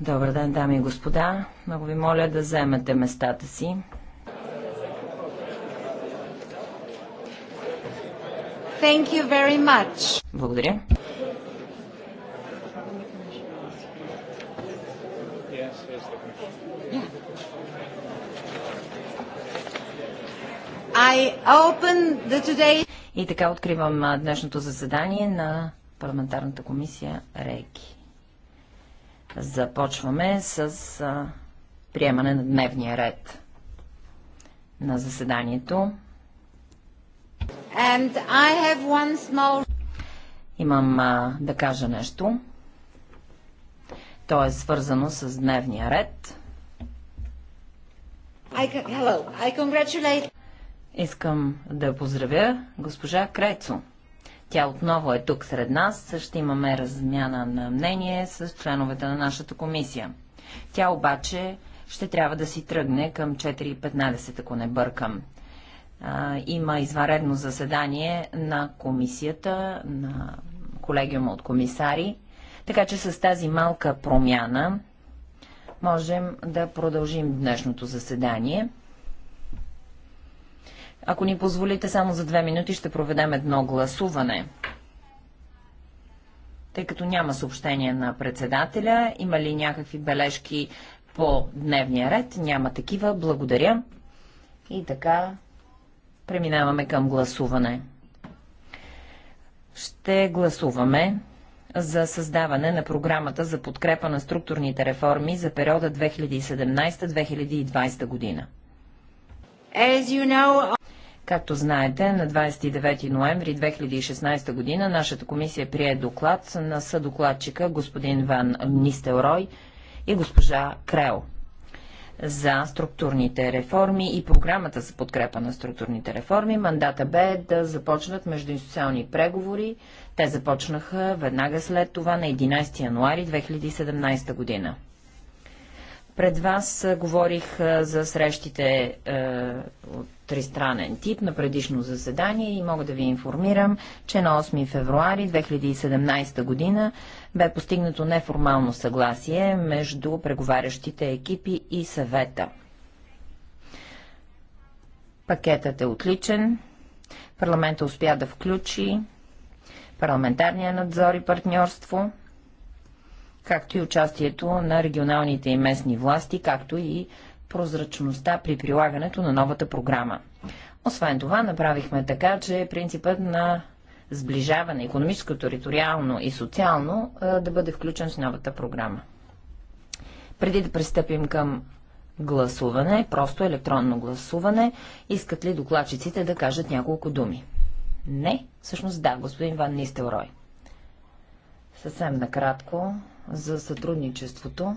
Добър ден, дами и господа. Много ви моля да вземете местата си. Thank you very much. Благодаря. I open the today... И така откривам днешното заседание на парламентарната комисия Рейки. Започваме с а, приемане на дневния ред на заседанието. And I have one small... Имам а, да кажа нещо. То е свързано с дневния ред. I can... Hello. I congratulate... Искам да поздравя госпожа Крецо. Тя отново е тук сред нас. Ще имаме размяна на мнение с членовете на нашата комисия. Тя обаче ще трябва да си тръгне към 4.15, ако не бъркам. А, има изваредно заседание на комисията, на колегиума от комисари, така че с тази малка промяна можем да продължим днешното заседание. Ако ни позволите само за две минути, ще проведем едно гласуване. Тъй като няма съобщение на председателя, има ли някакви бележки по дневния ред? Няма такива. Благодаря. И така, преминаваме към гласуване. Ще гласуваме за създаване на програмата за подкрепа на структурните реформи за периода 2017-2020 година. You know... Както знаете, на 29 ноември 2016 година нашата комисия прие доклад на съдокладчика господин Ван Нистелрой и госпожа Крел за структурните реформи и програмата за подкрепа на структурните реформи. Мандата бе да започнат междуинституционални преговори. Те започнаха веднага след това на 11 януари 2017 година. Пред вас говорих за срещите е, от тристранен тип на предишно заседание и мога да ви информирам, че на 8 февруари 2017 година бе постигнато неформално съгласие между преговарящите екипи и съвета. Пакетът е отличен. Парламента успя да включи парламентарния надзор и партньорство, както и участието на регионалните и местни власти, както и прозрачността при прилагането на новата програма. Освен това, направихме така, че принципът на сближаване, економическо, териториално и социално, да бъде включен в новата програма. Преди да пристъпим към гласуване, просто електронно гласуване, искат ли докладчиците да кажат няколко думи? Не, всъщност да, господин Ван Нистелрой. Съвсем накратко за сътрудничеството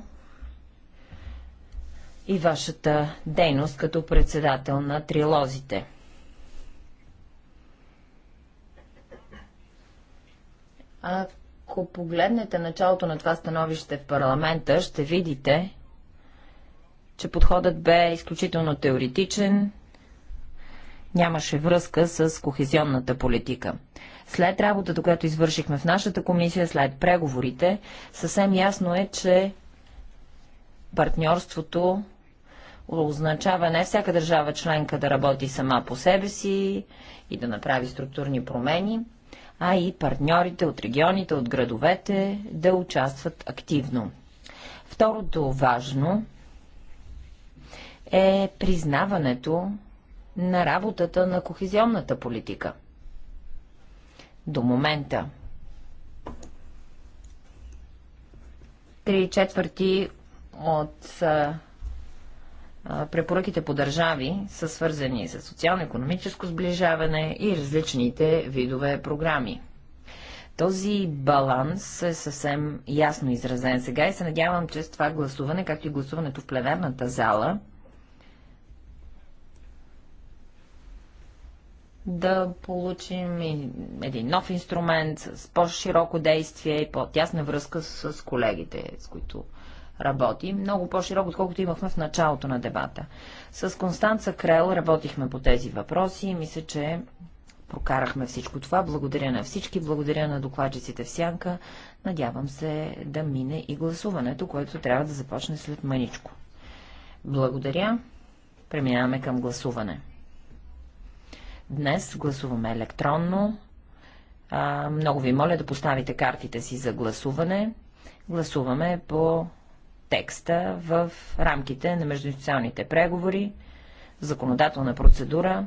и вашата дейност като председател на трилозите. Ако погледнете началото на това становище в парламента, ще видите, че подходът бе изключително теоретичен, нямаше връзка с кохезионната политика. След работата, която извършихме в нашата комисия, след преговорите, съвсем ясно е, че партньорството означава не всяка държава членка да работи сама по себе си и да направи структурни промени, а и партньорите от регионите, от градовете да участват активно. Второто важно е признаването на работата на кохезионната политика. До момента. Три четвърти от препоръките по държави са свързани с социално-економическо сближаване и различните видове програми. Този баланс е съвсем ясно изразен сега и се надявам, че с това гласуване, както и гласуването в пленарната зала, да получим един нов инструмент с по-широко действие и по-тясна връзка с колегите, с които работи, много по-широко, отколкото имахме в началото на дебата. С Констанца Крел работихме по тези въпроси и мисля, че прокарахме всичко това. Благодаря на всички, благодаря на докладчиците в Сянка. Надявам се да мине и гласуването, което трябва да започне след мъничко. Благодаря. Преминаваме към гласуване. Днес гласуваме електронно. А, много ви моля да поставите картите си за гласуване. Гласуваме по текста в рамките на междуинституционалните преговори, законодателна процедура,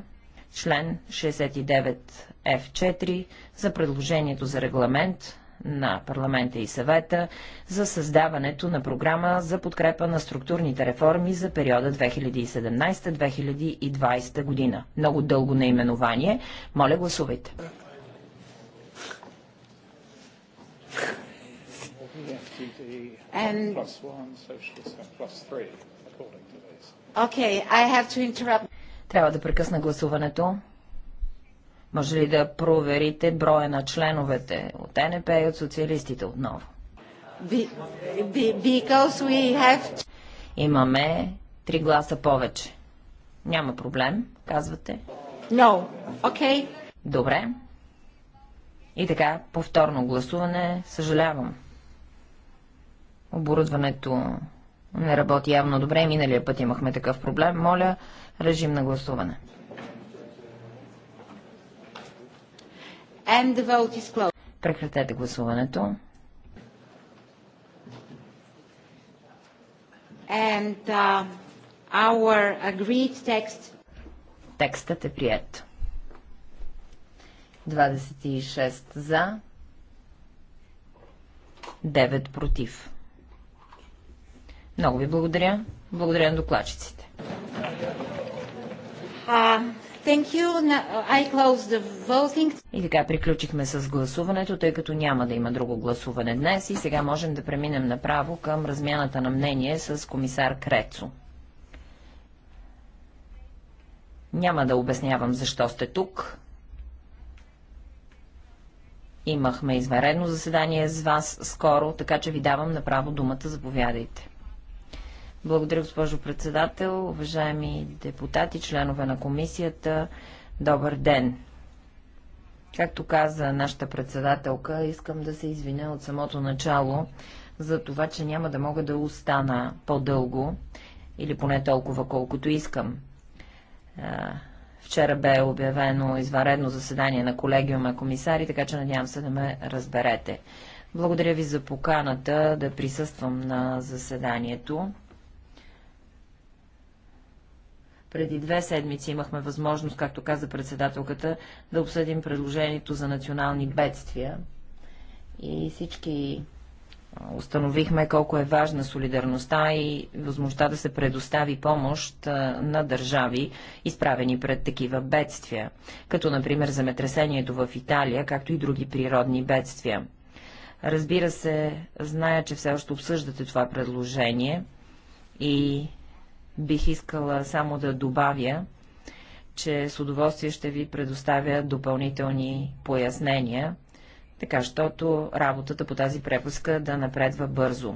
член 69F4 за предложението за регламент на парламента и съвета за създаването на програма за подкрепа на структурните реформи за периода 2017-2020 година. Много дълго наименование. Моля, гласувайте. The FTD and plus one, socialists have plus three, according to this. Okay, I have to interrupt. Трябва да прекъсна гласуването. Може ли да проверите броя на членовете от НП и от социалистите отново? have... Имаме три гласа повече. Няма проблем, казвате. No. Okay. Добре. И така, повторно гласуване, съжалявам. Оборудването не работи явно добре. Миналия път имахме такъв проблем. Моля, режим на гласуване. Прекратете гласуването. And, uh, our agreed text... Текстът е прият. 26 за, 9 против. Много ви благодаря. Благодаря на докладчиците. и така приключихме с гласуването, тъй като няма да има друго гласуване днес и сега можем да преминем направо към размяната на мнение с комисар Крецо. Няма да обяснявам защо сте тук. Имахме изваредно заседание с вас скоро, така че ви давам направо думата. Заповядайте. Благодаря, госпожо председател, уважаеми депутати, членове на комисията. Добър ден! Както каза нашата председателка, искам да се извиня от самото начало за това, че няма да мога да остана по-дълго или поне толкова, колкото искам. Вчера бе обявено изваредно заседание на колегиума комисари, така че надявам се да ме разберете. Благодаря ви за поканата да присъствам на заседанието. Преди две седмици имахме възможност, както каза председателката, да обсъдим предложението за национални бедствия. И всички установихме колко е важна солидарността и възможността да се предостави помощ на държави, изправени пред такива бедствия, като например земетресението в Италия, както и други природни бедствия. Разбира се, зная, че все още обсъждате това предложение и Бих искала само да добавя, че с удоволствие ще ви предоставя допълнителни пояснения, така, щото работата по тази препуска да напредва бързо.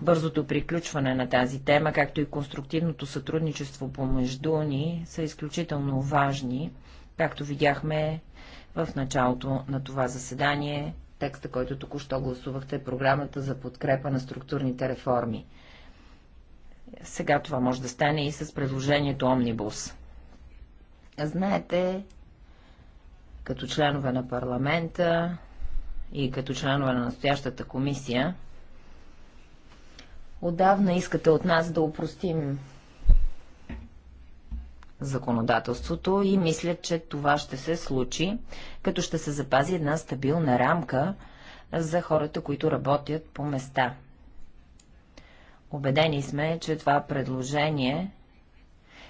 Бързото приключване на тази тема, както и конструктивното сътрудничество помежду ни, са изключително важни, както видяхме в началото на това заседание, текста, който току-що гласувахте, програмата за подкрепа на структурните реформи. Сега това може да стане и с предложението Омнибус. Знаете, като членове на парламента и като членове на настоящата комисия, отдавна искате от нас да упростим законодателството и мисля, че това ще се случи, като ще се запази една стабилна рамка за хората, които работят по места – Обедени сме, че това предложение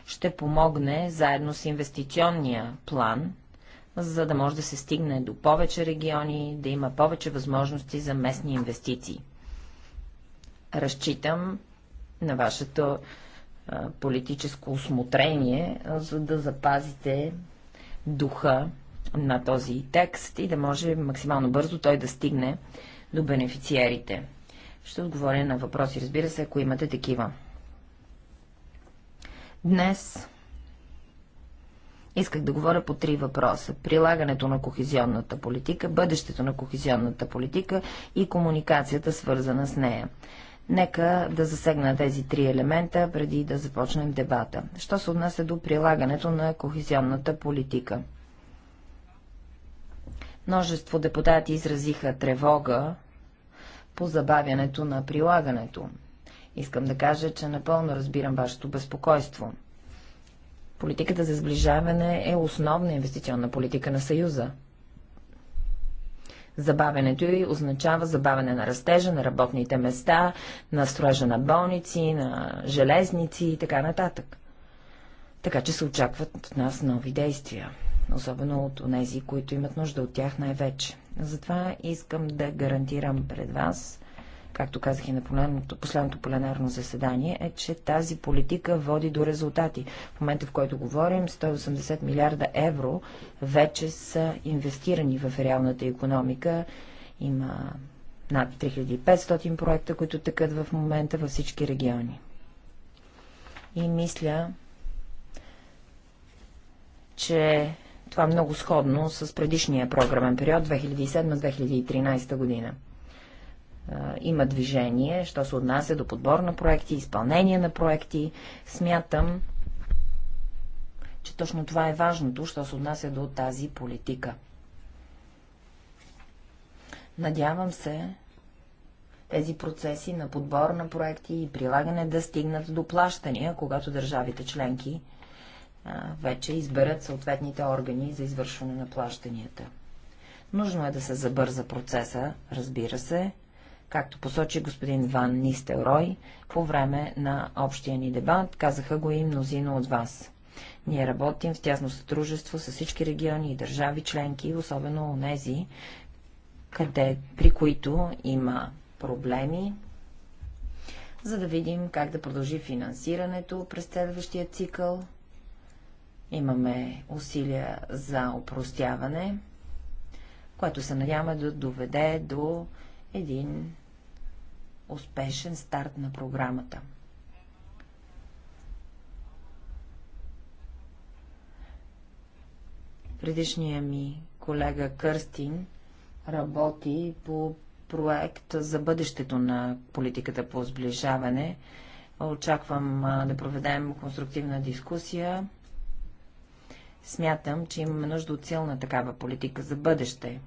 ще помогне заедно с инвестиционния план, за да може да се стигне до повече региони, да има повече възможности за местни инвестиции. Разчитам на вашето политическо осмотрение, за да запазите духа на този текст и да може максимално бързо той да стигне до бенефициерите. Ще отговоря на въпроси, разбира се, ако имате такива. Днес исках да говоря по три въпроса. Прилагането на кохезионната политика, бъдещето на кохезионната политика и комуникацията, свързана с нея. Нека да засегна тези три елемента, преди да започнем дебата. Що се отнася до прилагането на кохезионната политика? Множество депутати изразиха тревога по забавянето на прилагането. Искам да кажа, че напълно разбирам вашето безпокойство. Политиката за сближаване е основна инвестиционна политика на Съюза. Забавянето й означава забавяне на растежа, на работните места, на строежа на болници, на железници и така нататък. Така че се очакват от нас нови действия особено от тези, които имат нужда от тях най-вече. Затова искам да гарантирам пред вас, както казах и на последното, последното пленарно заседание, е, че тази политика води до резултати. В момента, в който говорим, 180 милиарда евро вече са инвестирани в реалната економика. Има над 3500 проекта, които тъкат в момента във всички региони. И мисля, че това е много сходно с предишния програмен период 2007-2013 година. Има движение, що се отнася до подбор на проекти, изпълнение на проекти. Смятам, че точно това е важното, що се отнася до тази политика. Надявам се тези процеси на подбор на проекти и прилагане да стигнат до плащания, когато държавите членки вече изберат съответните органи за извършване на плащанията. Нужно е да се забърза процеса, разбира се, както посочи господин Ван Нистелрой по време на общия ни дебат, казаха го и мнозина от вас. Ние работим в тясно сътрудничество с всички региони и държави членки, особено нези, къде, при които има проблеми, за да видим как да продължи финансирането през следващия цикъл Имаме усилия за опростяване, което се надяваме да доведе до един успешен старт на програмата. Предишния ми колега Кърстин работи по проект за бъдещето на политиката по сближаване. Очаквам да проведем конструктивна дискусия Смятам, че имаме нужда от силна такава политика за бъдеще.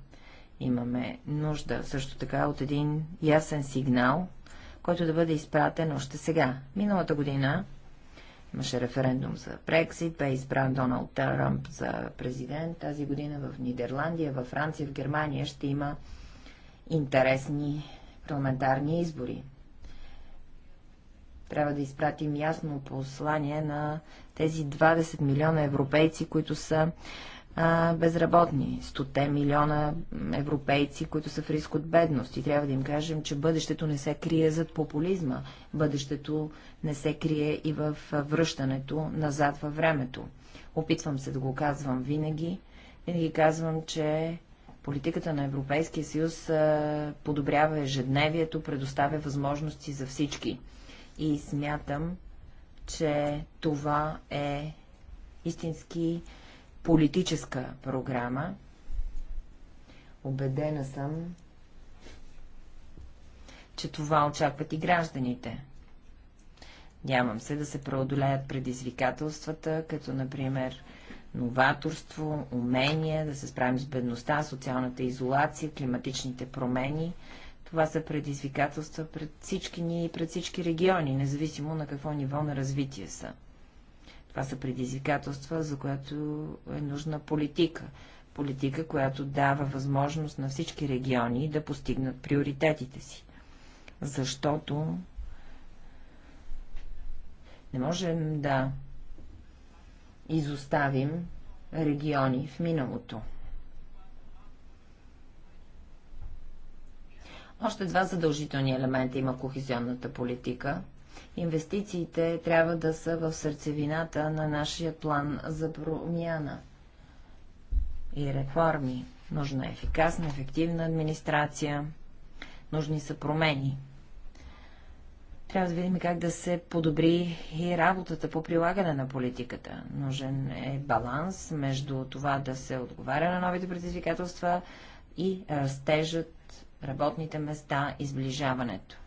Имаме нужда също така от един ясен сигнал, който да бъде изпратен още сега. Миналата година имаше референдум за Брексит, бе избран Доналд Трамп за президент. Тази година в Нидерландия, във Франция, в Германия ще има интересни парламентарни избори. Трябва да изпратим ясно послание на тези 20 милиона европейци, които са а, безработни, 100 милиона европейци, които са в риск от бедност. И трябва да им кажем, че бъдещето не се крие зад популизма, бъдещето не се крие и в връщането назад във времето. Опитвам се да го казвам винаги. Винаги казвам, че Политиката на Европейския съюз подобрява ежедневието, предоставя възможности за всички. И смятам, че това е истински политическа програма. Обедена съм, че това очакват и гражданите. Нямам се да се преодолеят предизвикателствата, като например новаторство, умения, да се справим с бедността, социалната изолация, климатичните промени – това са предизвикателства пред всички ние и пред всички региони, независимо на какво ниво на развитие са. Това са предизвикателства, за което е нужна политика. Политика, която дава възможност на всички региони да постигнат приоритетите си. Защото не можем да изоставим региони в миналото – Още два задължителни елемента има кохезионната политика. Инвестициите трябва да са в сърцевината на нашия план за промяна и реформи. Нужна е ефикасна, ефективна администрация. Нужни са промени. Трябва да видим как да се подобри и работата по прилагане на политиката. Нужен е баланс между това да се отговаря на новите предизвикателства и растежът работните места и сближаването.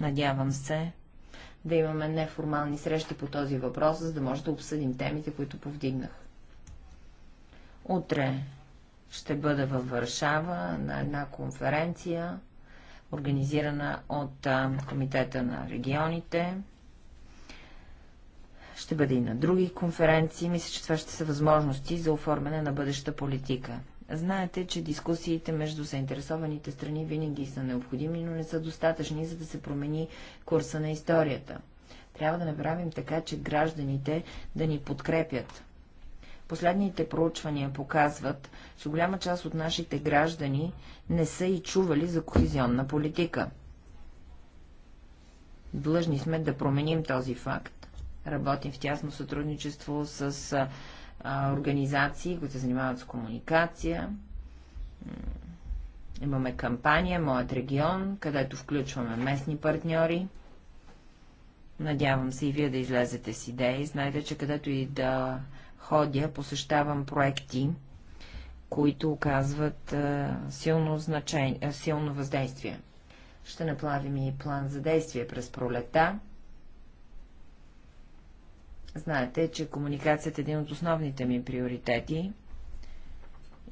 Надявам се да имаме неформални срещи по този въпрос, за да може да обсъдим темите, които повдигнах. Утре ще бъда във Варшава на една конференция, организирана от Комитета на регионите ще бъде и на други конференции. Мисля, че това ще са възможности за оформяне на бъдеща политика. Знаете, че дискусиите между заинтересованите страни винаги са необходими, но не са достатъчни, за да се промени курса на историята. Трябва да направим така, че гражданите да ни подкрепят. Последните проучвания показват, че голяма част от нашите граждани не са и чували за кохезионна политика. Длъжни сме да променим този факт. Работим в тясно сътрудничество с а, организации, които се занимават с комуникация. Имаме кампания Моят регион, където включваме местни партньори. Надявам се и вие да излезете с идеи. Знаете, че където и да ходя, посещавам проекти, които оказват а, силно, значение, а, силно въздействие. Ще направим и план за действие през пролета. Знаете, че комуникацията е един от основните ми приоритети.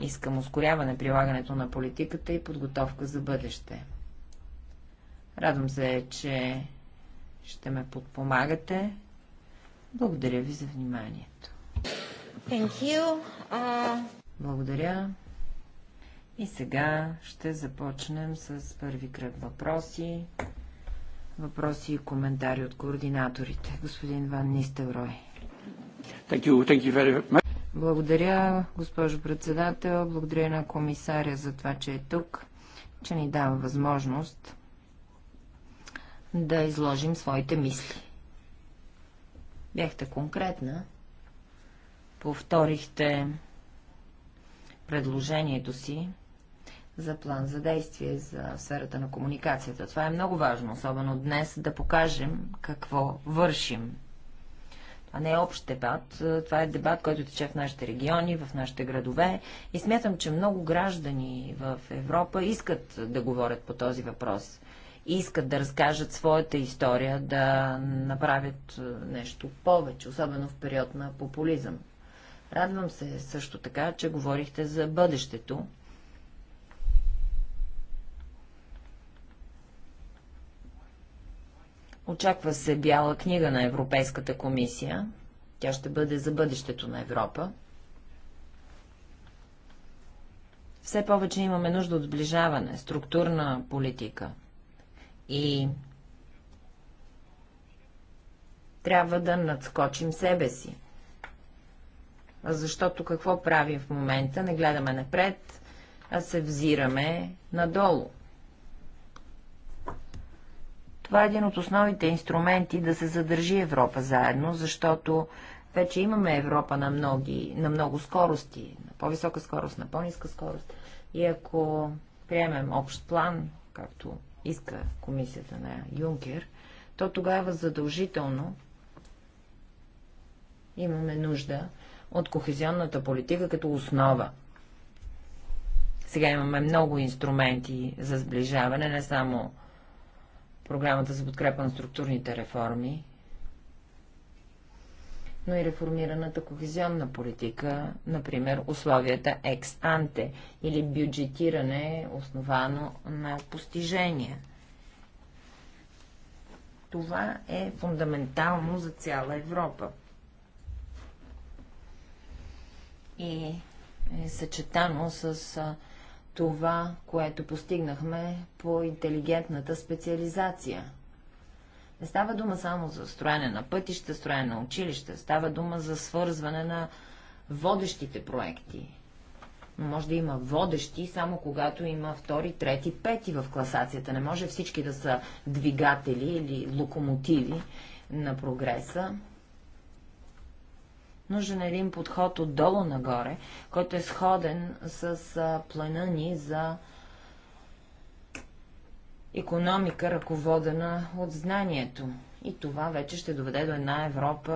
Искам ускоряване прилагането на политиката и подготовка за бъдеще. Радвам се, че ще ме подпомагате. Благодаря ви за вниманието. Thank you. Uh... Благодаря. И сега ще започнем с първи кръг въпроси въпроси и коментари от координаторите. Господин Ван Нистелрой. Thank you, thank you very much. Благодаря, госпожо председател. Благодаря на комисаря за това, че е тук, че ни дава възможност да изложим своите мисли. Бяхте конкретна. Повторихте предложението си за план за действие за сферата на комуникацията. Това е много важно, особено днес, да покажем какво вършим. Това не е общ дебат, това е дебат, който тече в нашите региони, в нашите градове и смятам, че много граждани в Европа искат да говорят по този въпрос. Искат да разкажат своята история, да направят е, нещо повече, особено в период на популизъм. Радвам се също така, че говорихте за бъдещето Очаква се бяла книга на Европейската комисия. Тя ще бъде за бъдещето на Европа. Все повече имаме нужда от сближаване, структурна политика. И трябва да надскочим себе си. Защото какво правим в момента? Не гледаме напред, а се взираме надолу. Това е един от основните инструменти да се задържи Европа заедно, защото вече имаме Европа на, многи, на много скорости, на по-висока скорост, на по-ниска скорост. И ако приемем общ план, както иска комисията на Юнкер, то тогава задължително имаме нужда от кохезионната политика като основа. Сега имаме много инструменти за сближаване, не само програмата за подкрепа на структурните реформи, но и реформираната кохезионна политика, например условията екс-анте или бюджетиране, основано на постижения. Това е фундаментално за цяла Европа. И е съчетано с това, което постигнахме по интелигентната специализация. Не става дума само за строене на пътища, строене на училища, става дума за свързване на водещите проекти. Но може да има водещи само когато има втори, трети, пети в класацията. Не може всички да са двигатели или локомотиви на прогреса. Нужен е един подход отдолу нагоре, който е сходен с плана ни за економика, ръководена от знанието. И това вече ще доведе до една Европа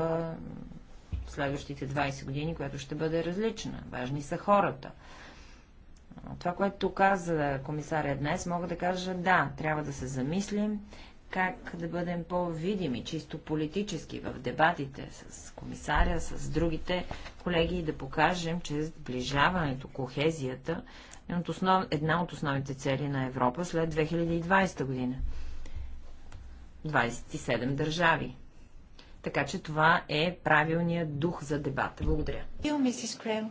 в следващите 20 години, която ще бъде различна. Важни са хората. Това, което каза комисаря днес, мога да кажа да, трябва да се замислим как да бъдем по-видими, чисто политически, в дебатите с комисаря, с другите колеги и да покажем, че сближаването, кохезията е от основ... една от основните цели на Европа след 2020 година. 27 държави. Така че това е правилният дух за дебата. Благодаря. Uh,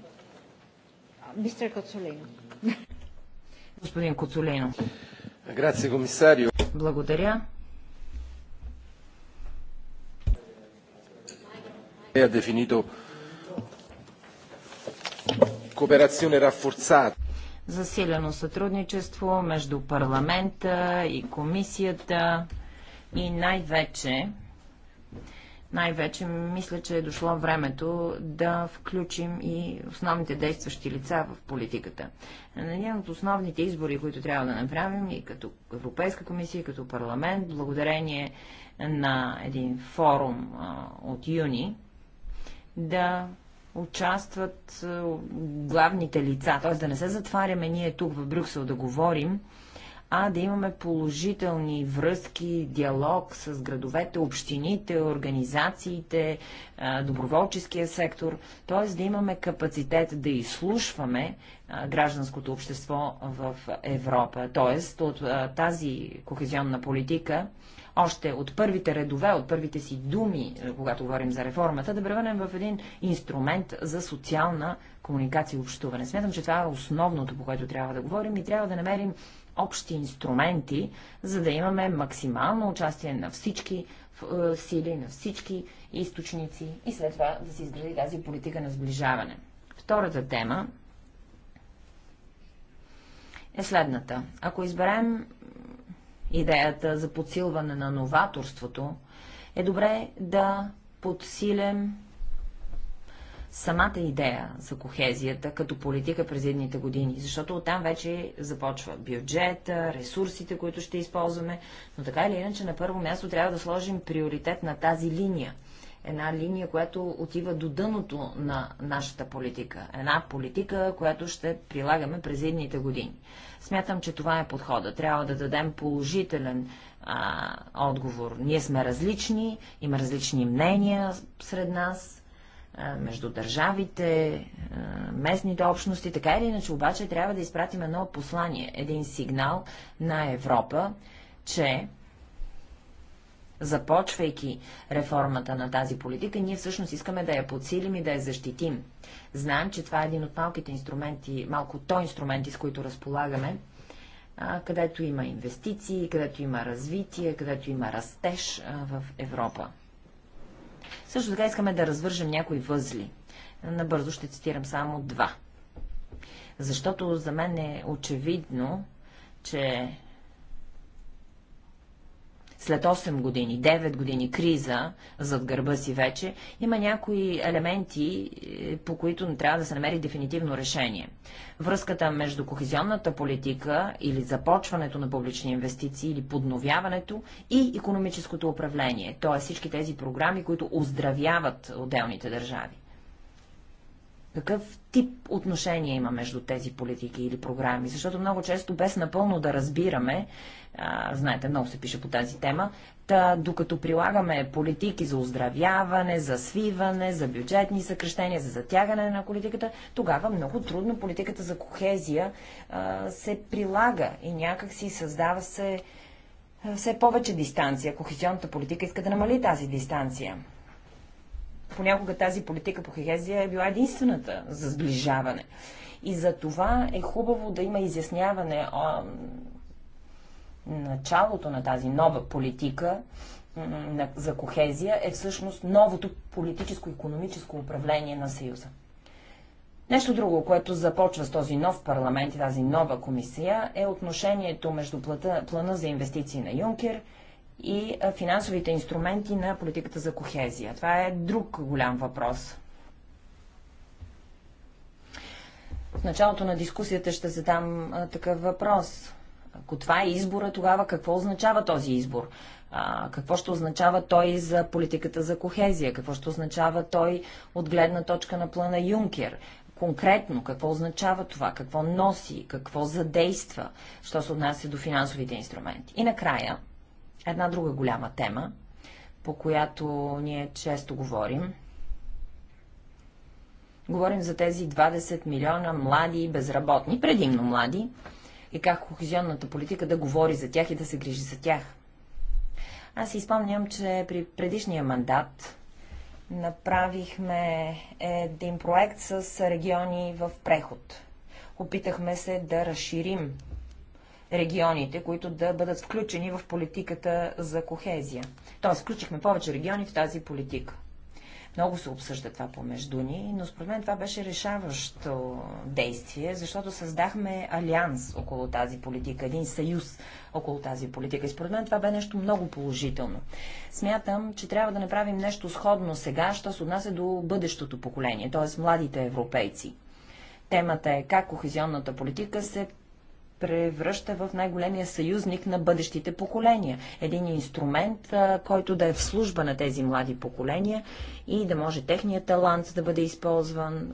Господин Коцолино. Грация, комисарио. Благодаря. ha definito cooperazione rafforzata. Засилено сътрудничество между парламента и комисията и най-вече най-вече мисля, че е дошло времето да включим и основните действащи лица в политиката. На един от основните избори, които трябва да направим и като Европейска комисия, и като парламент, благодарение на един форум от юни, да участват е, главните лица, т.е. да не се затваряме ние тук в Брюксел да говорим, а да имаме положителни връзки, диалог с градовете, общините, организациите, е, доброволческия сектор, т.е. да имаме капацитет да изслушваме е, гражданското общество в Европа. Т.е. от тази кохезионна политика още от първите редове, от първите си думи, е, когато говорим за реформата, да превърнем в един инструмент за социална комуникация и общуване. Смятам, че това е основното, по което трябва да говорим и трябва да намерим общи инструменти, за да имаме максимално участие на всички е, сили, на всички източници и след това да се изгради тази политика на сближаване. Втората тема е следната. Ако изберем идеята за подсилване на новаторството, е добре да подсилим самата идея за кохезията като политика през едните години, защото оттам вече започва бюджета, ресурсите, които ще използваме, но така или иначе на първо място трябва да сложим приоритет на тази линия – Една линия, която отива до дъното на нашата политика. Една политика, която ще прилагаме през едните години. Смятам, че това е подхода. Трябва да дадем положителен а, отговор. Ние сме различни, има различни мнения сред нас, а, между държавите, а, местните общности. Така или иначе, обаче, трябва да изпратим едно послание, един сигнал на Европа, че започвайки реформата на тази политика, ние всъщност искаме да я подсилим и да я защитим. Знаем, че това е един от малките инструменти, малко то инструменти, с които разполагаме, където има инвестиции, където има развитие, където има растеж в Европа. Също така искаме да развържем някои възли. Набързо ще цитирам само два. Защото за мен е очевидно, че след 8 години, 9 години криза зад гърба си вече, има някои елементи, е, по които не трябва да се намери дефинитивно решение. Връзката между кохезионната политика или започването на публични инвестиции или подновяването и економическото управление, т.е. всички тези програми, които оздравяват отделните държави какъв тип отношения има между тези политики или програми. Защото много често, без напълно да разбираме, а, знаете, много се пише по тази тема, та, докато прилагаме политики за оздравяване, за свиване, за бюджетни съкрещения, за затягане на политиката, тогава много трудно политиката за кохезия а, се прилага и някак си създава се все повече дистанция. Кохезионната политика иска да намали тази дистанция понякога тази политика по хигезия е била единствената за сближаване. И за това е хубаво да има изясняване о началото на тази нова политика за кохезия е всъщност новото политическо-економическо управление на Съюза. Нещо друго, което започва с този нов парламент и тази нова комисия, е отношението между плата, плана за инвестиции на Юнкер – и финансовите инструменти на политиката за кохезия. Това е друг голям въпрос. В началото на дискусията ще задам такъв въпрос. Ако това е избора, тогава какво означава този избор? А, какво ще означава той за политиката за кохезия? Какво ще означава той от гледна точка на плана Юнкер? Конкретно, какво означава това? Какво носи? Какво задейства? Що се отнася до финансовите инструменти? И накрая, Една друга голяма тема, по която ние често говорим. Говорим за тези 20 милиона млади и безработни, предимно млади, и как кохезионната политика да говори за тях и да се грижи за тях. Аз си спомням, че при предишния мандат направихме един проект с региони в преход. Опитахме се да разширим регионите, които да бъдат включени в политиката за кохезия. Тоест, включихме повече региони в тази политика. Много се обсъжда това помежду ни, но според мен това беше решаващо действие, защото създахме алианс около тази политика, един съюз около тази политика. И според мен това бе нещо много положително. Смятам, че трябва да направим нещо сходно сега, що се отнася до бъдещото поколение, т.е. младите европейци. Темата е как кохезионната политика се превръща в най-големия съюзник на бъдещите поколения. Един инструмент, който да е в служба на тези млади поколения и да може техният талант да бъде използван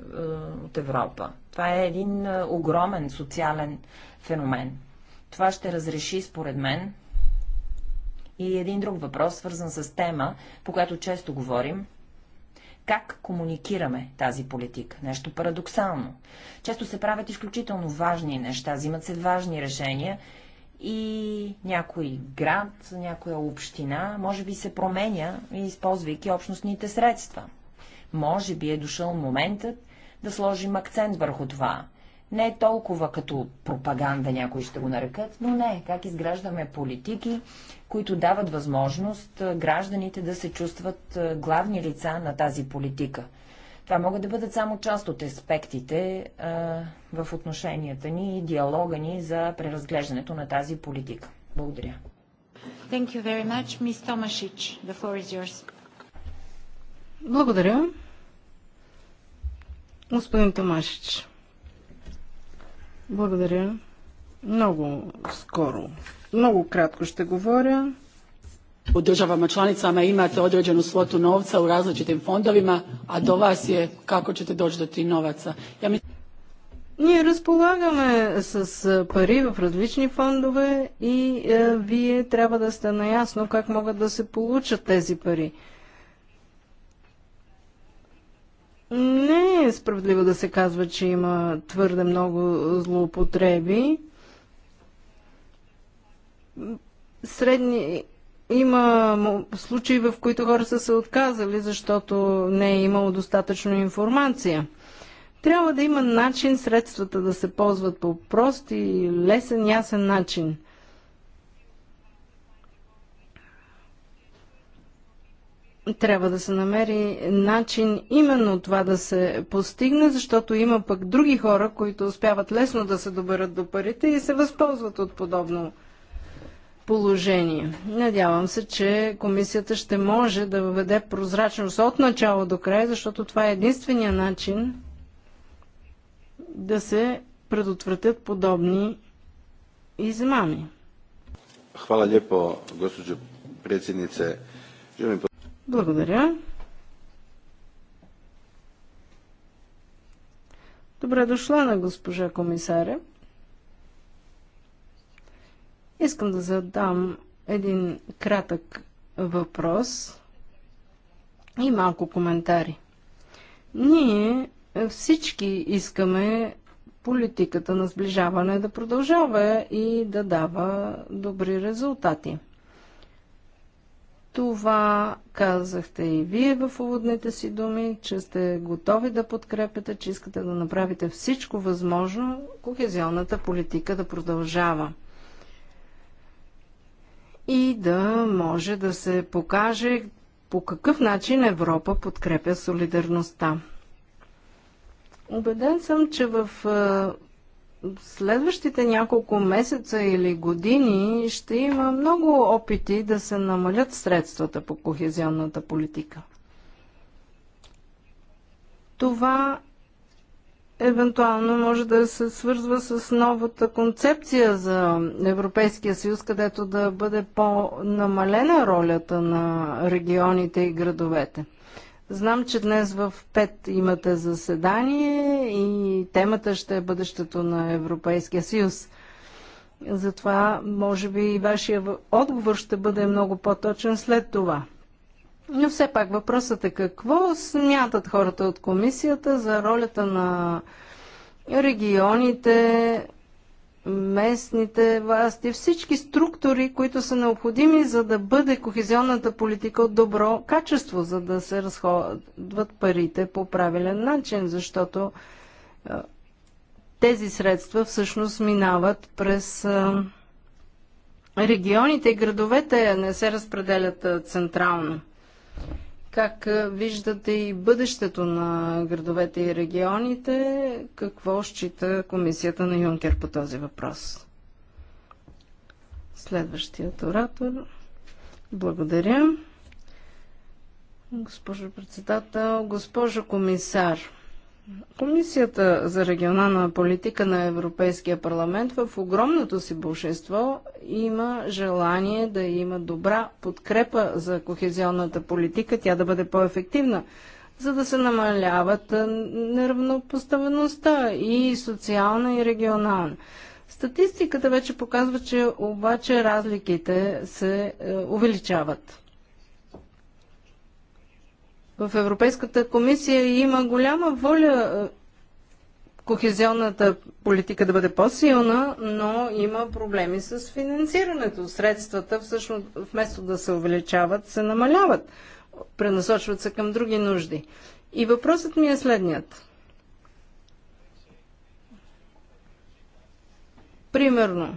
от Европа. Това е един огромен социален феномен. Това ще разреши, според мен, и един друг въпрос, свързан с тема, по която често говорим как комуникираме тази политика. Нещо парадоксално. Често се правят изключително важни неща, взимат се важни решения и някой град, някоя община, може би се променя, използвайки общностните средства. Може би е дошъл моментът да сложим акцент върху това. Не е толкова като пропаганда, някои ще го нарекат, но не, как изграждаме политики, които дават възможност гражданите да се чувстват главни лица на тази политика. Това могат да бъдат само част от аспектите а, в отношенията ни и диалога ни за преразглеждането на тази политика. Благодаря. Thank you very much, Ms. Tomasic. The floor is yours. Благодаря. Господин Томашич, благодаря. Много скоро много кратко ще говоря. U državama članicama imate određenu svotu novca u različitim fondovima, a do vas je kako ćete doći do tih novaca. Ja Ние разполагаме с пари в различни фондове и е, вие трябва да сте наясно как могат да се получат тези пари. Не е справедливо да се казва, че има твърде много злоупотреби средни има случаи, в които хора са се отказали, защото не е имало достатъчно информация. Трябва да има начин средствата да се ползват по прост и лесен, ясен начин. Трябва да се намери начин именно това да се постигне, защото има пък други хора, които успяват лесно да се доберат до парите и се възползват от подобно положение. Надявам се, че комисията ще може да въведе прозрачност от начало до края, защото това е единствения начин да се предотвратят подобни измами. Хвала лепо, госпожо председнице. Благодаря. Добре дошла на госпожа комисаря. Искам да задам един кратък въпрос и малко коментари. Ние всички искаме политиката на сближаване да продължава и да дава добри резултати. Това казахте и вие в уводните си думи, че сте готови да подкрепите, че искате да направите всичко възможно кохезионната политика да продължава и да може да се покаже по какъв начин Европа подкрепя солидарността. Обеден съм, че в следващите няколко месеца или години ще има много опити да се намалят средствата по кохезионната политика. Това евентуално може да се свързва с новата концепция за Европейския съюз, където да бъде по-намалена ролята на регионите и градовете. Знам, че днес в 5 имате заседание и темата ще е бъдещето на Европейския съюз. Затова, може би, и вашия отговор ще бъде много по-точен след това. Но все пак въпросът е какво смятат хората от комисията за ролята на регионите, местните власти, всички структури, които са необходими, за да бъде кохезионната политика от добро качество, за да се разходват парите по правилен начин, защото е, тези средства всъщност минават през е, регионите и градовете, не се разпределят е, централно. Как виждате и бъдещето на градовете и регионите? Какво счита комисията на Юнкер по този въпрос? Следващият оратор. Благодаря. Госпожо председател, госпожо комисар, Комисията за регионална политика на Европейския парламент в огромното си большинство има желание да има добра подкрепа за кохезионната политика, тя да бъде по-ефективна, за да се намаляват неравнопоставеността и социална и регионална. Статистиката вече показва, че обаче разликите се е, увеличават. В Европейската комисия има голяма воля е, кохезионната политика да бъде по-силна, но има проблеми с финансирането. Средствата всъщност вместо да се увеличават, се намаляват. Пренасочват се към други нужди. И въпросът ми е следният. Примерно, е,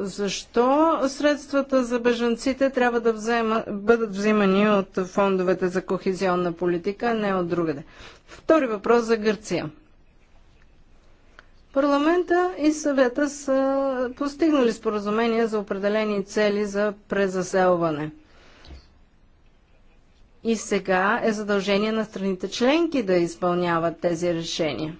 защо средствата за бежанците трябва да взема, бъдат взимани от фондовете за кохезионна политика, а не от другаде? Втори въпрос за Гърция. Парламента и съвета са постигнали споразумения за определени цели за презаселване. И сега е задължение на страните членки да изпълняват тези решения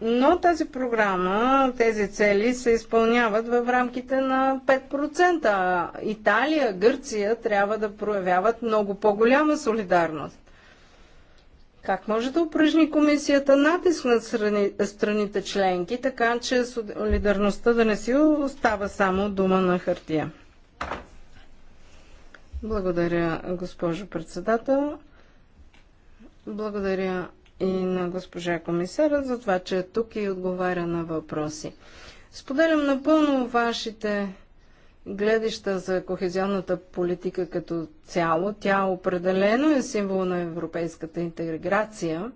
но тази програма, тези цели се изпълняват в рамките на 5%. Италия, Гърция трябва да проявяват много по-голяма солидарност. Как може да упражни комисията натиск на страни, страните членки, така че солидарността да не си остава само дума на хартия? Благодаря, госпожо председател. Благодаря и на госпожа комисара за това, че е тук и отговаря на въпроси. Споделям напълно вашите гледаща за кохезионната политика като цяло. Тя определено е символ на европейската интеграция,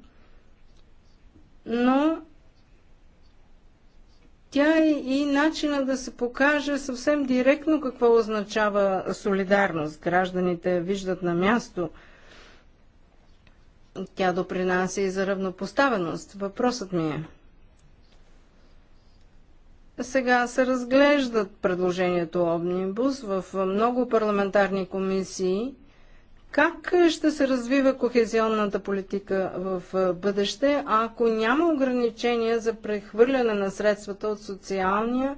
но тя е и начина да се покаже съвсем директно какво означава солидарност. Гражданите виждат на място – тя допринася и за равнопоставеност. Въпросът ми е. Сега се разглеждат предложението Обнибус в много парламентарни комисии. Как ще се развива кохезионната политика в бъдеще, ако няма ограничения за прехвърляне на средствата от социалния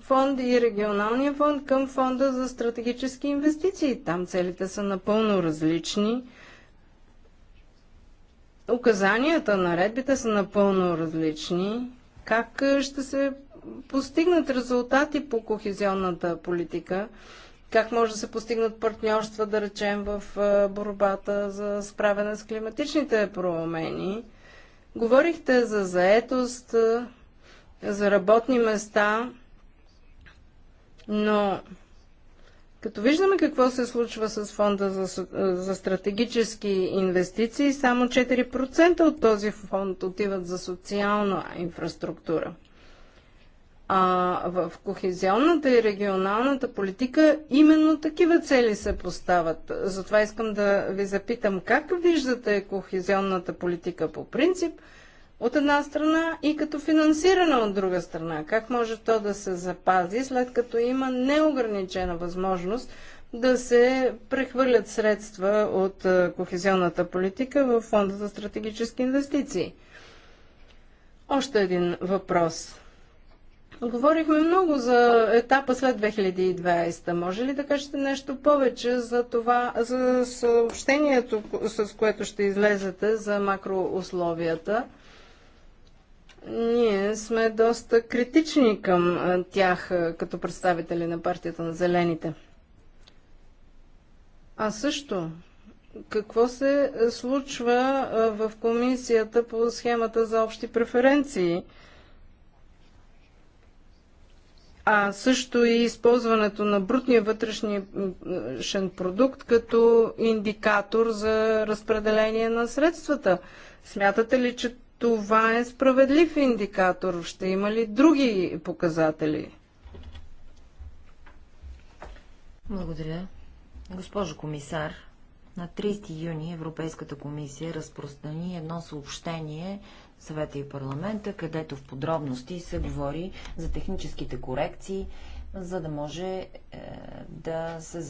фонд и регионалния фонд към фонда за стратегически инвестиции? Там целите са напълно различни указанията, наредбите са напълно различни. Как е, ще се постигнат резултати по кохезионната политика? Как може да се постигнат партньорства, да речем, в е, борбата за справяне с климатичните промени? Говорихте за заетост, е, за работни места, но като виждаме какво се случва с фонда за, за стратегически инвестиции, само 4% от този фонд отиват за социална инфраструктура. А в кохезионната и регионалната политика именно такива цели се поставят. Затова искам да ви запитам как виждате кохезионната политика по принцип – от една страна и като финансиране от друга страна. Как може то да се запази, след като има неограничена възможност да се прехвърлят средства от е, кохезионната политика в фонда за стратегически инвестиции? Още един въпрос. Говорихме много за етапа след 2020. Може ли да кажете нещо повече за това, за съобщението, с което ще излезете за макроусловията? Ние сме доста критични към тях като представители на партията на зелените. А също, какво се случва в комисията по схемата за общи преференции? а също и използването на брутния вътрешен продукт като индикатор за разпределение на средствата. Смятате ли, че това е справедлив индикатор? Ще има ли други показатели? Благодаря. Госпожо комисар, на 30 юни Европейската комисия разпространи едно съобщение съвета и парламента, където в подробности се говори за техническите корекции, за да може е, да се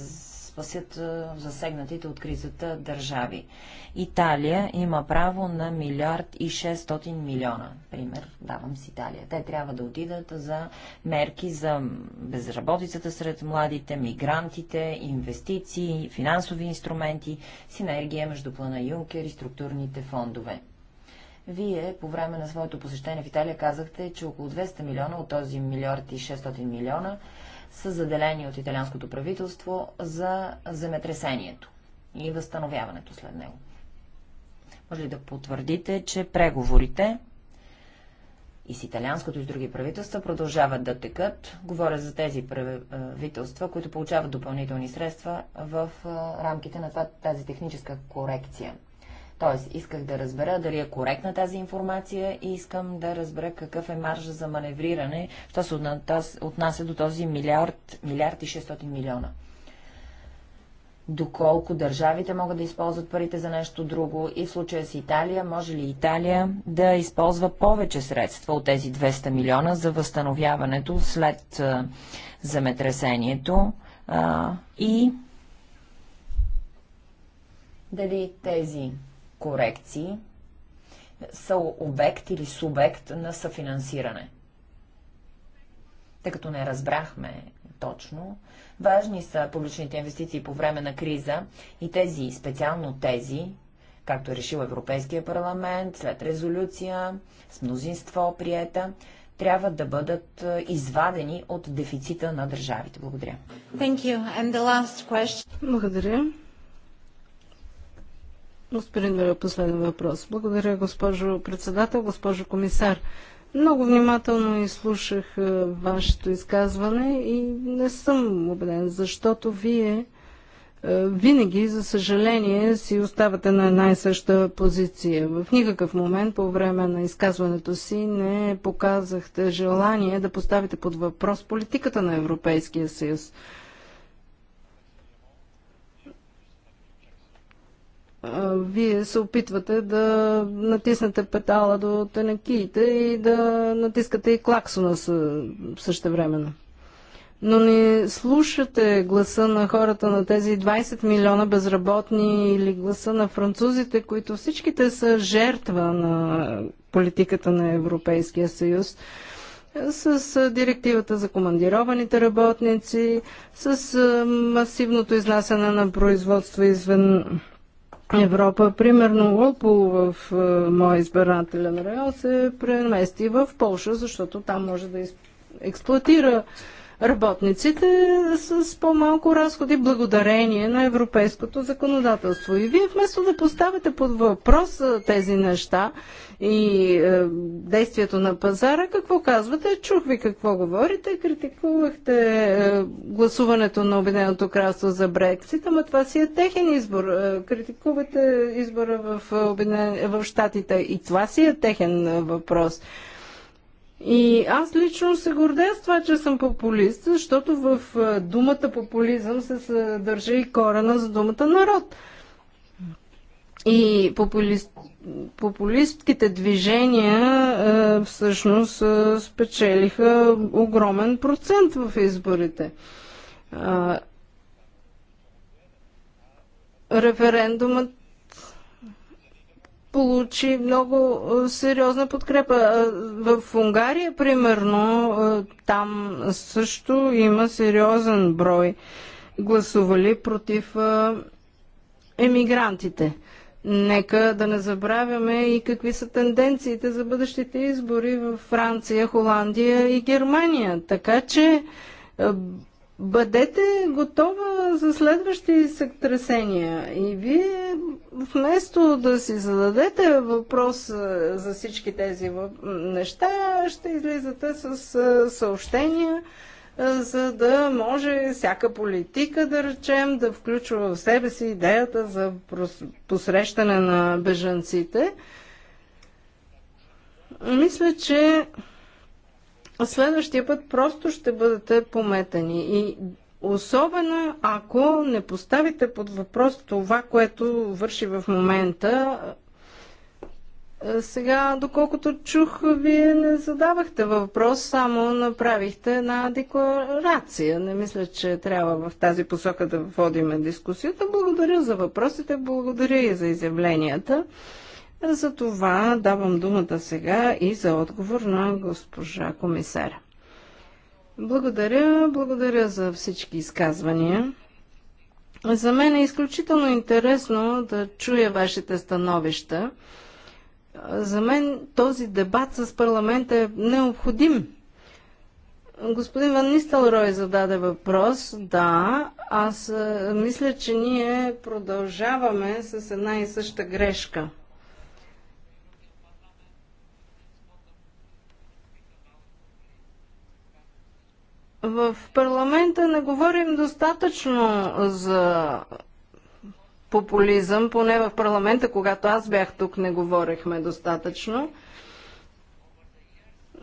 спасят е, засегнатите от кризата държави. Италия има право на милиард и 600 милиона. Пример, давам с Италия. Те трябва да отидат за мерки за безработицата сред младите, мигрантите, инвестиции, финансови инструменти, синергия между плана Юнкер и структурните фондове. Вие по време на своето посещение в Италия казахте, че около 200 милиона от този милиард и 600 милиона са заделени от италианското правителство за земетресението и възстановяването след него. Може ли да потвърдите, че преговорите и с италианското и с други правителства продължават да текат. Говоря за тези правителства, които получават допълнителни средства в рамките на тази техническа корекция. Тоест, исках да разбера дали е коректна тази информация и искам да разбера какъв е маржа за маневриране, що се отнася до този милиард, милиард и 600 милиона. Доколко държавите могат да използват парите за нещо друго и в случая с Италия, може ли Италия да използва повече средства от тези 200 милиона за възстановяването след земетресението и дали тези корекции са обект или субект на съфинансиране. Тъй като не разбрахме точно, важни са публичните инвестиции по време на криза и тези, специално тези, както е решил Европейския парламент, след резолюция, с мнозинство приета, трябва да бъдат е, извадени от дефицита на държавите. Благодаря. Благодаря. Господин Мира, последен въпрос. Благодаря, госпожо председател, госпожо комисар. Много внимателно изслушах е, вашето изказване и не съм убеден, защото вие е, винаги, за съжаление, си оставате на една и съща позиция. В никакъв момент по време на изказването си не показахте желание да поставите под въпрос политиката на Европейския съюз. вие се опитвате да натиснете петала до тенакиите и да натискате и клаксона същевременно. Но не слушате гласа на хората на тези 20 милиона безработни или гласа на французите, които всичките са жертва на политиката на Европейския съюз с директивата за командированите работници, с масивното изнасяне на производство извън Европа. Примерно Лопол в е, моя избирателен район се премести в Польша, защото там може да експлуатира работниците с по-малко разходи благодарение на европейското законодателство. И вие вместо да поставите под въпрос тези неща и е, действието на пазара, какво казвате? Чух ви какво говорите, критикувахте е, гласуването на Обединеното кралство за Брексит, ама това си е техен избор. Е, критикувате избора в, е, в Штатите и това си е техен е, въпрос. И аз лично се гордея с това, че съм популист, защото в думата популизъм се съдържа и корена за думата народ. И популист, популистките движения всъщност спечелиха огромен процент в изборите. Референдумът получи много сериозна подкрепа. В Унгария, примерно, там също има сериозен брой гласували против емигрантите. Нека да не забравяме и какви са тенденциите за бъдещите избори в Франция, Холандия и Германия. Така че бъдете готова за следващи сътресения. И вие вместо да си зададете въпрос е, за всички тези неща, ще излизате с е, съобщения, е, за да може всяка политика, да речем, да включва в себе си идеята за посрещане на бежанците. Мисля, че следващия път просто ще бъдете пометени. И особено ако не поставите под въпрос това, което върши в момента. Сега, доколкото чух, вие не задавахте въпрос, само направихте една декларация. Не мисля, че трябва в тази посока да водиме дискусията. Благодаря за въпросите, благодаря и за изявленията. За това давам думата сега и за отговор на госпожа комисаря. Благодаря, благодаря за всички изказвания. За мен е изключително интересно да чуя вашите становища. За мен този дебат с парламента е необходим. Господин Ван Рой, зададе въпрос. Да, аз мисля, че ние продължаваме с една и съща грешка – В парламента не говорим достатъчно за популизъм, поне в парламента, когато аз бях тук, не говорихме достатъчно.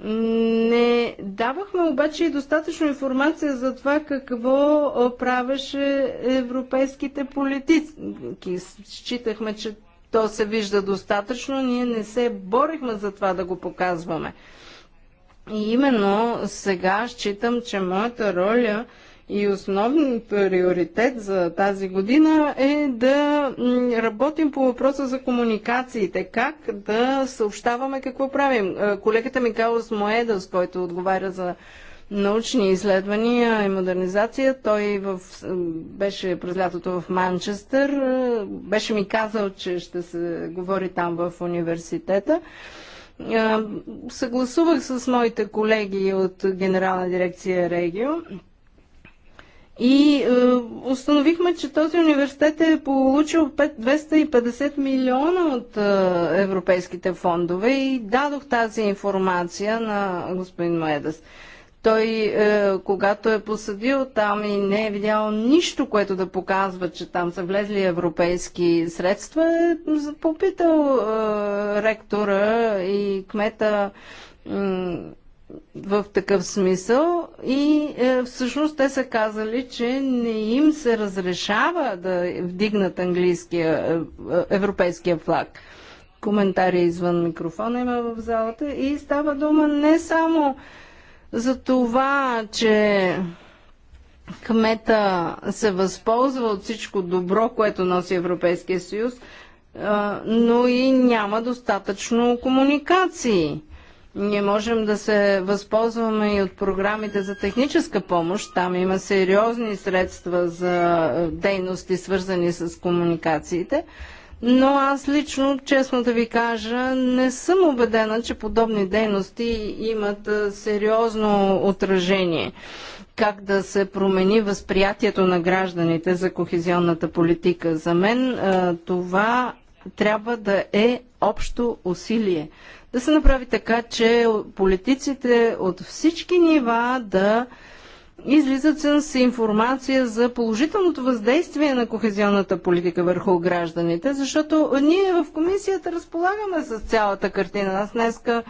Не давахме обаче и достатъчно информация за това какво правеше европейските политики. Считахме, че то се вижда достатъчно. Ние не се борихме за това да го показваме. И именно сега считам, че моята роля и основен приоритет за тази година е да работим по въпроса за комуникациите. Как да съобщаваме какво правим. Е, колегата Микалос Моедас, който отговаря за научни изследвания и модернизация. Той в, беше през лятото в Манчестър. Е, беше ми казал, че ще се говори там в университета. Е, съгласувах с моите колеги от Генерална дирекция Регио. И е, установихме, че този университет е получил 250 милиона от е, европейските фондове и дадох тази информация на господин Моедас. Той, е, когато е посъдил там и не е видял нищо, което да показва, че там са влезли европейски средства, е попитал е, ректора и кмета в такъв смисъл и е, всъщност те са казали, че не им се разрешава да вдигнат английския, е, е европейския флаг. Коментари извън микрофона има в залата и става дума не само за това, че кмета се възползва от всичко добро, което носи Европейския съюз, но и няма достатъчно комуникации. Ние можем да се възползваме и от програмите за техническа помощ. Там има сериозни средства за дейности, свързани с комуникациите но аз лично, честно да ви кажа, не съм убедена, че подобни дейности имат сериозно отражение. Как да се промени възприятието на гражданите за кохезионната политика? За мен това трябва да е общо усилие. Да се направи така, че политиците от всички нива да излизат с информация за положителното въздействие на кохезионната политика върху гражданите, защото ние в комисията разполагаме с цялата картина. Аз днеска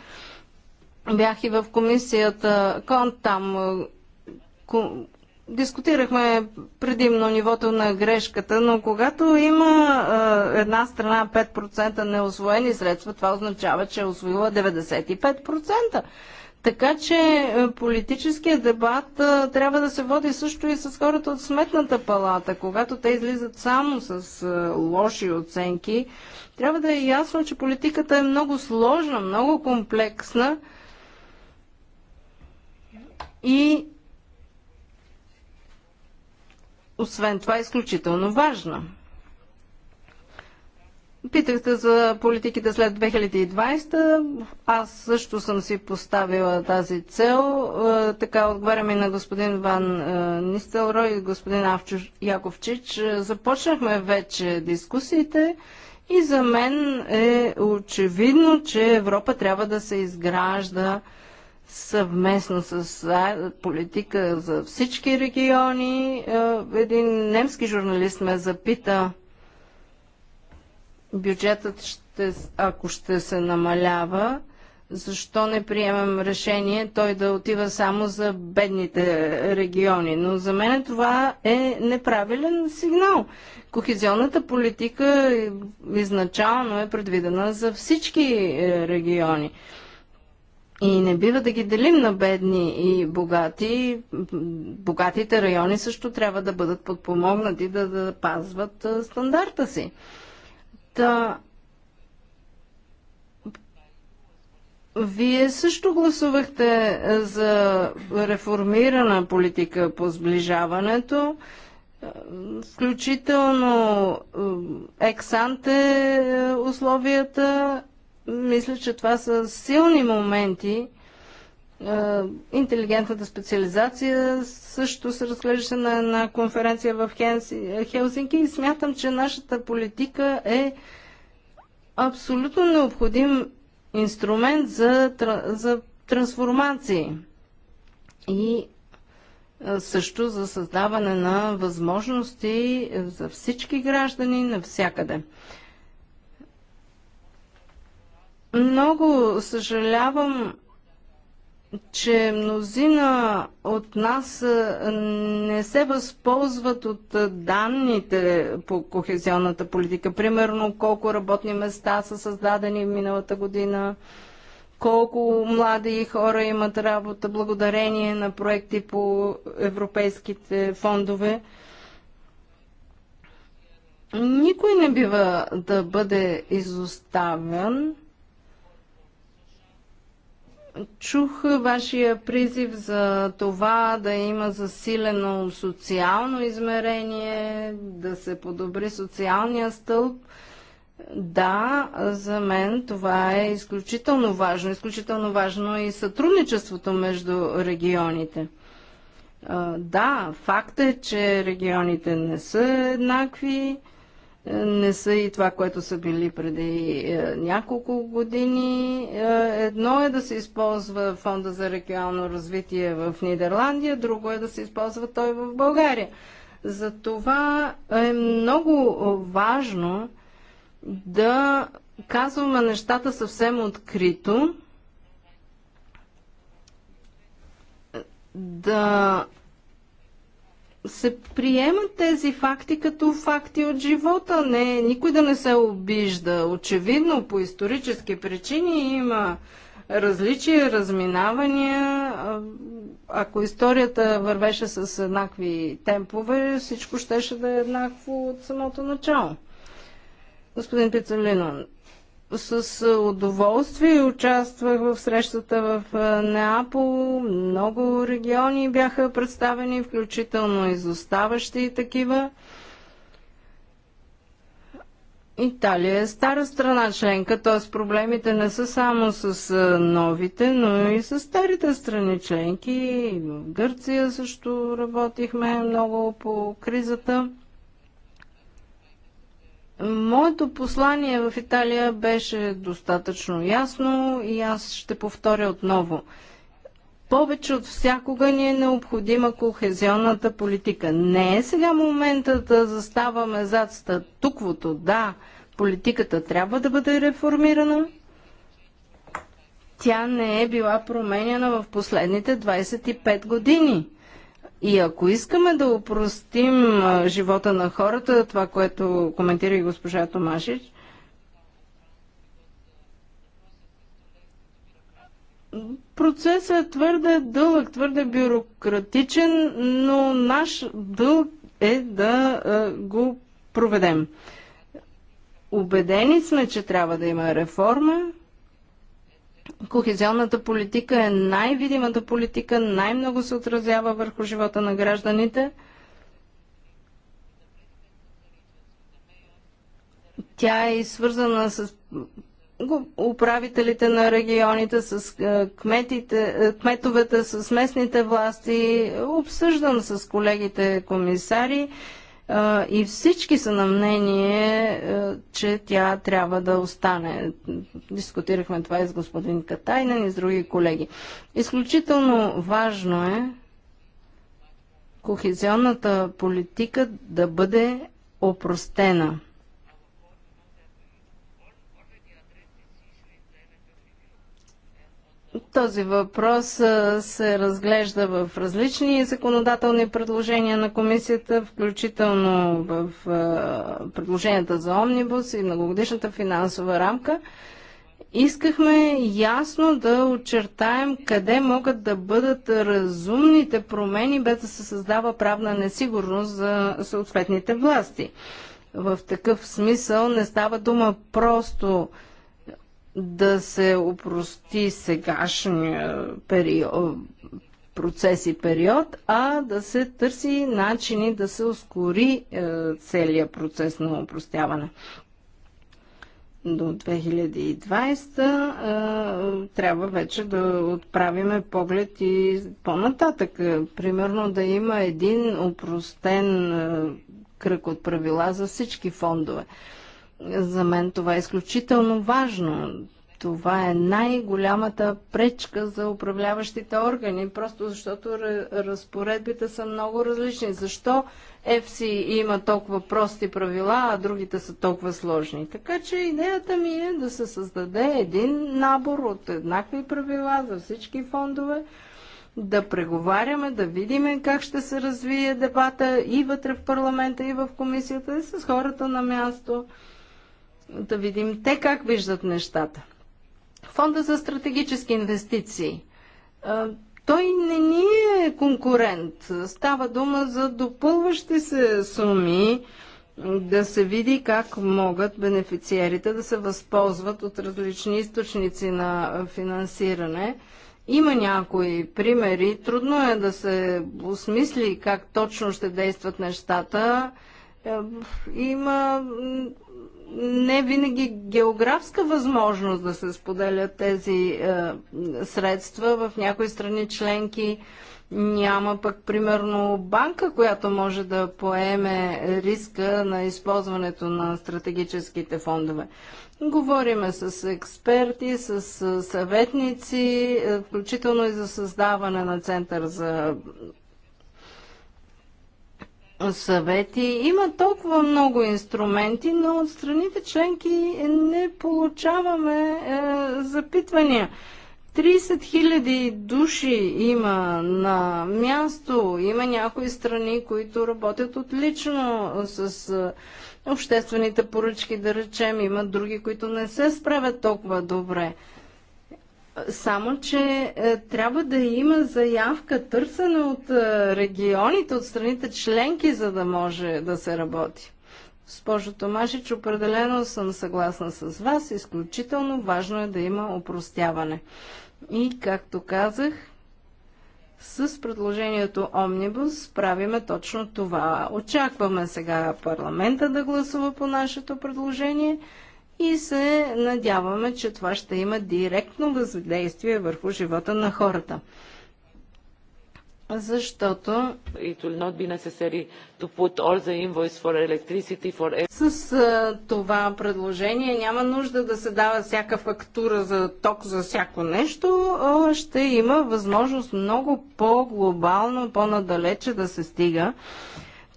бях и в комисията Конт там. Дискутирахме предимно нивото на грешката, но когато има една страна 5% неосвоени средства, това означава, че е освоила 95%. Така че е, политическият дебат а, е, трябва да се води също и с хората от сметната палата. Когато те излизат само с а, е, лоши оценки, трябва да е ясно, че политиката е много сложна, много комплексна и освен това е изключително важна. Питахте за политиките след 2020. Аз също съм си поставила тази цел. Е, така отговарям и на господин Ван е, Нистелро и господин Авчур Яковчич. Е, започнахме вече дискусиите и за мен е очевидно, че Европа трябва да се изгражда съвместно с политика за всички региони. Един немски журналист ме запита – бюджетът, ще, ако ще се намалява, защо не приемам решение той да отива само за бедните региони. Но за мен това е неправилен сигнал. Кохезионната политика изначално е предвидена за всички е, региони. И не бива да ги делим на бедни и богати. Богатите райони също трябва да бъдат подпомогнати да, да пазват е, стандарта си. Та, Вие също гласувахте е, за реформирана политика по сближаването, е, включително е, ексанте условията. Мисля, че това са силни моменти е, интелигентната специализация също се разглеждаше на една конференция в Хелсинки и смятам, че нашата политика е абсолютно необходим инструмент за, за трансформации и е, също за създаване на възможности за всички граждани навсякъде. Много съжалявам, че мнозина от нас не се възползват от данните по кохезионната политика. Примерно колко работни места са създадени миналата година, колко млади хора имат работа благодарение на проекти по европейските фондове. Никой не бива да бъде изоставен Чух вашия призив за това да има засилено социално измерение, да се подобри социалния стълб. Да, за мен това е изключително важно. Изключително важно е и сътрудничеството между регионите. Да, факт е, че регионите не са еднакви не са и това, което са били преди е, няколко години. Е, едно е да се използва фонда за регионално развитие в Нидерландия, друго е да се използва той в България. Затова е много важно да казваме нещата съвсем открито, да се приемат тези факти като факти от живота. Не, никой да не се обижда. Очевидно, по исторически причини има различия, разминавания. Ако историята вървеше с еднакви темпове, всичко щеше да е еднакво от самото начало. Господин Пицелино, с удоволствие участвах в срещата в Неапол. Много региони бяха представени, включително изоставащи и такива. Италия е стара страна членка, т.е. проблемите не са само с новите, но и с старите страни членки. В Гърция също работихме много по кризата. Моето послание в Италия беше достатъчно ясно и аз ще повторя отново. Повече от всякога ни е необходима кохезионната политика. Не е сега момента да заставаме зад статуквото. Да, политиката трябва да бъде реформирана. Тя не е била променена в последните 25 години – и ако искаме да упростим живота на хората, това, което коментира и госпожа Томашич, процесът е твърде дълъг, твърде бюрократичен, но наш дълг е да го проведем. Убедени сме, че трябва да има реформа, Кохезионната политика е най-видимата политика, най-много се отразява върху живота на гражданите. Тя е свързана с управителите на регионите, с е, кметите, е, кметовете, с местните власти, обсъждан с колегите комисари и всички са на мнение, че тя трябва да остане. Дискутирахме това и с господин Катайнен и с други колеги. Изключително важно е кохезионната политика да бъде опростена – Този въпрос се разглежда в различни законодателни предложения на комисията, включително в предложенията за омнибус и многогодишната финансова рамка. Искахме ясно да очертаем къде могат да бъдат разумните промени, без да се създава правна несигурност за съответните власти. В такъв смисъл не става дума просто да се опрости сегашния период, процес и период, а да се търси начини да се ускори е, целият процес на опростяване. До 2020 е, трябва вече да отправиме поглед и по-нататък. Примерно да има един опростен е, кръг от правила за всички фондове. Е, за мен това е изключително важно. Това е най-голямата пречка за управляващите органи, просто защото разпоредбите са много различни. Защо FC има толкова прости правила, а другите са толкова сложни? Така че идеята ми е да се създаде един набор от еднакви правила за всички фондове, да преговаряме, да видим как ще се развие дебата и вътре в парламента, и в комисията, и с хората на място – да видим те как виждат нещата. Фонда за стратегически инвестиции. Той не ни е конкурент. Става дума за допълващи се суми, да се види как могат бенефициерите да се възползват от различни източници на финансиране. Има някои примери. Трудно е да се осмисли как точно ще действат нещата. Е, има не винаги географска възможност да се споделят тези е, средства. В някои страни членки няма пък, примерно, банка, която може да поеме риска на използването на стратегическите фондове. Говориме с експерти, с е, съветници, е, включително и за създаване на център за съвети. Има толкова много инструменти, но от страните членки не получаваме е, запитвания. 30 хиляди души има на място. Има някои страни, които работят отлично с е, обществените поръчки, да речем. Има други, които не се справят толкова добре. Само, че е, трябва да има заявка, търсена от е, регионите, от страните членки, за да може да се работи. Госпожо Томашич, определено съм съгласна с вас. Изключително важно е да има опростяване. И, както казах, с предложението Омнибус правиме точно това. Очакваме сега парламента да гласува по нашето предложение – и се надяваме, че това ще има директно въздействие върху живота на хората. Защото for... с а, това предложение няма нужда да се дава всяка фактура за ток за всяко нещо, а, ще има възможност много по-глобално, по-надалече да се стига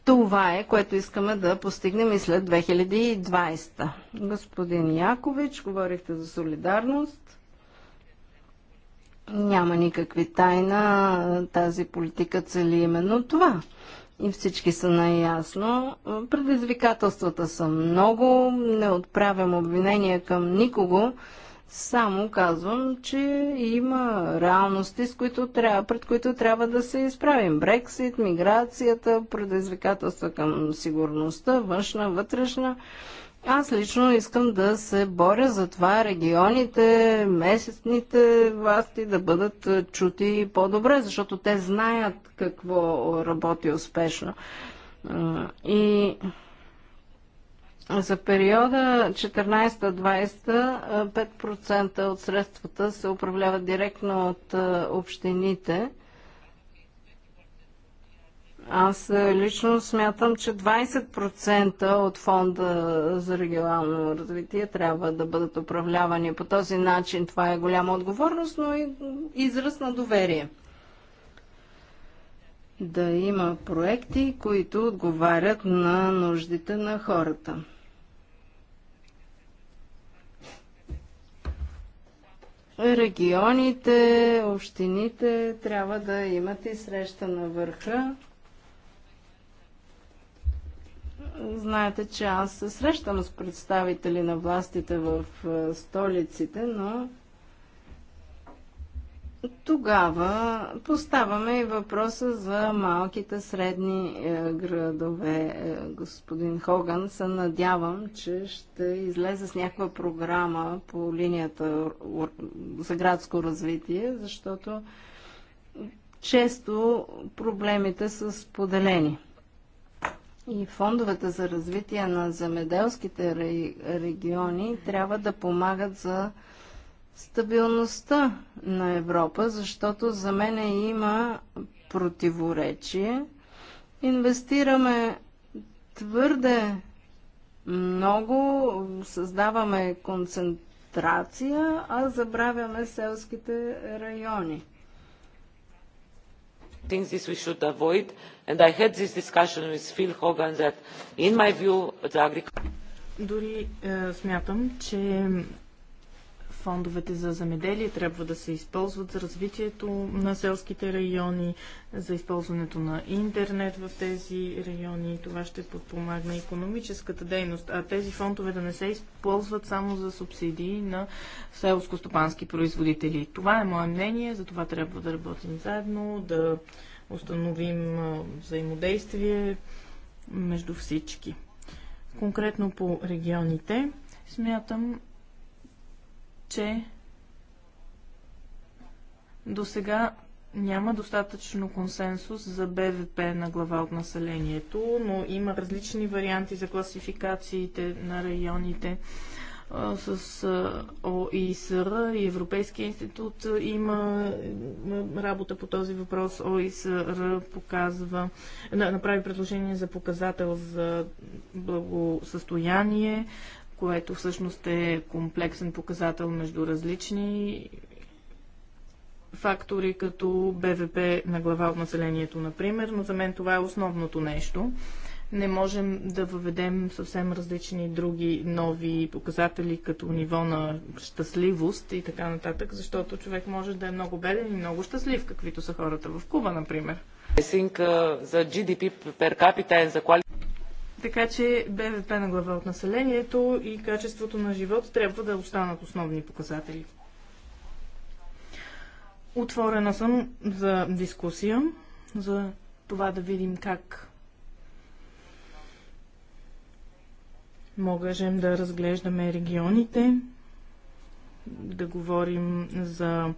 това е, което искаме да постигнем и след 2020. Господин Якович, говорихте за солидарност. Няма никакви тайна. Тази политика цели именно това. И всички са наясно. Предизвикателствата са много. Не отправям обвинения към никого. Само казвам, че има реалности, с които трябва, пред които трябва да се изправим. Брексит, миграцията, предизвикателства към сигурността, външна, вътрешна. Аз лично искам да се боря за това регионите, местните власти да бъдат е, чути по-добре, защото те знаят какво работи успешно. Е, и за периода 14-20 5% от средствата се управляват директно от общините. Аз лично смятам, че 20% от фонда за регионално развитие трябва да бъдат управлявани по този начин. Това е голяма отговорност, но и израз на доверие. Да има проекти, които отговарят на нуждите на хората. регионите, общините трябва да имат и среща на върха. Знаете, че аз се срещам с представители на властите в столиците, но тогава поставаме и въпроса за малките средни е, градове. Е, господин Хоган, се надявам, че ще излезе с някаква програма по линията за градско развитие, защото често проблемите са споделени. И фондовете за развитие на земеделските региони трябва да помагат за стабилността на Европа, защото за мен има противоречие. Инвестираме твърде много, създаваме концентрация, а забравяме селските райони. Things this we should avoid, and I had this discussion with Phil Hogan that, in my view, the agriculture. Дори е, смятам, че фондовете за замеделие трябва да се използват за развитието на селските райони, за използването на интернет в тези райони. Това ще подпомагне економическата дейност. А тези фондове да не се използват само за субсидии на селско-стопански производители. Това е мое мнение, за това трябва да работим заедно, да установим взаимодействие между всички. Конкретно по регионите, смятам, че до сега няма достатъчно консенсус за БВП на глава от населението, но има различни варианти за класификациите на районите с ОИСР и Европейския институт има работа по този въпрос. ОИСР показва, направи предложение за показател за благосъстояние което всъщност е комплексен показател между различни фактори, като БВП на глава от населението, например, но за мен това е основното нещо. Не можем да въведем съвсем различни други нови показатели, като ниво на щастливост и така нататък, защото човек може да е много беден и много щастлив, каквито са хората в Куба, например. Uh, GDP per capita така че БВП на глава от населението и качеството на живот трябва да останат основни показатели. Отворена съм за дискусия, за това да видим как можем да разглеждаме регионите, да говорим за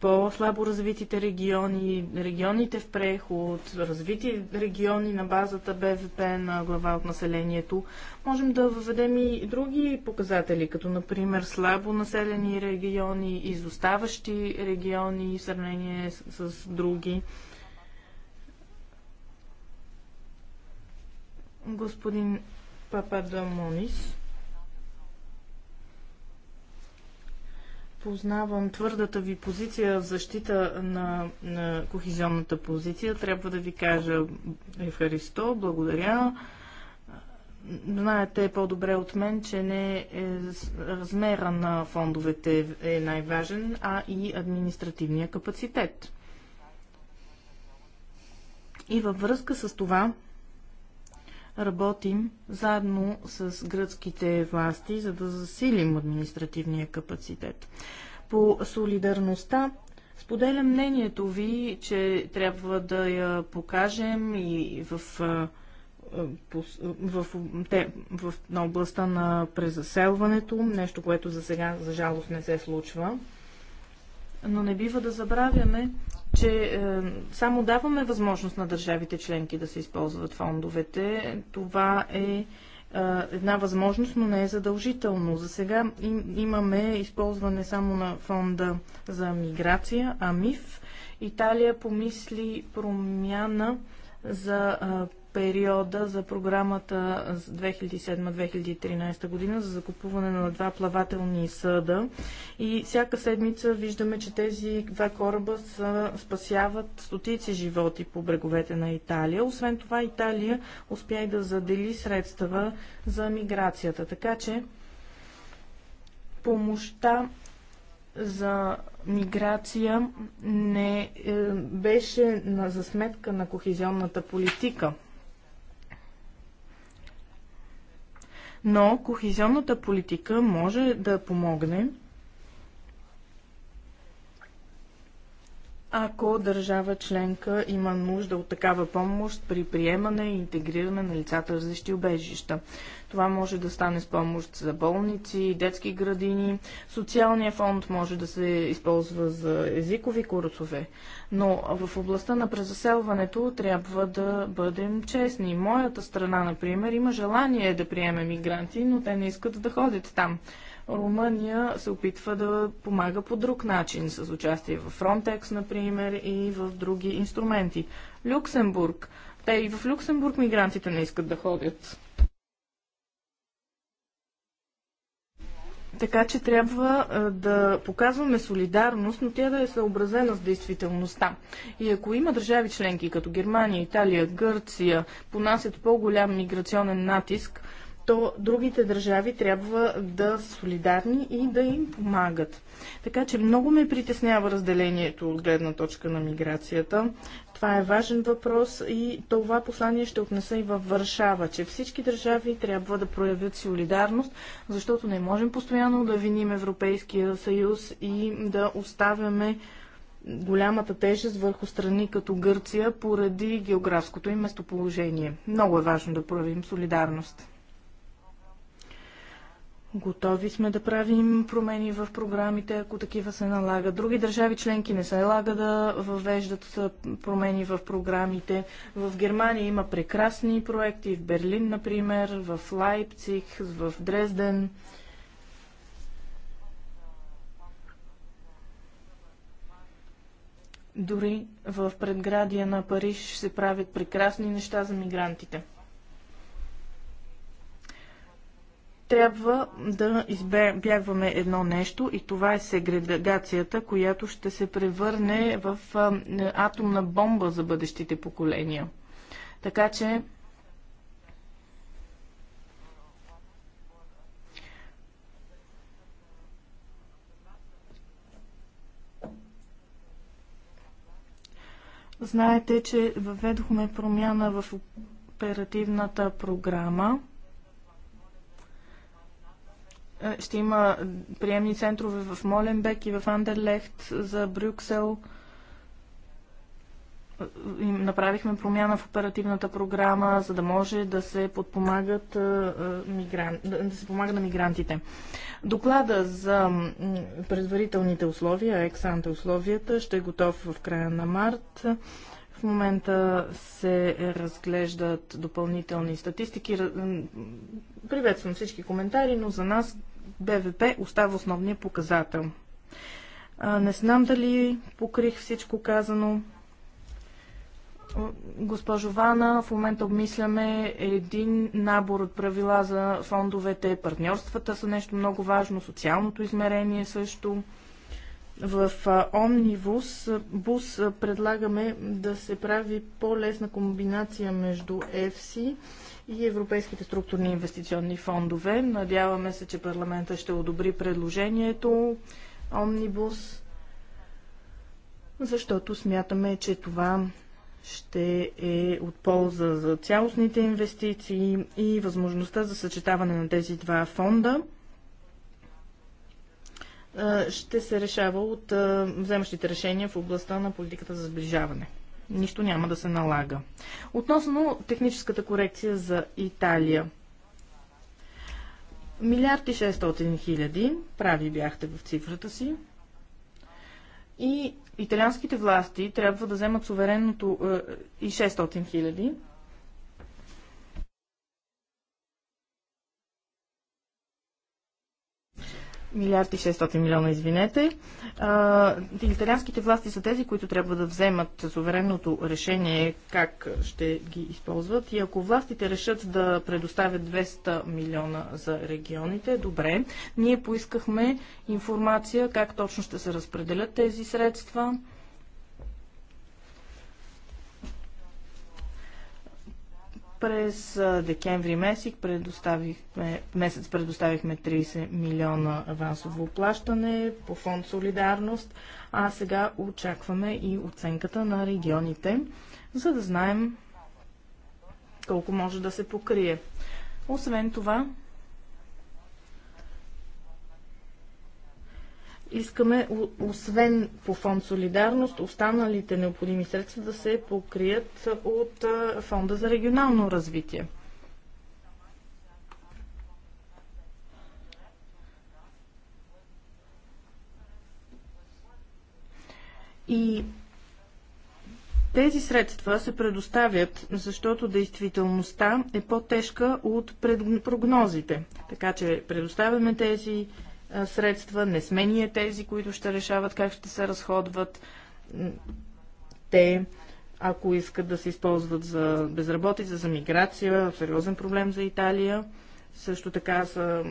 по-слабо развитите региони, регионите в преход, развити региони на базата БВП на глава от населението. Можем да въведем и други показатели, като например слабо населени региони, изоставащи региони в сравнение с, с други. Господин Пападамонис. Монис. познавам твърдата ви позиция в защита на, на кохизионната позиция. Трябва да ви кажа, Евхаристо, благодаря. Знаете по-добре от мен, че не е, размера на фондовете е най-важен, а и административния капацитет. И във връзка с това, работим заедно с гръцките власти, за да засилим административния капацитет. По солидарността споделя мнението ви, че трябва да я покажем и в, в, в, те, в на областта на презаселването, нещо, което за сега, за жалост, не се случва но не бива да забравяме, че е, само даваме възможност на държавите членки да се използват фондовете. Това е, е една възможност, но не е задължително. За сега им, имаме използване само на фонда за миграция, АМИФ. Италия помисли промяна за е, периода за програмата 2007-2013 година за закупуване на два плавателни съда. И всяка седмица виждаме, че тези два кораба са, спасяват стотици животи по бреговете на Италия. Освен това, Италия успя и да задели средства за миграцията. Така че помощта за миграция не е, беше на, за сметка на кохезионната политика. но кохезионната политика може да помогне, ако държава членка има нужда от такава помощ при приемане и интегриране на лицата, различни убежища. Това може да стане с помощ за болници, детски градини. Социалния фонд може да се използва за езикови курсове. Но в областта на презаселването трябва да бъдем честни. Моята страна, например, има желание да приеме мигранти, но те не искат да ходят там. Румъния се опитва да помага по друг начин, с участие в Frontex, например, и в други инструменти. Люксембург. Те и в Люксембург мигрантите не искат да ходят. Така че трябва да показваме солидарност, но тя да е съобразена с действителността. И ако има държави членки като Германия, Италия, Гърция, понасят по-голям миграционен натиск, то другите държави трябва да са солидарни и да им помагат. Така че много ме притеснява разделението от гледна точка на миграцията. Това е важен въпрос и това послание ще отнеса и във Варшава, че всички държави трябва да проявят солидарност, защото не можем постоянно да виним Европейския съюз и да оставяме голямата тежест върху страни като Гърция поради географското им местоположение. Много е важно да проявим солидарност. Готови сме да правим промени в програмите, ако такива се налагат. Други държави членки не се налага да въвеждат промени в програмите. В Германия има прекрасни проекти, в Берлин, например, в Лайпциг, в Дрезден. Дори в предградия на Париж се правят прекрасни неща за мигрантите. трябва да избягваме едно нещо и това е сегрегацията, която ще се превърне в атомна бомба за бъдещите поколения. Така че Знаете, че въведохме промяна в оперативната програма – е, ще има приемни центрове в Моленбек и в Андерлехт за Брюксел. Е, направихме промяна в оперативната програма, за да може да се подпомагат е, мигран... да се помага на мигрантите. Доклада за предварителните условия, Ексанта условията, ще е готов в края на март. В момента се разглеждат допълнителни статистики. Приветствам всички коментари, но за нас БВП остава основния показател. Не знам дали покрих всичко казано. Госпожо Вана, в момента обмисляме един набор от правила за фондовете. Партньорствата са нещо много важно, социалното измерение също. В Омнивус бус предлагаме да се прави по-лесна комбинация между EFSI и европейските структурни инвестиционни фондове. Надяваме се, че парламента ще одобри предложението Омнибус, защото смятаме, че това ще е от полза за цялостните инвестиции и възможността за съчетаване на тези два фонда е, ще се решава от е, вземащите решения в областта на политиката за сближаване нищо няма да се налага. Относно техническата корекция за Италия. Милиард и 600 хиляди, прави бяхте в цифрата си. И италианските власти трябва да вземат суверенното е, и 600 хиляди милиард и 600 милиона, извинете. А, италианските власти са тези, които трябва да вземат суверенното решение как ще ги използват. И ако властите решат да предоставят 200 милиона за регионите, добре. Ние поискахме информация как точно ще се разпределят тези средства През декември месец предоставихме, месец предоставихме 30 милиона авансово плащане по фонд Солидарност, а сега очакваме и оценката на регионите, за да знаем колко може да се покрие. Освен това, Искаме, освен по фонд Солидарност, останалите необходими средства да се покрият от фонда за регионално развитие. И тези средства се предоставят, защото действителността е по-тежка от прогнозите. Така че предоставяме тези средства, не сме ние тези, които ще решават как ще се разходват те, ако искат да се използват за безработица, за миграция, сериозен проблем за Италия, също така за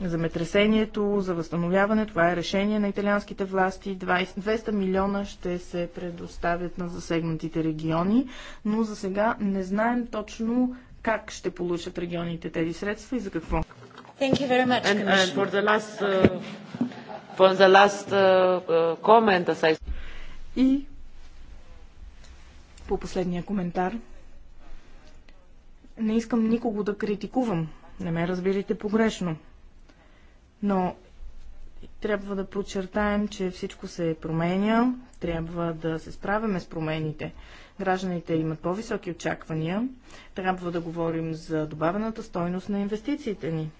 земетресението, за възстановяване. Това е решение на италианските власти. 20, 200 милиона ще се предоставят на засегнатите региони, но за сега не знаем точно как ще получат регионите тези средства и за какво. Thank you very much, and, and for the last, uh, the last uh, uh, comment, as I... И по последния коментар. Не искам никого да критикувам. Не ме разбирайте погрешно. Но трябва да подчертаем, че всичко се е променя, трябва да се справяме с промените. Гражданите имат по-високи очаквания, трябва да говорим за добавената стойност на инвестициите ни.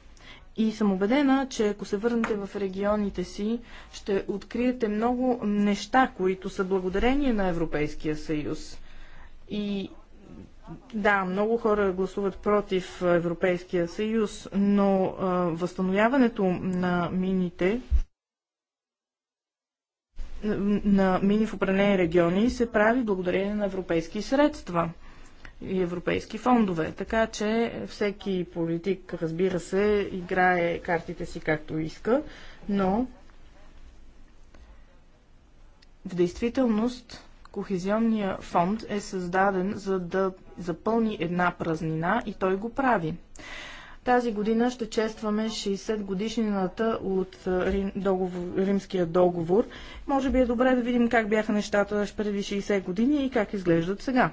И съм убедена, че ако се върнете в регионите си, ще откриете много неща, които са благодарение на Европейския съюз. И да, много хора гласуват против Европейския съюз, но а, възстановяването на мините на мини в определени региони се прави благодарение на европейски средства и европейски фондове. Така че всеки политик, разбира се, играе картите си както иска, но в действителност Кохезионния фонд е създаден за да запълни една празнина и той го прави. Тази година ще честваме 60 годишнината от Рим, договор, Римския договор. Може би е добре да видим как бяха нещата преди 60 години и как изглеждат сега.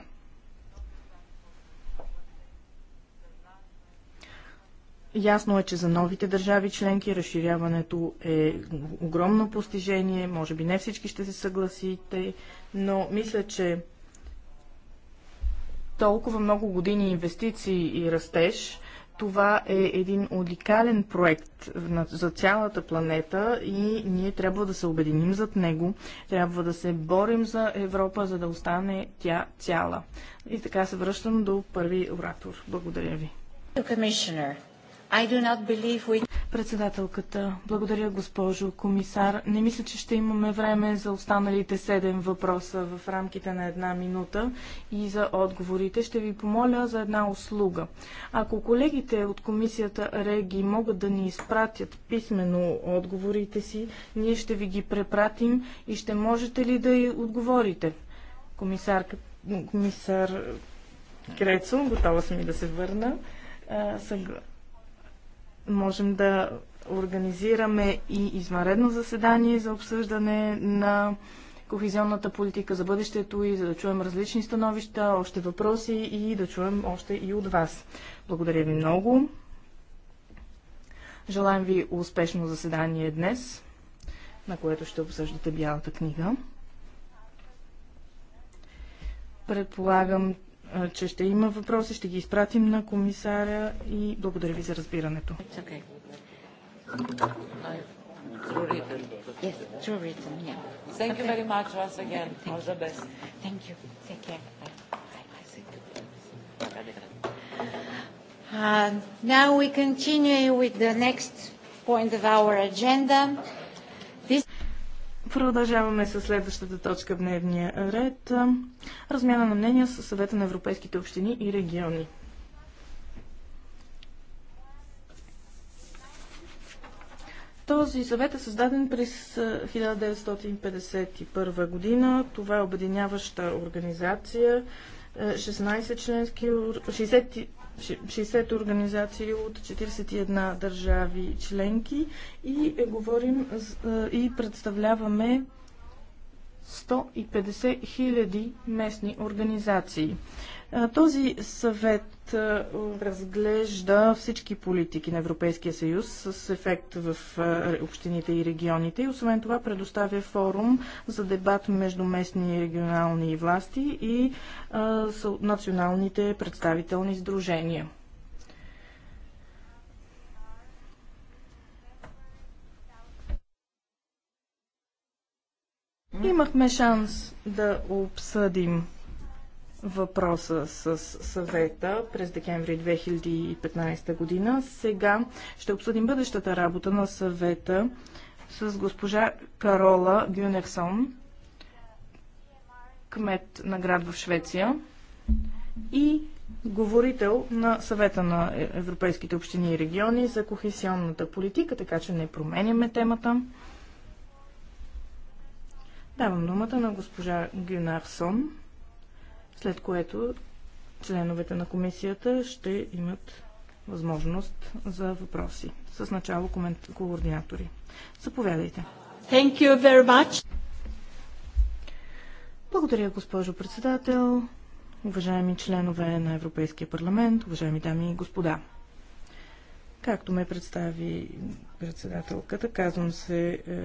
Ясно е, че за новите държави членки разширяването е огромно постижение. Може би не всички ще се съгласите, но мисля, че толкова много години инвестиции и растеж, това е един уникален проект за цялата планета и ние трябва да се обединим зад него, трябва да се борим за Европа, за да остане тя цяла. И така се връщам до първи оратор. Благодаря ви. Председателката, благодаря госпожо комисар. Не мисля, че ще имаме време за останалите седем въпроса в рамките на една минута и за отговорите. Ще ви помоля за една услуга. Ако колегите от комисията Реги могат да ни изпратят писменно отговорите си, ние ще ви ги препратим и ще можете ли да отговорите? Комисар, комисар Крецо, готова съм и да се върна. Съгласна можем да организираме и извънредно заседание за обсъждане на кохезионната политика за бъдещето и за да чуем различни становища, още въпроси и да чуем още и от вас. Благодаря ви много. Желаем ви успешно заседание днес, на което ще обсъждате Бялата книга. Предполагам, че ще има въпроси, ще ги изпратим на комисаря и благодаря ви за разбирането. Okay. Yes, through written, yeah. Thank okay. you very much once again. Thank All the best. Thank you. Take care. Bye. Uh, now we continue with the next point of our agenda. This Продължаваме с следващата точка в дневния ред. Размяна на мнения с съвета на европейските общини и региони. Този съвет е създаден през 1951 година. Това е обединяваща организация. 16 членски, 60 организации от 41 държави членки и е, говорим е, и представляваме 150 000 местни организации. Е, този съвет е, разглежда всички политики на Европейския съюз с ефект в е, общините и регионите и освен това предоставя форум за дебат между местни и регионални власти и националните представителни сдружения. Имахме шанс да обсъдим въпроса с съвета през декември 2015 година. Сега ще обсъдим бъдещата работа на съвета с госпожа Карола Гюнерсон, кмет на град в Швеция и говорител на съвета на е, Европейските общини и региони за кохесионната политика, така че не променяме темата. Давам думата на госпожа Гюнарсон след което членовете на комисията ще имат възможност за въпроси. С начало координатори. Заповядайте. Thank you very much. Благодаря, госпожо председател, уважаеми членове на Европейския парламент, уважаеми дами и господа. Както ме представи председателката. Казвам се е,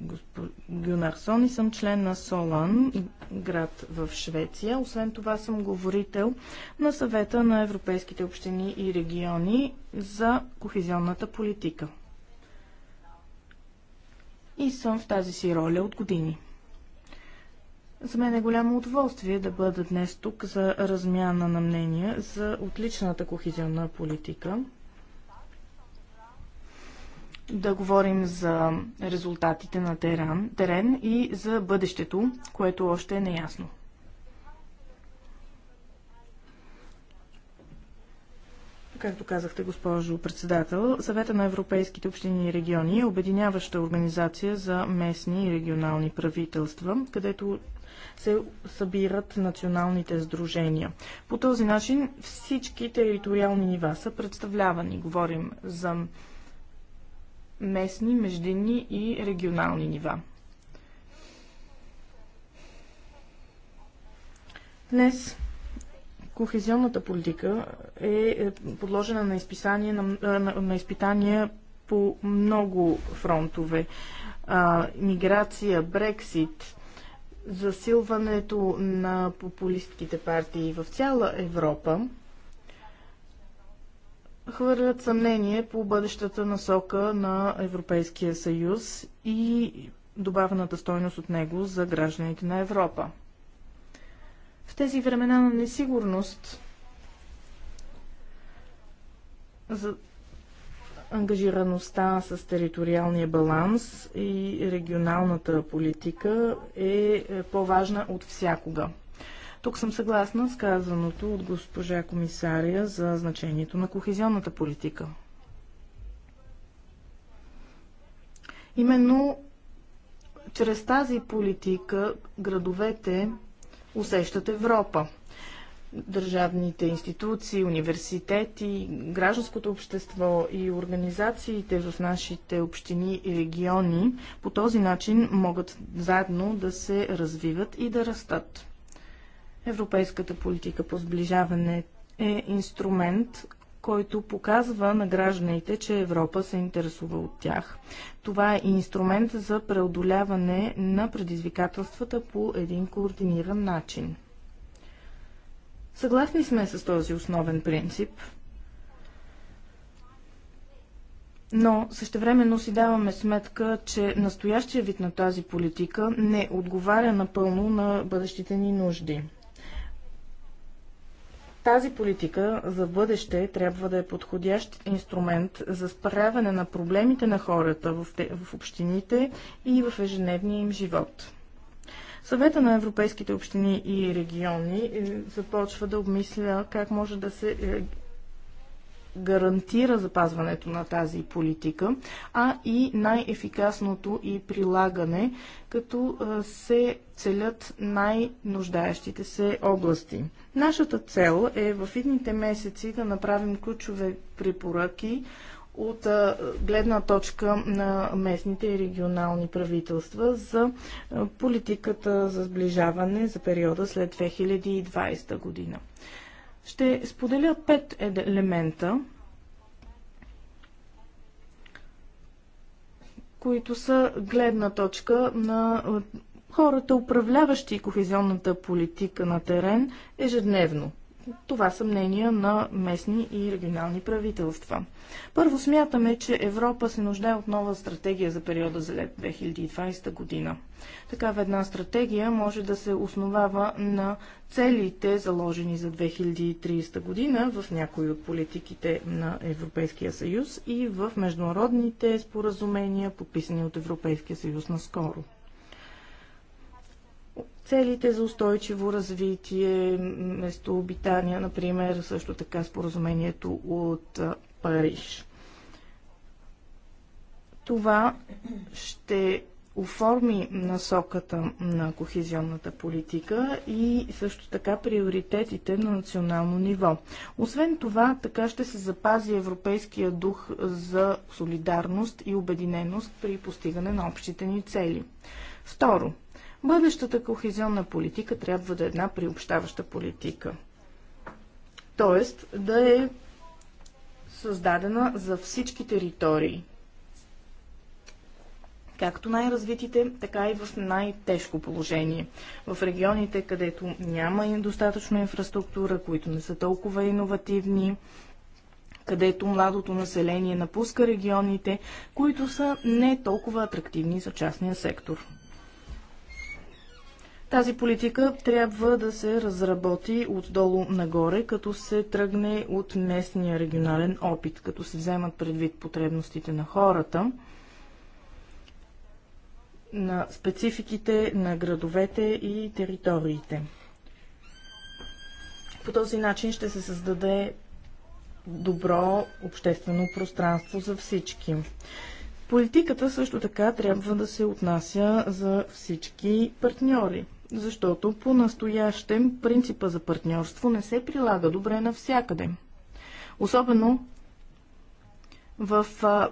госпо... Гюнарсон и съм член на Солан, град в Швеция. Освен това съм говорител на съвета на европейските общини и региони за кохезионната политика. И съм в тази си роля от години. За мен е голямо удоволствие да бъда днес тук за размяна на мнения за отличната кохезионна политика – да говорим за резултатите на терен, терен и за бъдещето, което още е неясно. Както казахте, госпожо председател, Съвета на Европейските общини и региони е обединяваща организация за местни и регионални правителства, където се събират националните сдружения. По този начин всички териториални нива са представлявани. Говорим за местни, междинни и регионални нива. Днес кохезионната политика е, е подложена на, изписание, на, на, на изпитания по много фронтове. А, миграция, Брексит, засилването на популистските партии в цяла Европа хвърлят съмнение по бъдещата насока на Европейския съюз и добавената стойност от него за гражданите на Европа. В тези времена на несигурност за ангажираността с териториалния баланс и регионалната политика е по-важна от всякога. Тук съм съгласна с казаното от госпожа комисария за значението на кохезионната политика. Именно чрез тази политика градовете усещат Европа. Държавните институции, университети, гражданското общество и организациите в нашите общини и региони по този начин могат заедно да се развиват и да растат. Европейската политика по сближаване е инструмент, който показва на гражданите, че Европа се интересува от тях. Това е инструмент за преодоляване на предизвикателствата по един координиран начин. Съгласни сме с този основен принцип, но същевременно си даваме сметка, че настоящия вид на тази политика не отговаря напълно на бъдещите ни нужди. Тази политика за бъдеще трябва да е подходящ инструмент за справяне на проблемите на хората в, в общините и в ежедневния им живот. Съвета на европейските общини и региони е, започва да обмисля как може да се е, гарантира запазването на тази политика, а и най-ефикасното и прилагане, като се целят най-нуждаещите се области. Нашата цел е в идните месеци да направим ключове препоръки от гледна точка на местните и регионални правителства за политиката за сближаване за периода след 2020 година. Ще споделя пет елемента, които са гледна точка на хората, управляващи кохезионната политика на терен ежедневно. Това са мнения на местни и регионални правителства. Първо смятаме, че Европа се нуждае от нова стратегия за периода за лет 2020 година. Такава една стратегия може да се основава на целите, заложени за 2030 година в някои от политиките на Европейския съюз и в международните споразумения, подписани от Европейския съюз наскоро целите за устойчиво развитие, местообитания, например, също така споразумението от Париж. Това ще оформи насоката на кохезионната политика и също така приоритетите на национално ниво. Освен това, така ще се запази европейския дух за солидарност и обединеност при постигане на общите ни цели. Второ, бъдещата кохезионна политика трябва да е една приобщаваща политика. Тоест да е създадена за всички територии. Както най-развитите, така и в най-тежко положение. В регионите, където няма достатъчно инфраструктура, които не са толкова иновативни, където младото население напуска регионите, които са не толкова атрактивни за частния сектор. Тази политика трябва да се разработи отдолу нагоре, като се тръгне от местния регионален опит, като се вземат предвид потребностите на хората, на спецификите на градовете и териториите. По този начин ще се създаде добро обществено пространство за всички. Политиката също така трябва да се отнася за всички партньори защото по-настоящем принципа за партньорство не се прилага добре навсякъде. Особено в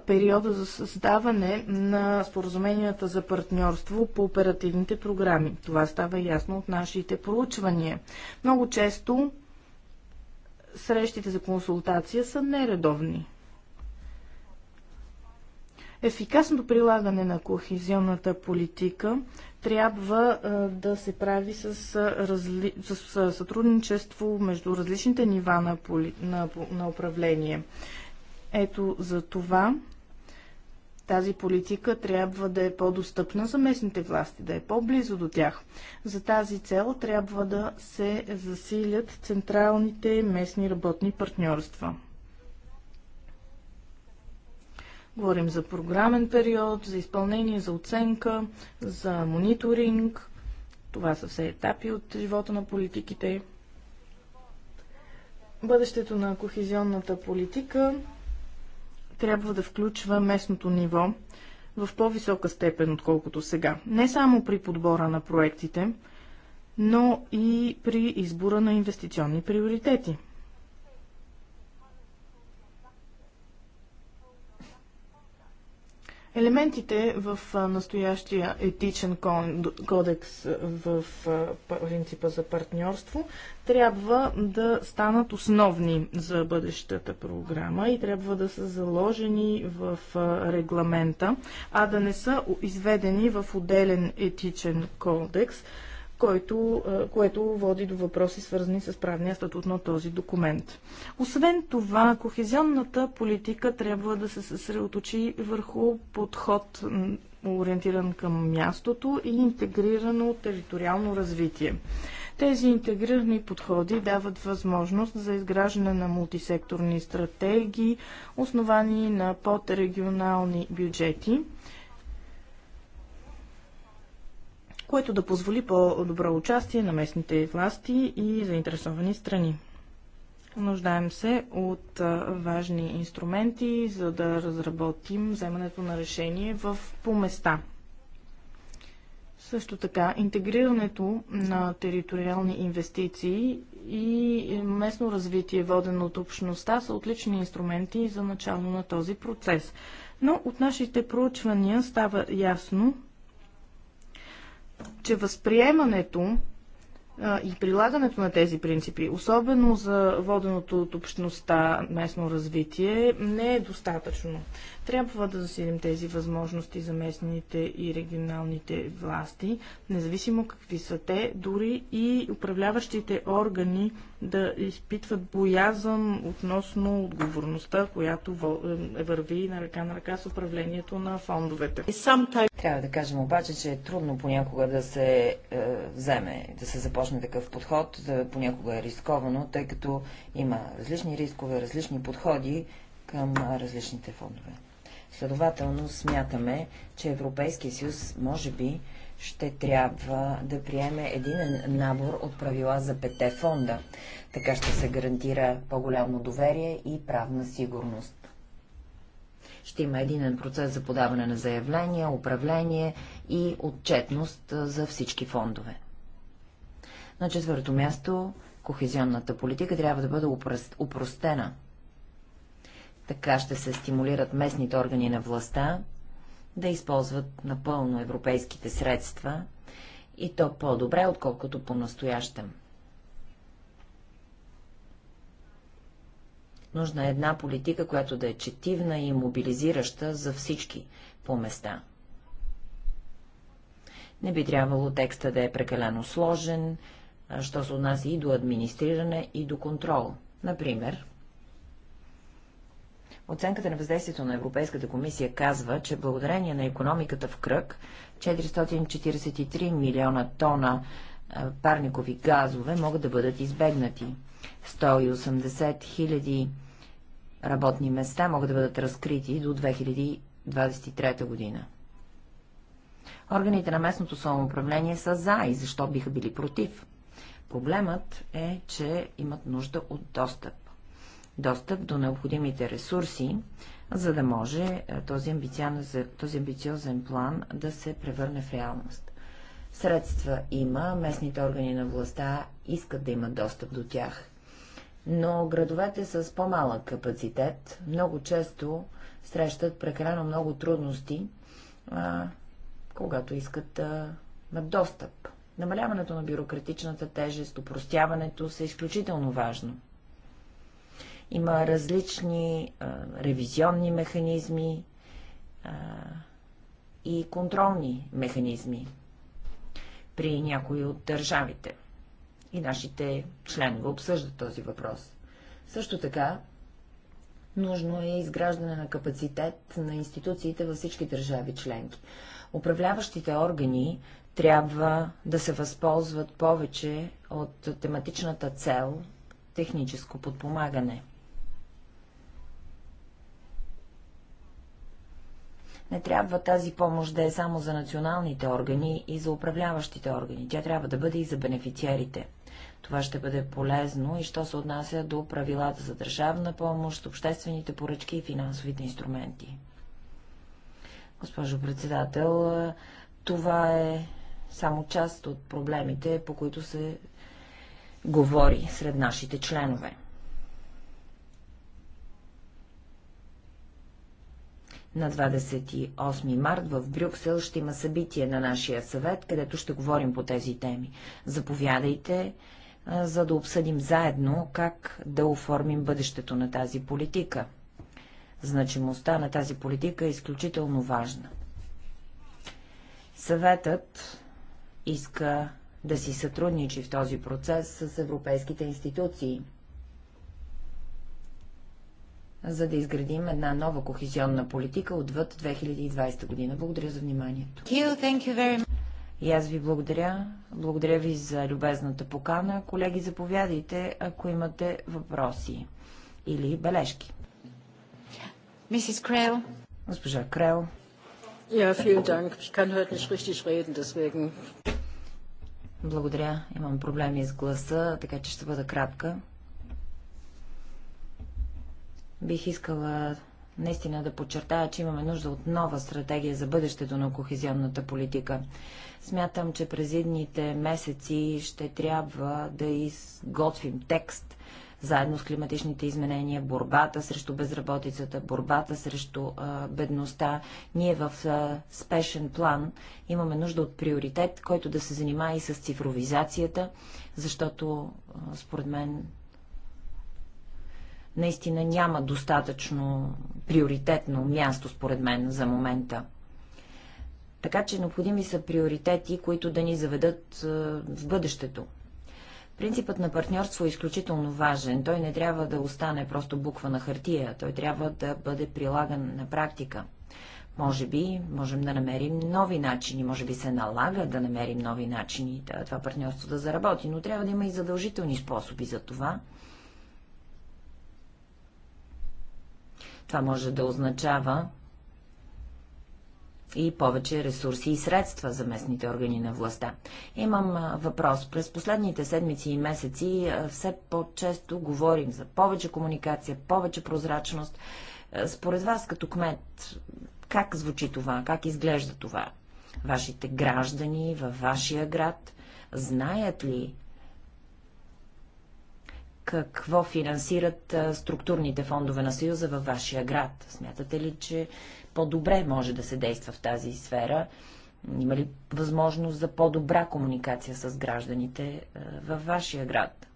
периода за създаване на споразуменията за партньорство по оперативните програми. Това става ясно от нашите проучвания. Много често срещите за консултация са нередовни. Ефикасното прилагане на кохезионната политика трябва да се прави с, разли... с сътрудничество между различните нива на, поли... на... на управление. Ето за това тази политика трябва да е по-достъпна за местните власти, да е по-близо до тях. За тази цел трябва да се засилят централните местни работни партньорства. Говорим за програмен период, за изпълнение, за оценка, за мониторинг. Това са все етапи от живота на политиките. Бъдещето на кохезионната политика трябва да включва местното ниво в по-висока степен, отколкото сега. Не само при подбора на проектите, но и при избора на инвестиционни приоритети. Елементите в настоящия етичен кодекс в принципа за партньорство трябва да станат основни за бъдещата програма и трябва да са заложени в регламента, а да не са изведени в отделен етичен кодекс, който, което води до въпроси, свързани с правния статут на този документ. Освен това, кохезионната политика трябва да се съсредоточи върху подход ориентиран към мястото и интегрирано териториално развитие. Тези интегрирани подходи дават възможност за изграждане на мултисекторни стратегии, основани на подрегионални бюджети, което да позволи по-добро участие на местните власти и заинтересовани страни. Нуждаем се от важни инструменти, за да разработим вземането на решение в по места. Също така, интегрирането на териториални инвестиции и местно развитие, водено от общността, са отлични инструменти за начало на този процес. Но от нашите проучвания става ясно, че възприемането и прилагането на тези принципи, особено за воденото от общността местно развитие, не е достатъчно. Трябва да засилим тези възможности за местните и регионалните власти, независимо какви са те, дори и управляващите органи да изпитват боязъм относно отговорността, която е, върви на ръка на ръка с управлението на фондовете. Трябва да кажем обаче, че е трудно понякога да се е, вземе, да се започне такъв подход, да понякога е рисковано, тъй като има различни рискове, различни подходи към различните фондове. Следователно смятаме, че Европейския съюз може би ще трябва да приеме един набор от правила за пете фонда. Така ще се гарантира по-голямо доверие и правна сигурност. Ще има единен процес за подаване на заявления, управление и отчетност за всички фондове. На четвърто място, кохезионната политика трябва да бъде упростена. Така ще се стимулират местните органи на властта да използват напълно европейските средства и то по-добре, отколкото по-настоящем. Нужна е една политика, която да е четивна и мобилизираща за всички по места. Не би трябвало текста да е прекалено сложен, що се отнася и до администриране, и до контрол. Например, Оценката на въздействието на Европейската комисия казва, че благодарение на економиката в кръг 443 милиона тона парникови газове могат да бъдат избегнати. 180 хиляди работни места могат да бъдат разкрити до 2023 година. Органите на местното самоуправление са за и защо биха били против? Проблемът е, че имат нужда от достъп достъп до необходимите ресурси, за да може е, този амбициозен, този амбициозен план да се превърне в реалност. Средства има, местните органи на властта искат да имат достъп до тях. Но градовете с по-малък капацитет много често срещат прекалено много трудности, а, когато искат да имат достъп. Намаляването на бюрократичната тежест, упростяването са изключително важно. Има различни а, ревизионни механизми а, и контролни механизми при някои от държавите. И нашите членове обсъждат този въпрос. Също така, нужно е изграждане на капацитет на институциите във всички държави членки. Управляващите органи трябва да се възползват повече от тематичната цел техническо подпомагане – Не трябва тази помощ да е само за националните органи и за управляващите органи. Тя трябва да бъде и за бенефициарите. Това ще бъде полезно и що се отнася до правилата за държавна помощ, обществените поръчки и финансовите инструменти. Госпожо председател, това е само част от проблемите, по които се говори сред нашите членове. На 28 март в Брюксел ще има събитие на нашия съвет, където ще говорим по тези теми. Заповядайте, за да обсъдим заедно как да оформим бъдещето на тази политика. Значимостта на тази политика е изключително важна. Съветът иска да си сътрудничи в този процес с европейските институции – за да изградим една нова кохезионна политика отвъд 2020 година. Благодаря за вниманието. И аз ви благодаря. Благодаря ви за любезната покана. Колеги, заповядайте, ако имате въпроси или бележки. Мисис Крел. Госпожа Крел. Ja, vielen Dank. Ich kann heute nicht richtig reden, deswegen. Благодаря. Имам проблеми с гласа, така че ще бъда кратка. Бих искала наистина да подчертая, че имаме нужда от нова стратегия за бъдещето на кохезионната политика. Смятам, че през едните месеци ще трябва да изготвим текст заедно с климатичните изменения, борбата срещу безработицата, борбата срещу а, бедността. Ние в а, спешен план имаме нужда от приоритет, който да се занимава и с цифровизацията, защото а, според мен наистина няма достатъчно приоритетно място, според мен, за момента. Така че необходими са приоритети, които да ни заведат е, в бъдещето. Принципът на партньорство е изключително важен. Той не трябва да остане просто буква на хартия. Той трябва да бъде прилаган на практика. Може би можем да намерим нови начини, може би се налага да намерим нови начини това партньорство да заработи, но трябва да има и задължителни способи за това Това може да означава и повече ресурси и средства за местните органи на властта. Имам въпрос. През последните седмици и месеци все по-често говорим за повече комуникация, повече прозрачност. Според вас като кмет, как звучи това? Как изглежда това? Вашите граждани във вашия град знаят ли какво финансират структурните фондове на Съюза във вашия град? Смятате ли, че по-добре може да се действа в тази сфера? Има ли възможност за по-добра комуникация с гражданите във вашия град?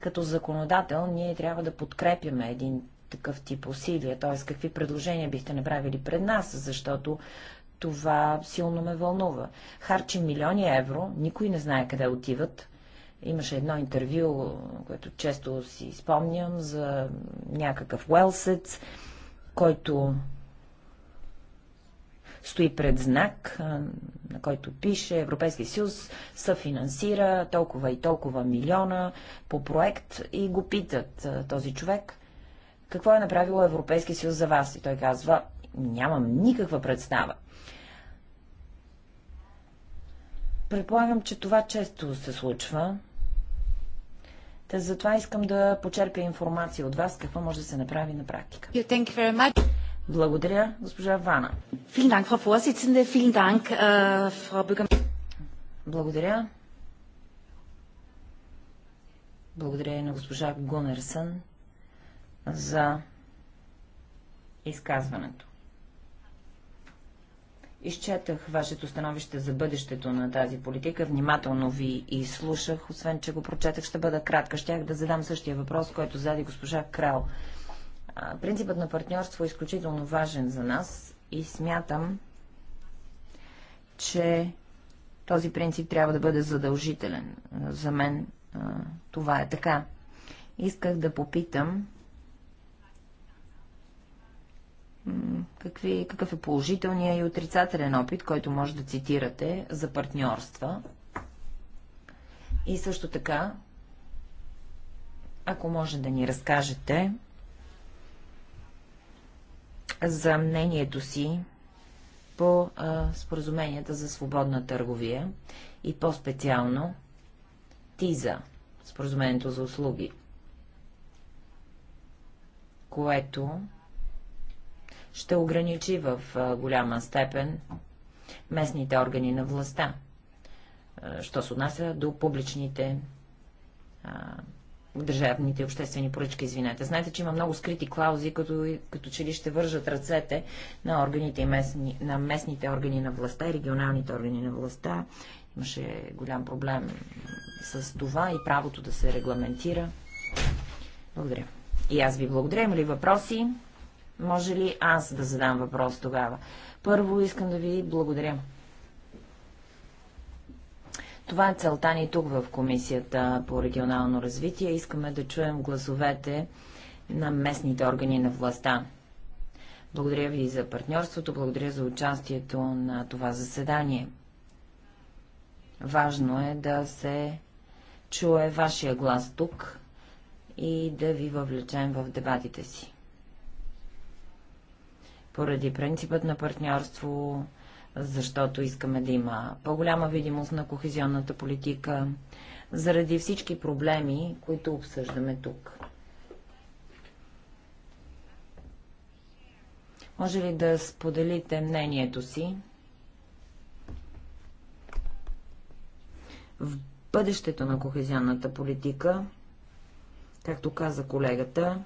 Като законодател ние трябва да подкрепяме един такъв тип усилия, т.е. какви предложения бихте направили пред нас, защото това силно ме вълнува. Харчим милиони евро, никой не знае къде отиват, Имаше едно интервю, което често си спомням, за някакъв уелсец, който стои пред знак, на който пише Европейски съюз съфинансира толкова и толкова милиона по проект и го питат този човек какво е направило Европейски съюз за вас. И той казва, нямам никаква представа. Предполагам, че това често се случва. Та затова искам да почерпя информация от вас, какво може да се направи на практика. Благодаря, госпожа Вана. Äh, Благодаря. Благодаря и на госпожа Гунерсън за изказването. Изчетах вашето становище за бъдещето на тази политика, внимателно ви слушах, освен че го прочетах, ще бъда кратка. Щях да задам същия въпрос, който зади госпожа Крал. Принципът на партньорство е изключително важен за нас и смятам, че този принцип трябва да бъде задължителен. За мен това е така. Исках да попитам какви, какъв е положителният и отрицателен опит, който може да цитирате за партньорства. И също така, ако може да ни разкажете за мнението си по а, споразуменията за свободна търговия и по-специално ТИЗА, споразумението за услуги, което ще ограничи в голяма степен местните органи на властта, що се отнася до публичните държавните обществени поръчки, извинете. Знаете, че има много скрити клаузи, като, като че ли ще вържат ръцете на, органите и местни, на местните органи на властта и регионалните органи на властта. Имаше голям проблем с това и правото да се регламентира. Благодаря. И аз ви благодаря. Има ли въпроси? Може ли аз да задам въпрос тогава? Първо искам да ви благодаря. Това е целта ни тук в Комисията по регионално развитие. Искаме да чуем гласовете на местните органи на властта. Благодаря ви за партньорството, благодаря за участието на това заседание. Важно е да се чуе вашия глас тук и да ви въвлечем в дебатите си поради принципът на партньорство, защото искаме да има по-голяма видимост на кохезионната политика, заради всички проблеми, които обсъждаме тук. Може ли да споделите мнението си? В бъдещето на кохезионната политика, както каза колегата,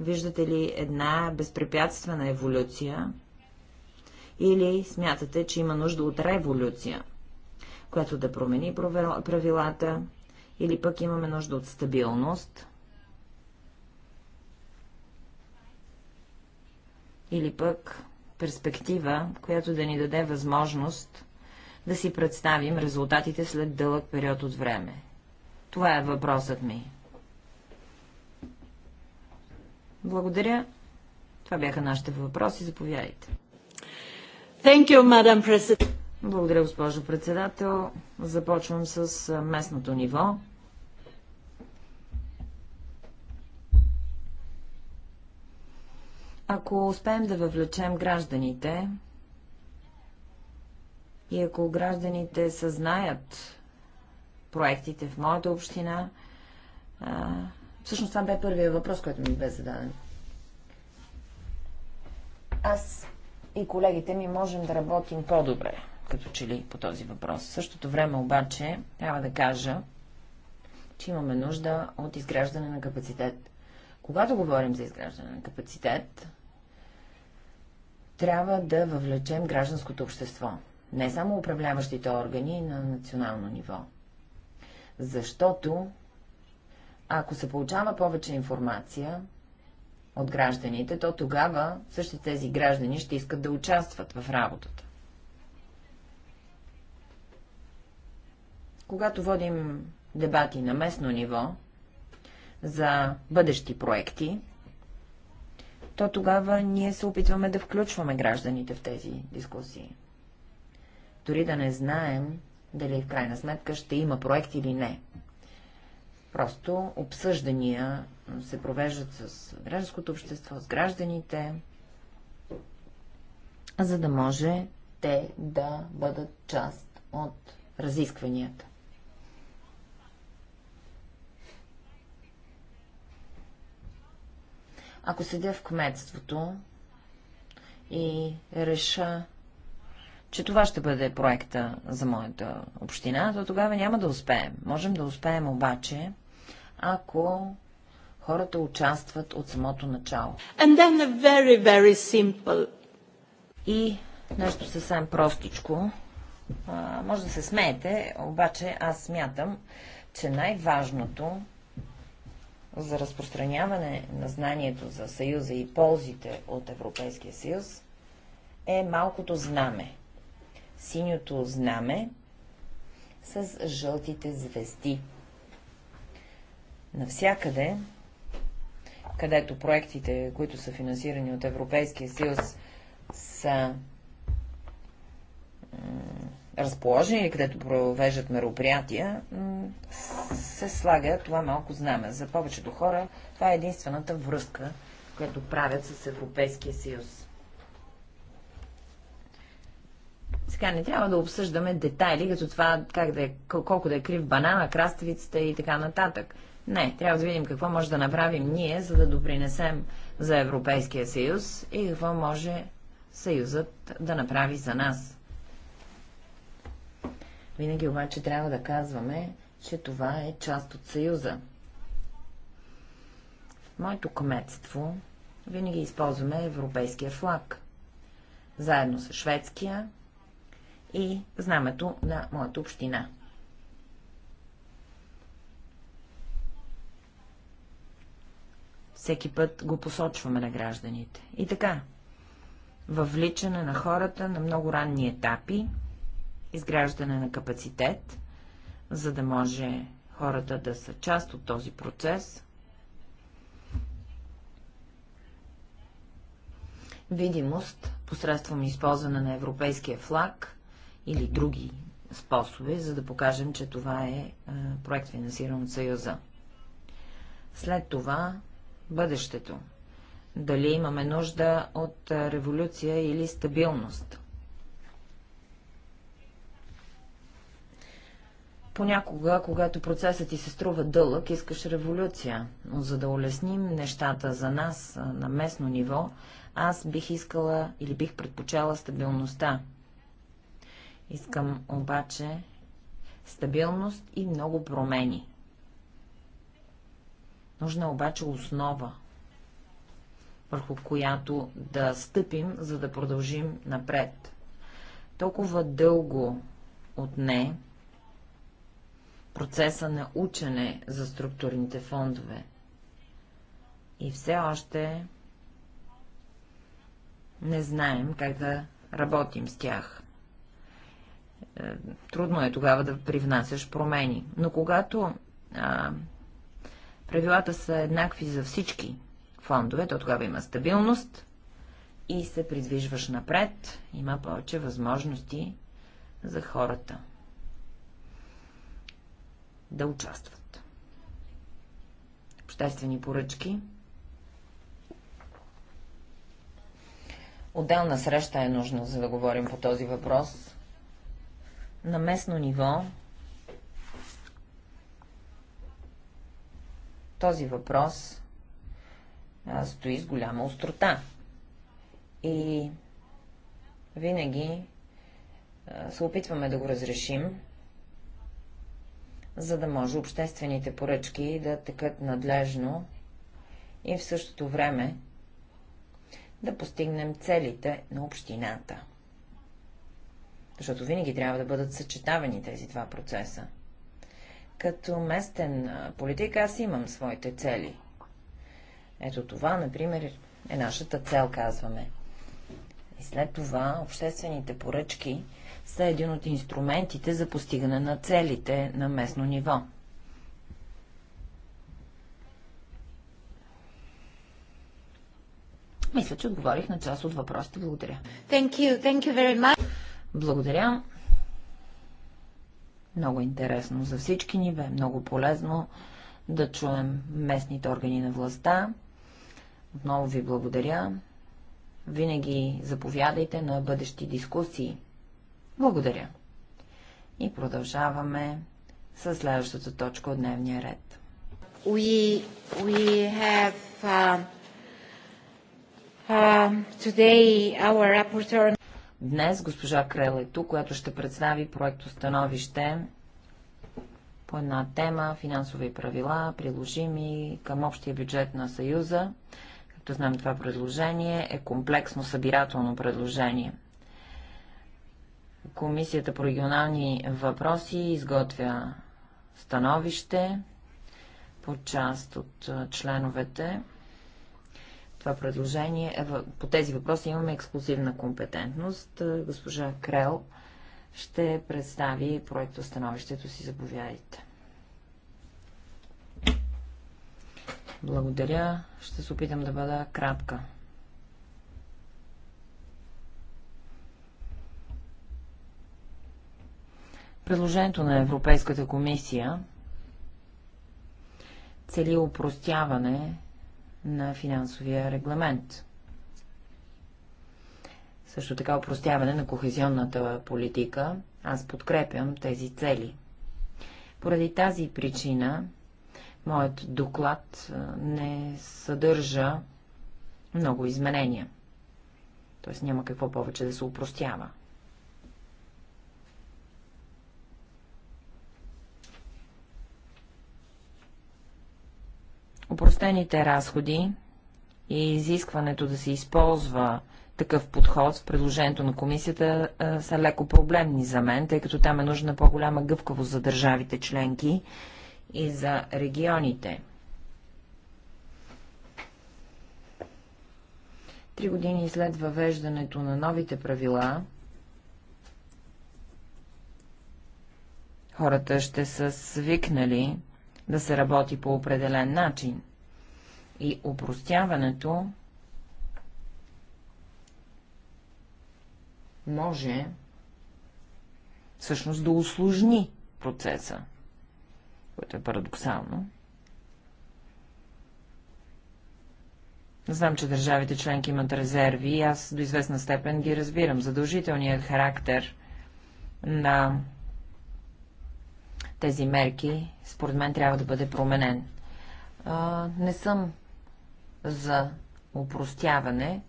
Виждате ли една безпрепятствена еволюция или смятате, че има нужда от революция, която да промени правилата, или пък имаме нужда от стабилност, или пък перспектива, която да ни даде възможност да си представим резултатите след дълъг период от време. Това е въпросът ми. Благодаря. Това бяха нашите въпроси. Заповядайте. Thank you, Madam President. Благодаря, госпожо председател. Започвам с местното ниво. Ако успеем да въвлечем гражданите и ако гражданите съзнаят проектите в моята община, Всъщност това бе първият въпрос, който ми бе зададен. Аз и колегите ми можем да работим по-добре, като че ли по този въпрос. В същото време обаче трябва да кажа, че имаме нужда от изграждане на капацитет. Когато говорим за изграждане на капацитет, трябва да въвлечем гражданското общество. Не само управляващите органи на национално ниво. Защото ако се получава повече информация от гражданите, то тогава същите тези граждани ще искат да участват в работата. Когато водим дебати на местно ниво за бъдещи проекти, то тогава ние се опитваме да включваме гражданите в тези дискусии. Дори да не знаем дали в крайна сметка ще има проект или не. Просто обсъждания се провеждат с гражданското общество, с гражданите, за да може те да бъдат част от разискванията. Ако седя в кметството и реша, че това ще бъде проекта за моята община, то тогава няма да успеем. Можем да успеем обаче ако хората участват от самото начало. And then a very, very simple. И нещо съвсем простичко. А, може да се смеете, обаче аз смятам, че най-важното за разпространяване на знанието за Съюза и ползите от Европейския съюз е малкото знаме. Синьото знаме с жълтите звезди. Навсякъде, където проектите, които са финансирани от Европейския съюз, са разположени или където провеждат мероприятия, се слага това малко знаме. За повечето хора това е единствената връзка, която правят с Европейския съюз. Сега не трябва да обсъждаме детайли, като това как да е, колко да е крив банана, краставицата и така нататък. Не, трябва да видим какво може да направим ние, за да допринесем за Европейския съюз и какво може съюзът да направи за нас. Винаги обаче трябва да казваме, че това е част от съюза. моето кметство винаги използваме европейския флаг, заедно с шведския и знамето на моята община. всеки път го посочваме на гражданите. И така, въвличане на хората на много ранни етапи, изграждане на капацитет, за да може хората да са част от този процес. Видимост посредством използване на европейския флаг или други способи, за да покажем, че това е проект финансиран от Съюза. След това бъдещето. Дали имаме нужда от революция или стабилност. Понякога, когато процесът ти се струва дълъг, искаш революция, но за да улесним нещата за нас на местно ниво, аз бих искала или бих предпочела стабилността. Искам обаче стабилност и много промени. Нужна е обаче основа, върху която да стъпим, за да продължим напред. Толкова дълго отне процеса на учене за структурните фондове. И все още не знаем как да работим с тях. Е, трудно е тогава да привнасяш промени. Но когато а, правилата са еднакви за всички фондове, то тогава има стабилност и се придвижваш напред, има повече възможности за хората да участват. Обществени поръчки. Отделна среща е нужна, за да говорим по този въпрос. На местно ниво Този въпрос стои с голяма острота. И винаги се опитваме да го разрешим, за да може обществените поръчки да текат надлежно и в същото време да постигнем целите на общината. Защото винаги трябва да бъдат съчетавани тези два процеса. Като местен политик аз имам своите цели. Ето това, например, е нашата цел, казваме. И след това обществените поръчки са един от инструментите за постигане на целите на местно ниво. Мисля, че отговорих на част от въпросите. Благодаря. Thank you. Thank you very much. Благодаря. Много интересно за всички ни бе, много полезно да чуем местните органи на властта. Отново ви благодаря. Винаги заповядайте на бъдещи дискусии. Благодаря. И продължаваме с следващата точка от дневния ред. We, we have, uh, uh, today our rapporteur... Днес госпожа Крел е тук, която ще представи проекто становище по една тема – финансови правила, приложими към общия бюджет на Съюза. Както знаем, това предложение е комплексно събирателно предложение. Комисията по регионални въпроси изготвя становище по част от членовете това предложение. Е по тези въпроси имаме ексклюзивна компетентност. Е, госпожа Крел ще представи проекто становището си. Заповядайте. Благодаря. Ще се опитам да бъда кратка. Предложението на Европейската комисия цели упростяване на финансовия регламент. Също така упростяване на кохезионната политика. Аз подкрепям тези цели. Поради тази причина моят доклад не съдържа много изменения. Тоест няма какво повече да се упростява. Опростените разходи и изискването да се използва такъв подход в предложението на комисията са леко проблемни за мен, тъй като там е нужна по-голяма гъвкавост за държавите членки и за регионите. Три години след въвеждането на новите правила, хората ще са свикнали да се работи по определен начин. И упростяването може всъщност да усложни процеса, което е парадоксално. Знам, че държавите членки имат резерви и аз до известна степен ги разбирам. Задължителният характер на тези мерки, според мен, трябва да бъде променен. А, не съм за упростяване,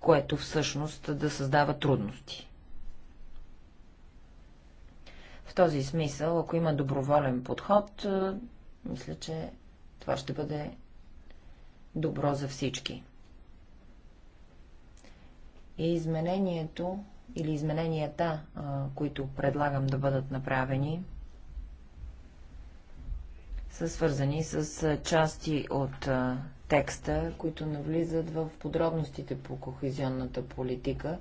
което всъщност да създава трудности. В този смисъл, ако има доброволен подход, мисля, че това ще бъде добро за всички. И изменението или измененията, които предлагам да бъдат направени, са свързани с части от текста, които навлизат в подробностите по кохезионната политика.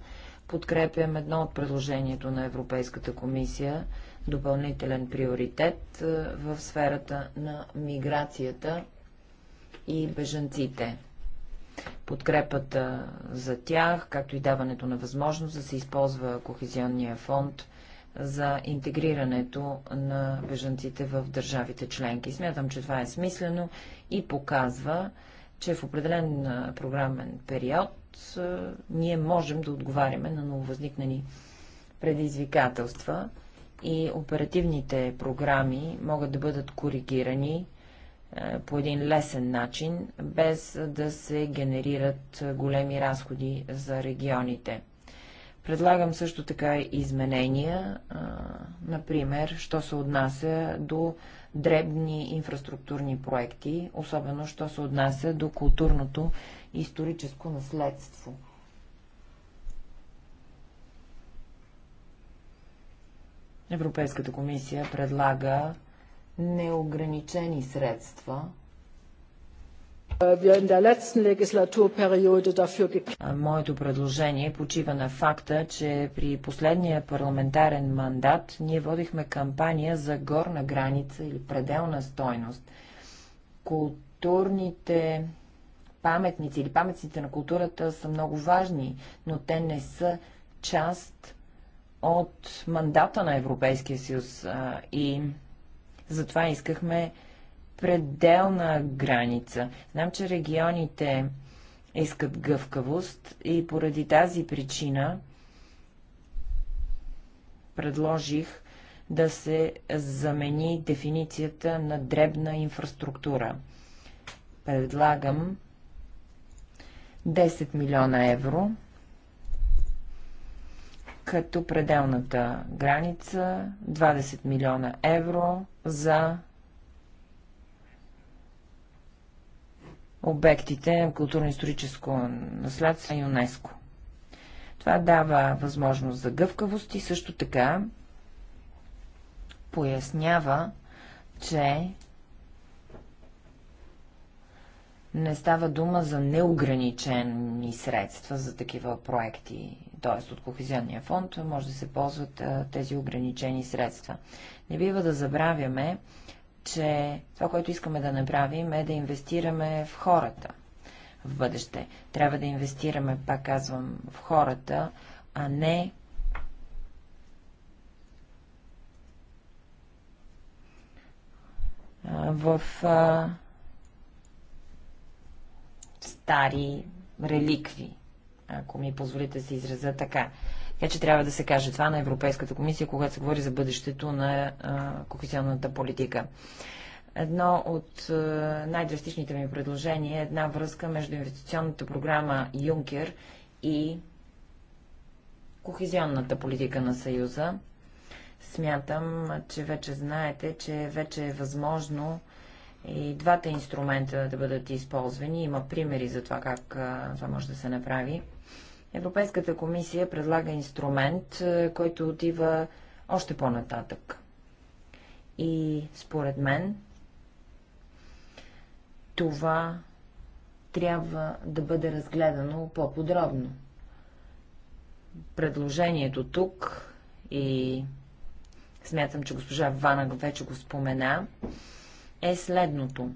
Подкрепям едно от предложението на Европейската комисия – допълнителен приоритет в сферата на миграцията и бежанците. Подкрепата за тях, както и даването на възможност да се използва кохезионния фонд за интегрирането на бежанците в държавите членки. Смятам, че това е смислено и показва, че в определен програмен период ние можем да отговаряме на нововъзникнани предизвикателства и оперативните програми могат да бъдат коригирани по един лесен начин, без да се генерират големи разходи за регионите. Предлагам също така изменения, а, например, що се отнася до дребни инфраструктурни проекти, особено що се отнася до културното и историческо наследство. Европейската комисия предлага неограничени средства Äh, моето предложение почива на факта, че при последния парламентарен мандат ние водихме кампания за горна граница или пределна стойност. Културните паметници или паметниците на културата са много важни, но те не са част от мандата на Европейския съюз и затова искахме пределна граница. Знам, че регионите искат гъвкавост и поради тази причина предложих да се замени дефиницията на дребна инфраструктура. Предлагам 10 милиона евро като пределната граница 20 милиона евро за обектите, културно-историческо наследство и ЮНЕСКО. Това дава възможност за гъвкавост и също така пояснява, че не става дума за неограничени средства за такива проекти, т.е. от Кохезионния фонд може да се ползват а, тези ограничени средства. Не бива да забравяме, че това, което искаме да направим е да инвестираме в хората в бъдеще. Трябва да инвестираме, пак казвам, в хората, а не в а, стари реликви, ако ми позволите да се изразя така. Така че трябва да се каже това на Европейската комисия, когато се говори за бъдещето на кохезионната политика. Едно от най-драстичните ми предложения е една връзка между инвестиционната програма Юнкер и кохезионната политика на Съюза. Смятам, че вече знаете, че вече е възможно и двата инструмента да бъдат използвани. Има примери за това как това може да се направи. Европейската комисия предлага инструмент, е, който отива още по-нататък. И според мен това трябва да бъде разгледано по-подробно. Предложението тук и смятам, че госпожа Ванаг вече го спомена, е следното.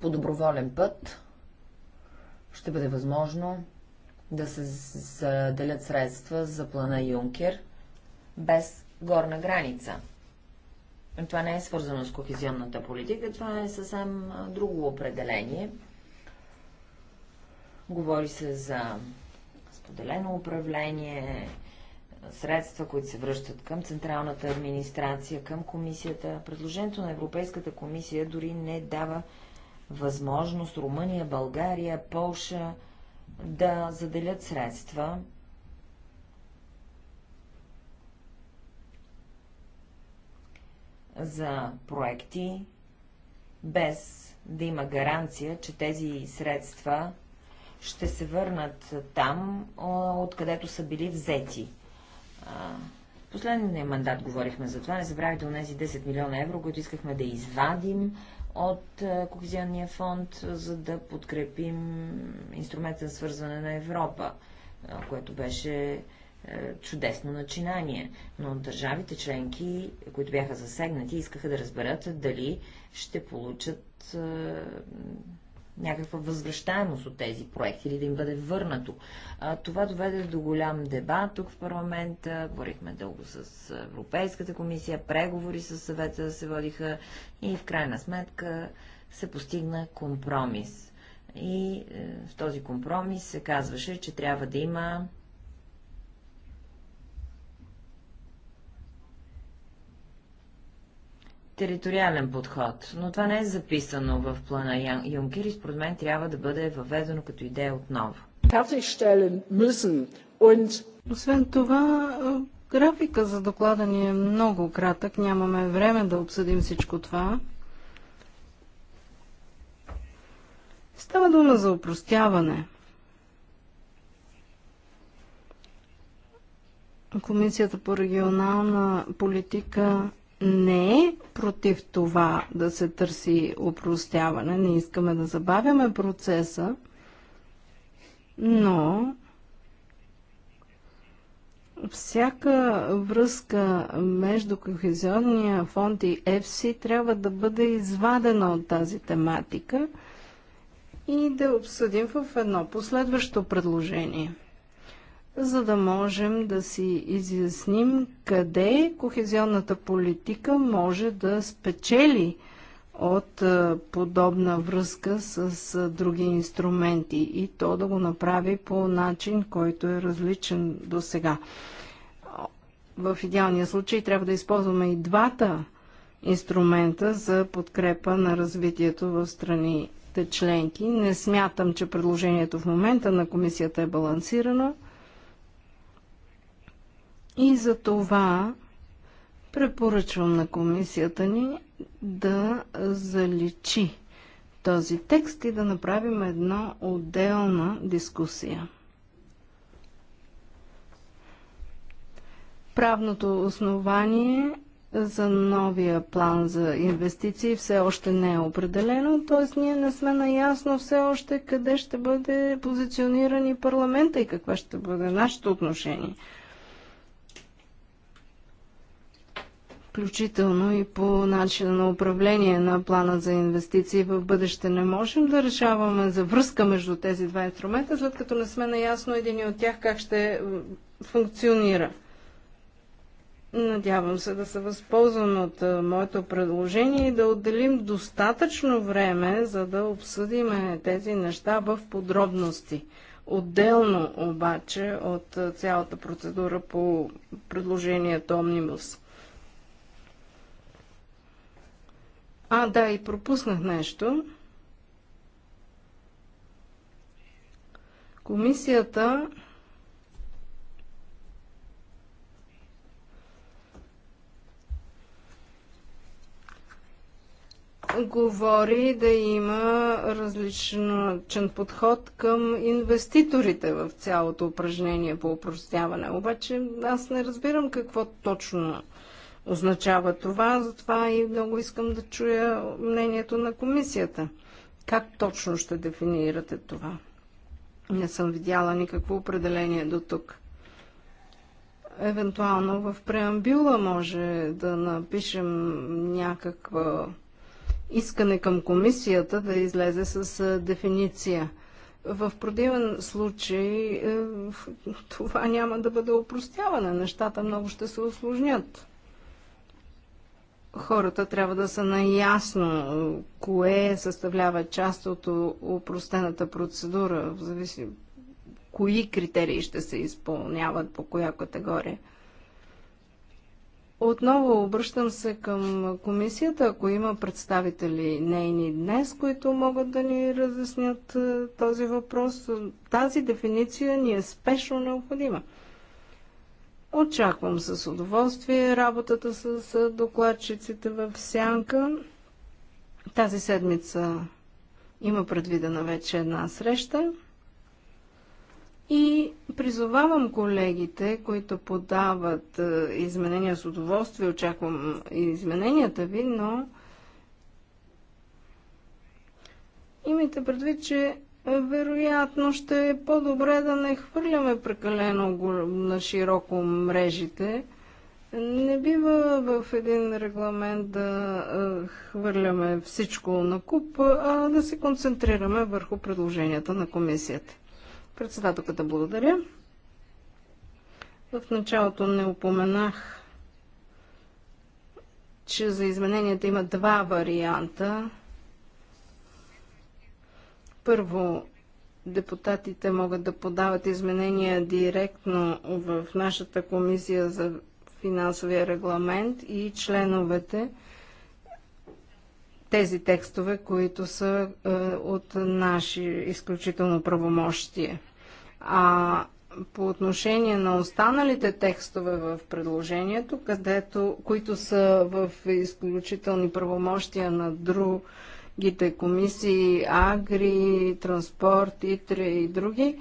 По доброволен път ще бъде възможно да се заделят средства за плана Юнкер без горна граница. Това не е свързано с кохезионната политика, това е съвсем друго определение. Говори се за споделено управление, средства, които се връщат към централната администрация, към комисията. Предложението на Европейската комисия дори не дава възможност Румъния, България, Полша да заделят средства за проекти, без да има гаранция, че тези средства ще се върнат там, откъдето са били взети. Последния мандат говорихме за това. Не забравяйте тези 10 милиона евро, които искахме да извадим от е, Кохезионния фонд, за да подкрепим инструмента за свързване на Европа, е, което беше е, чудесно начинание. Но държавите членки, които бяха засегнати, искаха да разберат дали ще получат някаква възвръщаемост от тези проекти или да им бъде върнато. това доведе до голям дебат тук в парламента, говорихме дълго с Европейската комисия, преговори с съвета се водиха и в крайна сметка се постигна компромис. И е, в този компромис се казваше, че трябва да има териториален подход, но това не е записано в плана Юнкер и според мен трябва да бъде въведено като идея отново. Освен това, графика за доклада ни е много кратък, нямаме време да обсъдим всичко това. Става дума за упростяване. Комисията по регионална политика не е против това да се търси упростяване. Не искаме да забавяме процеса, но всяка връзка между Кохезионния фонд и ЕФСИ трябва да бъде извадена от тази тематика и да обсъдим в едно последващо предложение – за да можем да си изясним къде кохезионната политика може да спечели от подобна връзка с други инструменти и то да го направи по начин, който е различен до сега. В идеалния случай трябва да използваме и двата инструмента за подкрепа на развитието в страните членки. Не смятам, че предложението в момента на комисията е балансирано и за това препоръчвам на комисията ни да заличи този текст и да направим една отделна дискусия. Правното основание за новия план за инвестиции все още не е определено, т.е. ние не сме наясно все още къде ще бъде позициониран и парламента и каква ще бъде нашето отношение. включително и по начина на управление на плана за инвестиции в бъдеще. Не можем да решаваме за връзка между тези два инструмента, след като не сме наясно един от тях как ще функционира. Надявам се да се възползвам от е, моето предложение и да отделим достатъчно време, за да обсъдим тези неща в подробности. Отделно обаче от е, цялата процедура по предложението Омнимус. А, да, и пропуснах нещо. Комисията говори да има различен подход към инвеститорите в цялото упражнение по упростяване. Обаче аз не разбирам какво точно означава това, затова и много искам да чуя мнението на комисията. Как точно ще дефинирате това? Не съм видяла никакво определение до тук. Евентуално в преамбюла може да напишем някаква искане към комисията да излезе с дефиниция. В противен случай е, това няма да бъде опростяване. Нещата много ще се осложнят хората трябва да са наясно кое съставлява част от упростената процедура, в зависи кои критерии ще се изпълняват по коя категория. Отново обръщам се към комисията, ако има представители нейни днес, които могат да ни разяснят е, този въпрос. Тази дефиниция ни е спешно необходима. Очаквам с удоволствие работата с докладчиците в Сянка. Тази седмица има предвидена вече една среща. И призовавам колегите, които подават е, изменения с удоволствие, очаквам измененията ви, но имайте предвид, че вероятно ще е по-добре да не хвърляме прекалено на широко мрежите. Не бива в един регламент да хвърляме всичко на куп, а да се концентрираме върху предложенията на комисията. Председателката благодаря. В началото не упоменах, че за измененията има два варианта. Първо, депутатите могат да подават изменения директно в нашата комисия за финансовия регламент и членовете тези текстове, които са е, от наши изключително правомощие. А по отношение на останалите текстове в предложението, където, които са в изключителни правомощия на друг другите комисии, Агри, Транспорт, Итре и други,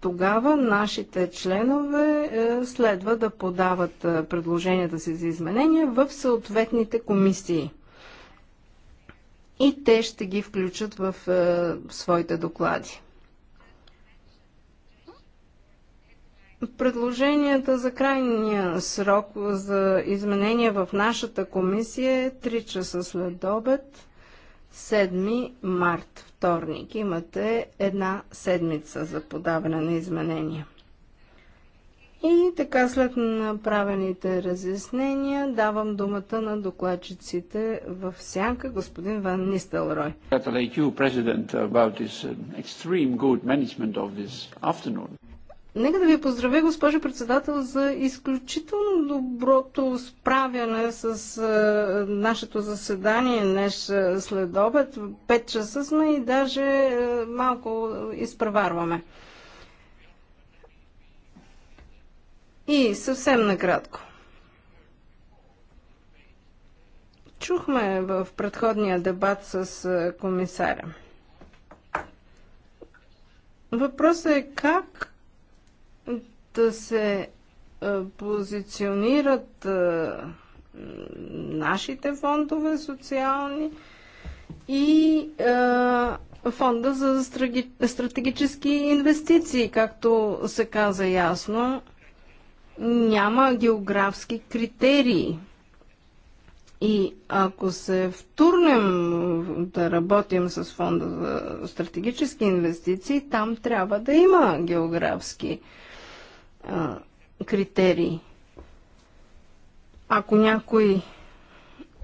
тогава нашите членове е, следва да подават е, предложенията си за изменения в съответните комисии. И те ще ги включат в е, своите доклади. Предложенията за крайния срок за изменения в нашата комисия е 3 часа след обед. 7 март, вторник. Имате една седмица за подаване на изменения. И така след направените разяснения давам думата на докладчиците в сянка господин Ван Нистелрой. Congratulate you, President, about this uh, extreme good management of this afternoon. Нека да ви поздравя, госпожо председател, за изключително доброто справяне с а, е, нашето заседание днес е, след обед. Пет часа сме и даже а, е, малко изпреварваме. И съвсем накратко. Чухме в предходния дебат с комисаря. Въпросът е как да се позиционират нашите фондове социални и фонда за стратегически инвестиции, както се каза ясно, няма географски критерии. И ако се втурнем да работим с фонда за стратегически инвестиции, там трябва да има географски критерии а, критерии. Ако някой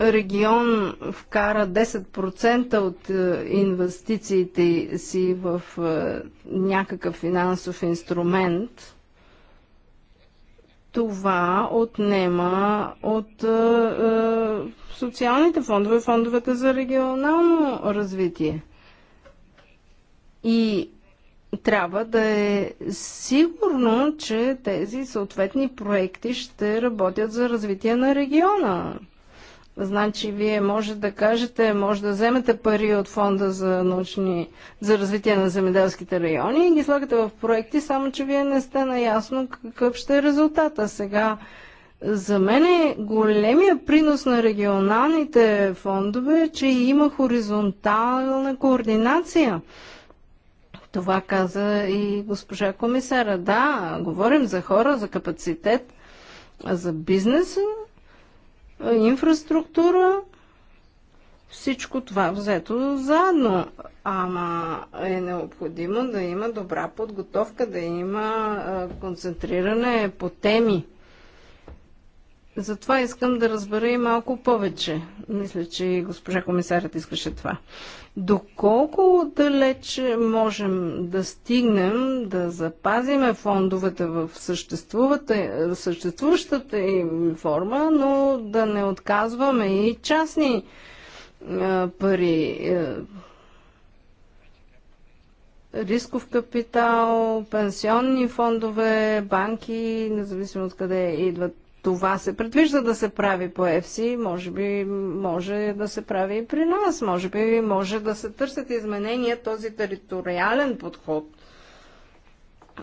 регион вкара 10% от инвестициите си в някакъв финансов инструмент, това отнема от социалните фондове, фондовете за регионално развитие. И трябва да е сигурно, че тези съответни проекти ще работят за развитие на региона. Значи, вие може да кажете, може да вземете пари от фонда за, научни, за развитие на земеделските райони и ги слагате в проекти, само че вие не сте наясно какъв ще е резултата. Сега, за мен е големия принос на регионалните фондове, че има хоризонтална координация. Това каза и госпожа комисара. Да, говорим за хора, за капацитет, за бизнес, инфраструктура, всичко това взето заедно. Ама е необходимо да има добра подготовка, да има концентриране по теми. Затова искам да разбера и малко повече. Мисля, че госпожа комисарят искаше това. Доколко далеч можем да стигнем да запазиме фондовете в съществуващата им форма, но да не отказваме и частни пари, рисков капитал, пенсионни фондове, банки, независимо от къде идват това се предвижда да се прави по ЕФСИ, може би може да се прави и при нас, може би може да се търсят изменения този териториален подход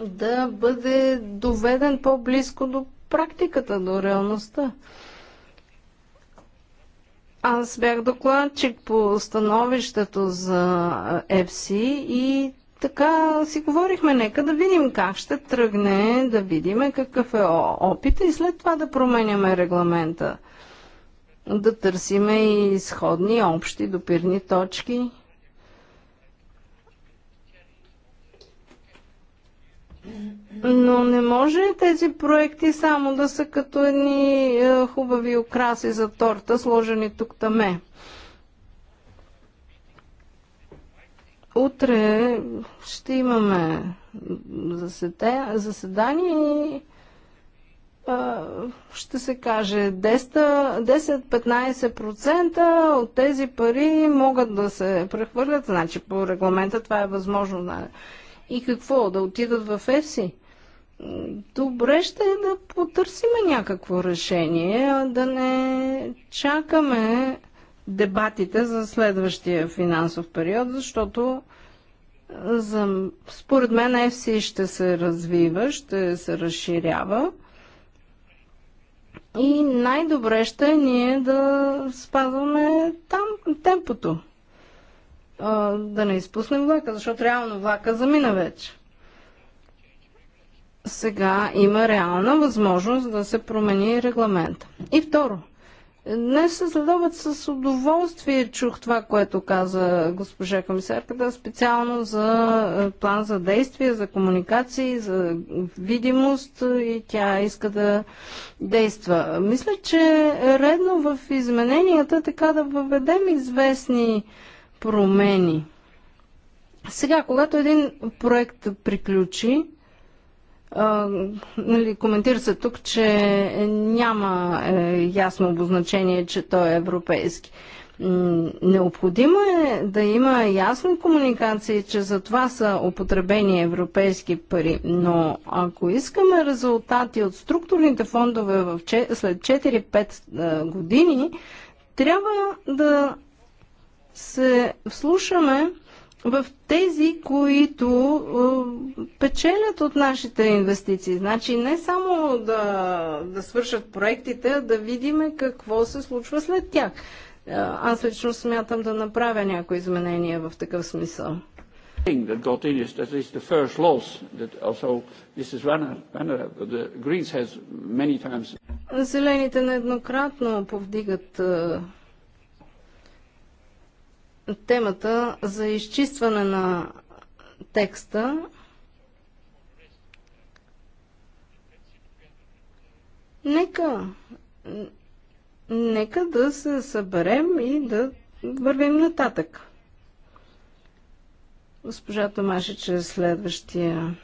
да бъде доведен по-близко до практиката, до реалността. Аз бях докладчик по становището за ЕФСИ и така си говорихме, нека да видим как ще тръгне, да видим какъв е опит и след това да променяме регламента. Да търсиме и сходни, общи, допирни точки. Но не може тези проекти само да са като едни е, хубави украси за торта, сложени тук-таме. Утре ще имаме заседание и ще се каже 10-15% от тези пари могат да се прехвърлят. Значи по регламента това е възможно. И какво? Да отидат в ЕФСИ? Добре ще е да потърсиме някакво решение, да не чакаме дебатите за следващия финансов период, защото за, според мен FC ще се развива, ще се разширява и най-добре ще е ние да спазваме там темпото. да не изпуснем влака, защото реално влака замина вече. Сега има реална възможност да се промени регламента. И второ – Днес се следобед с удоволствие чух това, което каза госпожа комисарката, специално за е, план за действие, за комуникации, за видимост е, и тя иска да действа. Мисля, че е редно в измененията така да въведем известни промени. Сега, когато един проект приключи, нали, коментира се тук, че няма е, ясно обозначение, че той е европейски. Необходимо е да има ясни комуникации, че за това са употребени европейски пари, но ако искаме резултати от структурните фондове в, след 4-5 години, трябва да се вслушаме в тези, които печелят от нашите инвестиции. Значи не само да, да свършат проектите, а да видим какво се случва след тях. Аз лично смятам да направя някои изменения в такъв смисъл. Зелените нееднократно повдигат темата за изчистване на текста. Нека, нека да се съберем и да вървим нататък. Госпожа Томашич е следващия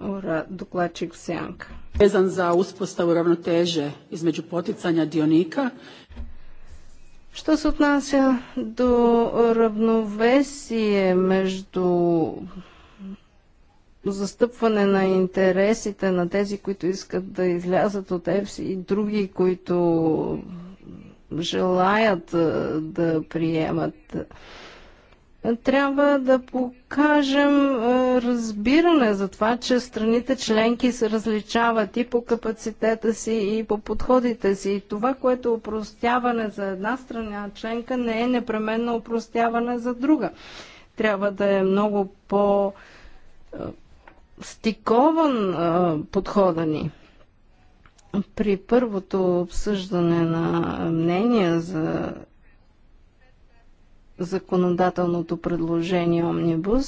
ура, докладчик в Сянка. Vezan за uspostavu ravnoteže između потицања дионика Що се отнася до равновесие между застъпване на интересите на тези, които искат да излязат от ЕФС и други, които желаят да приемат трябва да покажем е, разбиране за това, че страните членки се различават и по капацитета си, и по подходите си. И това, което е упростяване за една страна членка, не е непременно упростяване за друга. Трябва да е много по- е, стикован е, подхода ни. При първото обсъждане на мнения за законодателното предложение Омнибус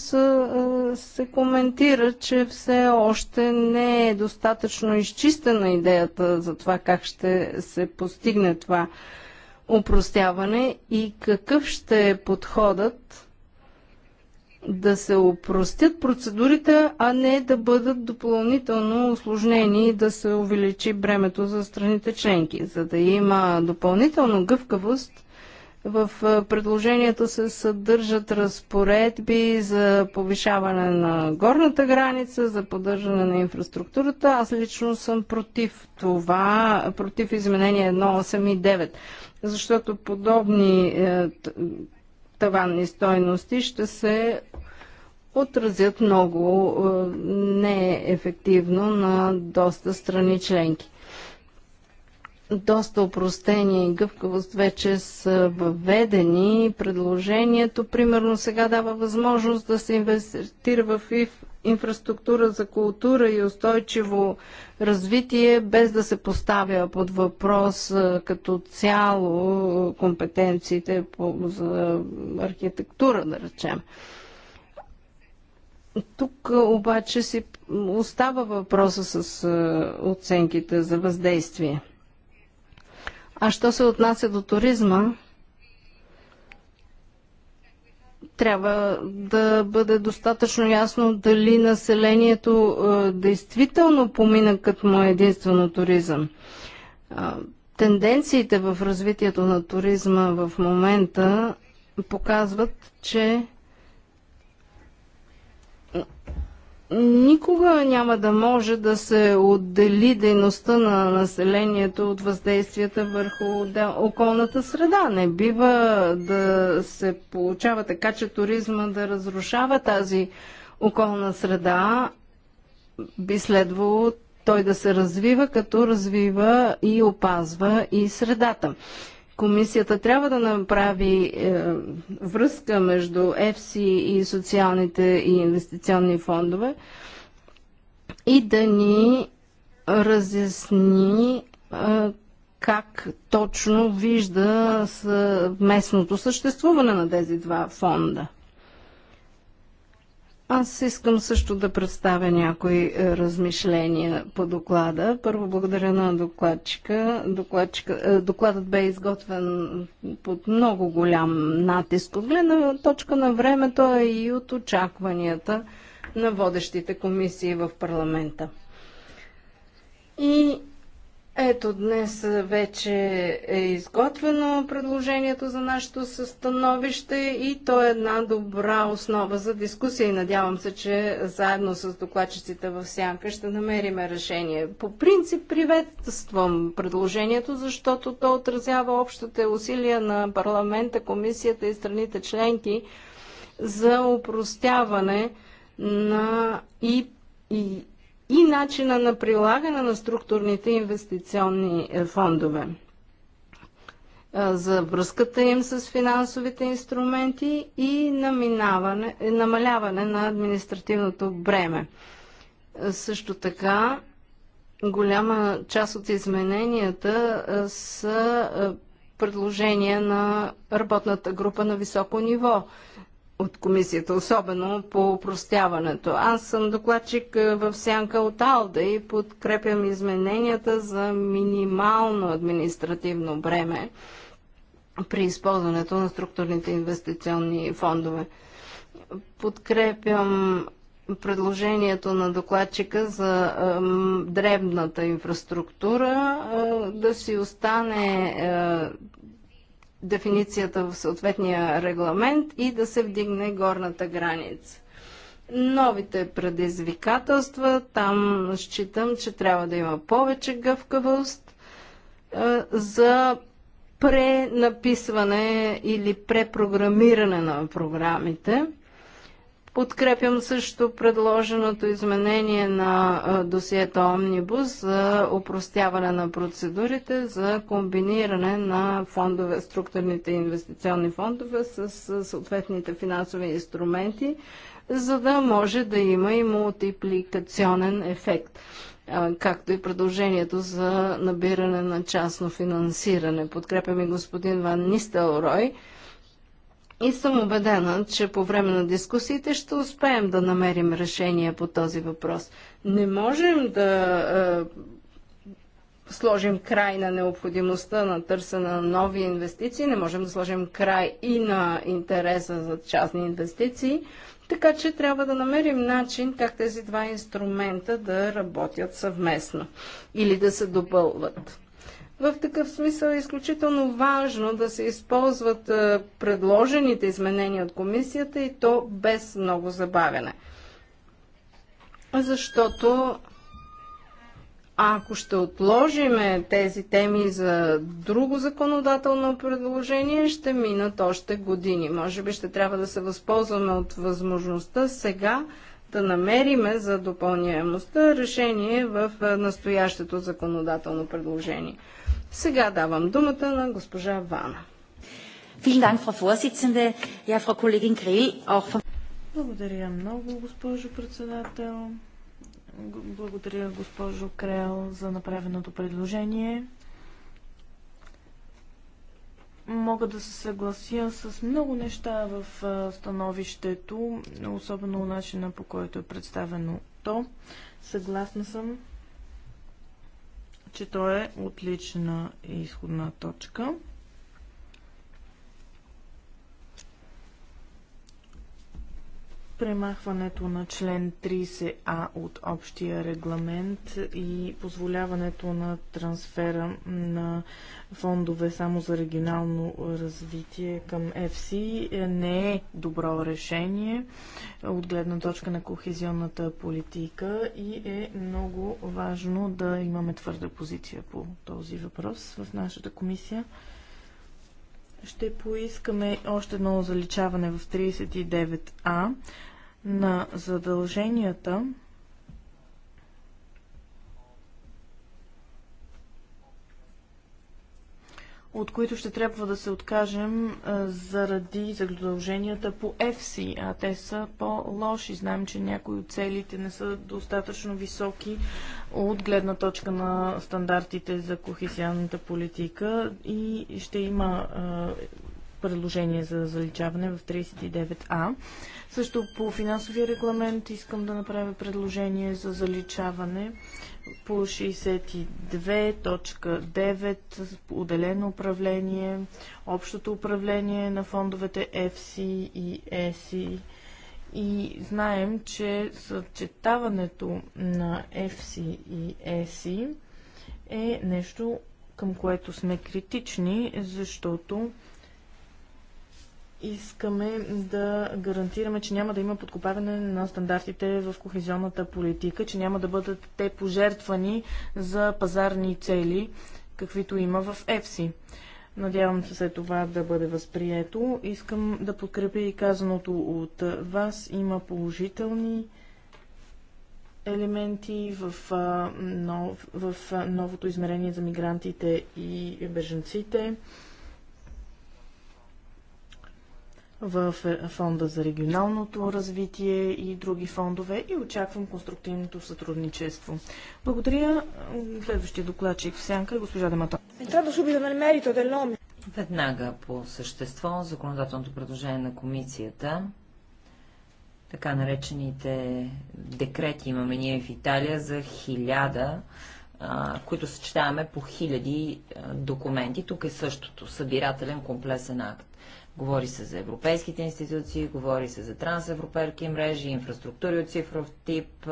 се коментира, че все още не е достатъчно изчистена идеята за това как ще се постигне това упростяване и какъв ще е подходът да се упростят процедурите, а не да бъдат допълнително осложнени и да се увеличи бремето за страните членки. За да има допълнително гъвкавост, в е, предложението се съдържат разпоредби за повишаване на горната граница, за поддържане на инфраструктурата. Аз лично съм против това, против изменение 1, 8 и 9, защото подобни е, таванни стойности ще се отразят много е, неефективно на доста страни членки доста упростения и гъвкавост вече са въведени. Предложението, примерно, сега дава възможност да се инвестира в инфраструктура за култура и устойчиво развитие, без да се поставя под въпрос като цяло компетенциите по, за архитектура, да речем. Тук обаче си остава въпроса с оценките за въздействие. А що се отнася до туризма, трябва да бъде достатъчно ясно дали населението е, действително помина му е единствено туризъм. тенденциите в развитието на туризма в момента показват, че никога няма да може да се отдели дейността на населението от въздействията върху да, околната среда. Не бива да се получава така, че туризма да разрушава тази околна среда. Би следвало той да се развива, като развива и опазва и средата комисията трябва да направи е, връзка между ЕФСИ и социалните и инвестиционни фондове и да ни разясни е, как точно вижда местното съществуване на тези два фонда. Аз искам също да представя някои е, размишления по доклада. Първо благодаря на докладчика. докладчика е, докладът бе изготвен под много голям натиск. От гледна точка на времето е и от очакванията на водещите комисии в парламента. И ето днес вече е изготвено предложението за нашето състановище и то е една добра основа за дискусия и надявам се, че заедно с докладчиците в Сянка ще намерим решение. По принцип приветствам предложението, защото то отразява общите усилия на парламента, комисията и страните членки за упростяване на и, и и начина на прилагане на структурните инвестиционни е, фондове е, за връзката им с финансовите инструменти и е, намаляване на административното бреме. Също така, голяма част от измененията са предложения на работната група на високо ниво от комисията, особено по упростяването. Аз съм докладчик е, в сянка от Алда и подкрепям измененията за минимално административно бреме при използването на структурните инвестиционни фондове. Подкрепям предложението на докладчика за дребната инфраструктура да си остане дефиницията в съответния регламент и да се вдигне горната граница. Новите предизвикателства, там считам, че трябва да има повече гъвкавост е, за пренаписване или препрограмиране на програмите – Подкрепям също предложеното изменение на досието Омнибус за упростяване на процедурите за комбиниране на фондове, структурните инвестиционни фондове с съответните финансови инструменти, за да може да има и мултипликационен ефект, както и предложението за набиране на частно финансиране. Подкрепям и господин Ван Нистелрой. Рой и съм убедена, че по време на дискусиите ще успеем да намерим решение по този въпрос. Не можем да е, сложим край на необходимостта на търсене на нови инвестиции, не можем да сложим край и на интереса за частни инвестиции, така че трябва да намерим начин как тези два инструмента да работят съвместно или да се допълват. В такъв смисъл е изключително важно да се използват е, предложените изменения от комисията и то без много забавяне. Защото ако ще отложиме тези теми за друго законодателно предложение, ще минат още години. Може би ще трябва да се възползваме от възможността сега да намериме за допълняемостта решение в е, настоящето законодателно предложение. Сега давам думата на госпожа Вана. Благодаря много, госпожо председател. Благодаря, госпожо Крел, за направеното предложение. Мога да се съглася с много неща в становището, особено начина по който е представено то. Съгласна съм че той е отлична изходна точка. премахването на член 30А от общия регламент и позволяването на трансфера на фондове само за регионално развитие към ЕФСИ не е добро решение от гледна точка на кохезионната политика и е много важно да имаме твърда позиция по този въпрос в нашата комисия. Ще поискаме още едно заличаване в 39А, на задълженията от които ще трябва да се откажем е, заради задълженията по FC, а те са по-лоши. Знаем, че някои от целите не са достатъчно високи от гледна точка на стандартите за кохесионната политика и ще има е, предложение за заличаване в 39А. Също по финансовия регламент искам да направя предложение за заличаване по 62.9 отделено управление, общото управление на фондовете FC и ESI. Е и знаем, че съчетаването на FC и ESI е, е нещо, към което сме критични, защото искаме да гарантираме, че няма да има подкопаване на стандартите в кохезионната политика, че няма да бъдат те пожертвани за пазарни цели, каквито има в ЕФСИ. Надявам се след това да бъде възприето. Искам да подкрепя и казаното от вас. Има положителни елементи в, нов, в новото измерение за мигрантите и беженците. в Фонда за регионалното развитие и други фондове и очаквам конструктивното сътрудничество. Благодаря. Следващия докладчик в сянка е госпожа Демата. Веднага по същество законодателното предложение на комисията така наречените декрети имаме ние в Италия за хиляда, които съчетаваме по хиляди документи. Тук е същото, събирателен комплексен акт. Говори се за европейските институции, говори се за трансевропейски мрежи, инфраструктури от цифров тип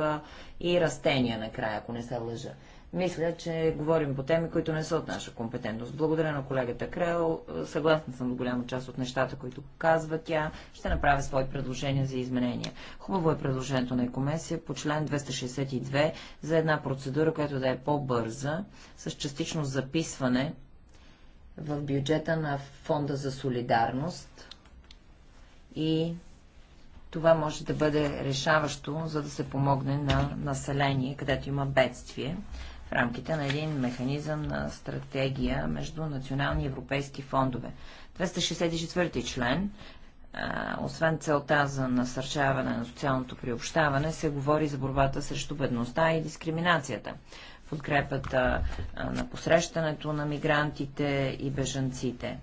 и растения накрая, ако не се лъжа. Мисля, че говорим по теми, които не са от наша компетентност. Благодаря на колегата Крел. Съгласна съм с голяма част от нещата, които казва тя. Ще направя свои предложения за изменения. Хубаво е предложението на комисия по член 262 за една процедура, която да е по-бърза, с частично записване в бюджета на Фонда за солидарност и това може да бъде решаващо, за да се помогне на население, където има бедствие, в рамките на един механизъм на стратегия между национални и европейски фондове. 264 член, освен целта за насърчаване на социалното приобщаване, се говори за борбата срещу бедността и дискриминацията подкрепата на посрещането на мигрантите и бежанците.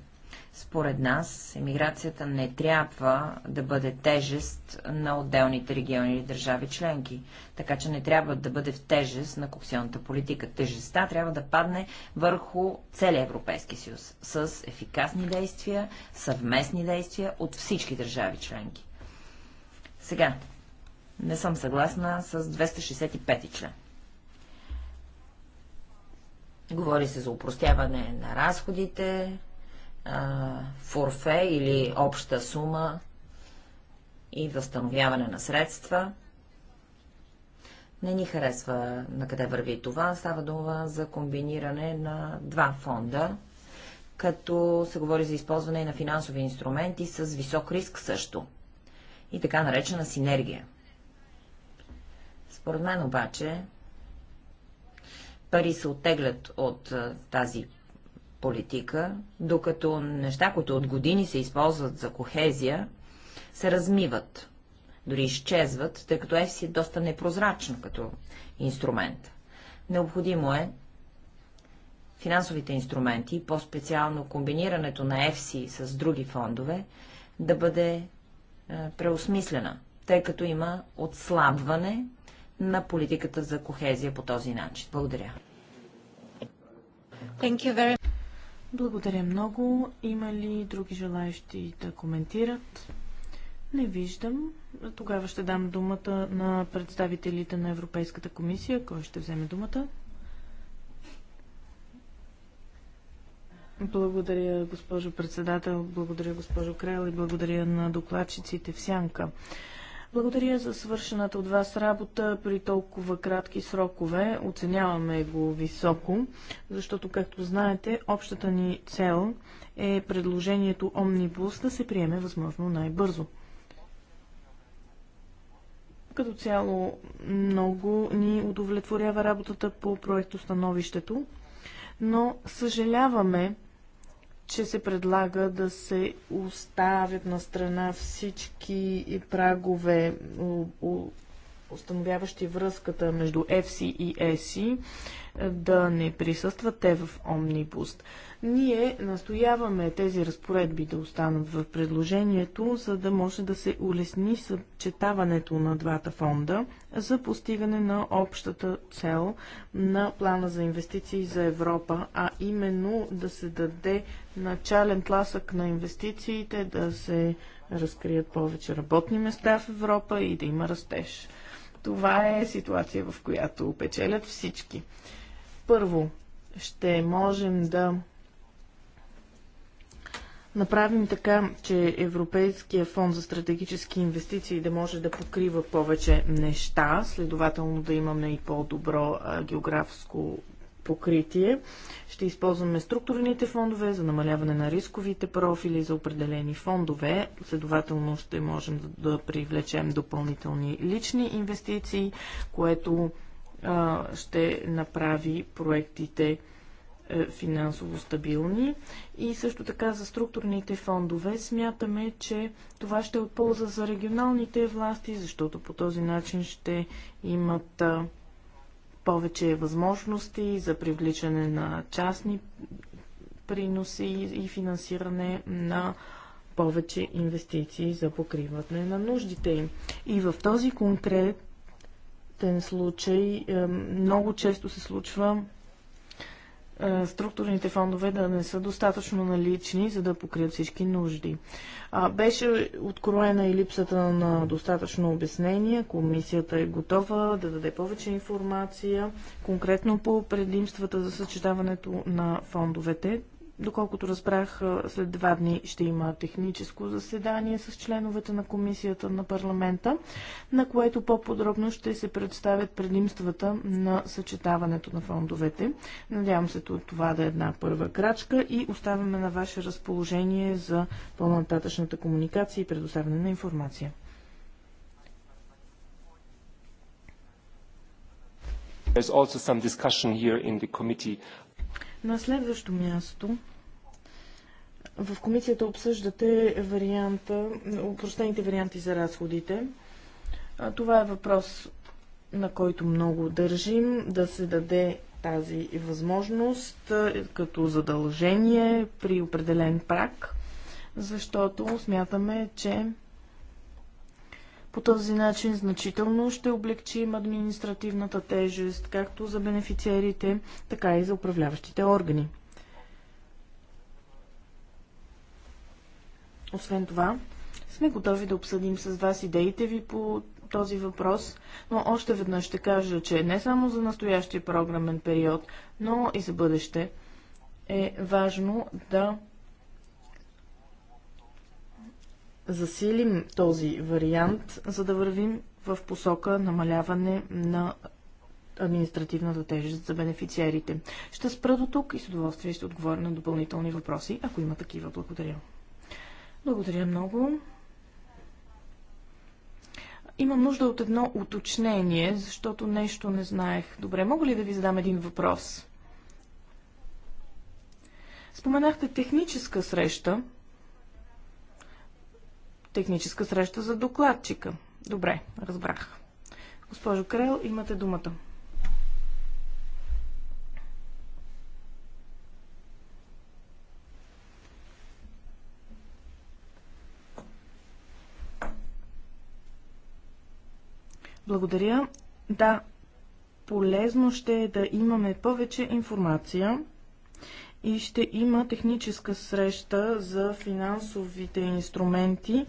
Според нас, емиграцията не трябва да бъде тежест на отделните региони или държави членки, така че не трябва да бъде в тежест на коксионната политика. Тежестта трябва да падне върху целия Европейски съюз, с ефикасни действия, съвместни действия от всички държави членки. Сега, не съм съгласна с 265 член. Говори се за упростяване на разходите, форфе или обща сума и възстановяване на средства. Не ни харесва на къде върви това. Става дума за комбиниране на два фонда, като се говори за използване на финансови инструменти с висок риск също. И така наречена синергия. Според мен обаче пари се оттеглят от тази политика, докато неща, които от години се използват за кохезия, се размиват, дори изчезват, тъй като ЕФСИ е доста непрозрачно като инструмент. Необходимо е финансовите инструменти, по-специално комбинирането на ЕФСИ с други фондове, да бъде преосмислена, тъй като има отслабване на политиката за кохезия по този начин. Благодаря. Very... Благодаря много. Има ли други желаящи да коментират? Не виждам. Тогава ще дам думата на представителите на Европейската комисия. Кой ще вземе думата? Благодаря, госпожо председател, благодаря, госпожо Крел и благодаря на докладчиците в Сянка. Благодаря за свършената от вас работа при толкова кратки срокове. Оценяваме го високо, защото, както знаете, общата ни цел е предложението Омнибус да се приеме възможно най-бързо. Като цяло много ни удовлетворява работата по становището, но съжаляваме, че се предлага да се оставят на страна всички прагове, установяващи връзката между FC и ESI, е е, да не присъстват те в Омнибуст. Ние настояваме тези разпоредби да останат в предложението, за да може да се улесни съчетаването на двата фонда за постигане на общата цел на плана за инвестиции за Европа, а именно да се даде начален тласък на инвестициите, да се разкрият повече работни места в Европа и да има растеж. Това е ситуация, в която печелят всички. Първо, ще можем да направим така, че Европейския фонд за стратегически инвестиции да може да покрива повече неща, следователно да имаме и по-добро географско покритие. Ще използваме структурните фондове за намаляване на рисковите профили за определени фондове. Следователно ще можем да привлечем допълнителни лични инвестиции, което а, ще направи проектите е, финансово стабилни. И също така за структурните фондове смятаме, че това ще е от полза за регионалните власти, защото по този начин ще имат повече възможности за привличане на частни приноси и финансиране на повече инвестиции за покриване на нуждите им. И в този конкретен случай много често се случва е, структурните фондове да не са достатъчно налични, за да покрият всички нужди. А, беше откроена и липсата на достатъчно обяснение. Комисията е готова да даде повече информация, конкретно по предимствата за съчетаването на фондовете, Доколкото разбрах, след два дни ще има техническо заседание с членовете на комисията на парламента, на което по-подробно ще се представят предимствата на съчетаването на фондовете. Надявам се това да е една първа крачка и оставяме на ваше разположение за по-нататъчната комуникация и предоставяне на информация. There's also some discussion here in the committee на следващо място в комисията обсъждате варианта, упростените варианти за разходите. Това е въпрос, на който много държим, да се даде тази възможност като задължение при определен прак, защото смятаме, че по този начин значително ще облегчим административната тежест, както за бенефициерите, така и за управляващите органи. Освен това, сме готови да обсъдим с вас идеите ви по този въпрос, но още веднъж ще кажа, че не само за настоящия програмен период, но и за бъдеще е важно да засилим този вариант, за да вървим в посока намаляване на административната тежест за бенефициарите. Ще спра до тук и с удоволствие ще отговоря на допълнителни въпроси, ако има такива. Благодаря. Благодаря много. Имам нужда от едно уточнение, защото нещо не знаех. Добре, мога ли да ви задам един въпрос? Споменахте техническа среща. Техническа среща за докладчика. Добре, разбрах. Госпожо Крел, имате думата. Благодаря. Да, полезно ще е да имаме повече информация и ще има техническа среща за финансовите инструменти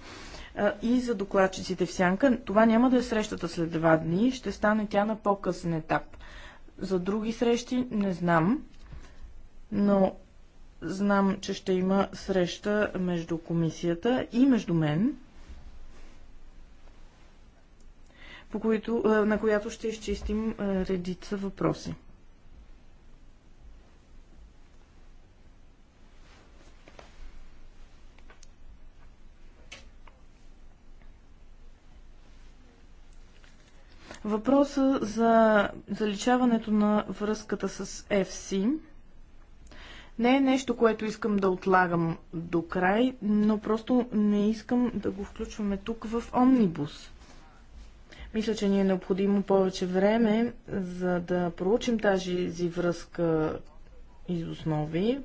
и за докладчиците в сянка. Това няма да е срещата след два дни, ще стане тя на по-късен етап. За други срещи не знам, но знам, че ще има среща между комисията и между мен. по които, е, на която ще изчистим е, редица въпроси. Въпроса за заличаването на връзката с FC не е нещо, което искам да отлагам до край, но просто не искам да го включваме тук в Омнибус. Мисля, че ни е необходимо повече време, за да проучим тази връзка из основи,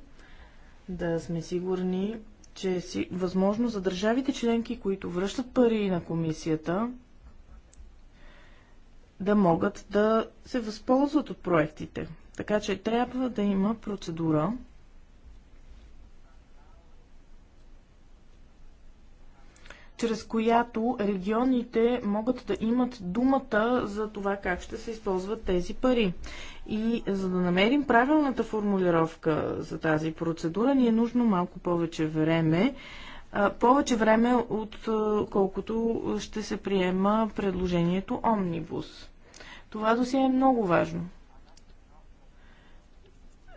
да сме сигурни, че е си възможно за държавите членки, които връщат пари на комисията, да могат да се възползват от проектите. Така че трябва да има процедура, чрез която регионите могат да имат думата за това как ще се използват тези пари. И за да намерим правилната формулировка за тази процедура, ни е нужно малко повече време. Повече време, отколкото ще се приема предложението Омнибус. Това досия е много важно.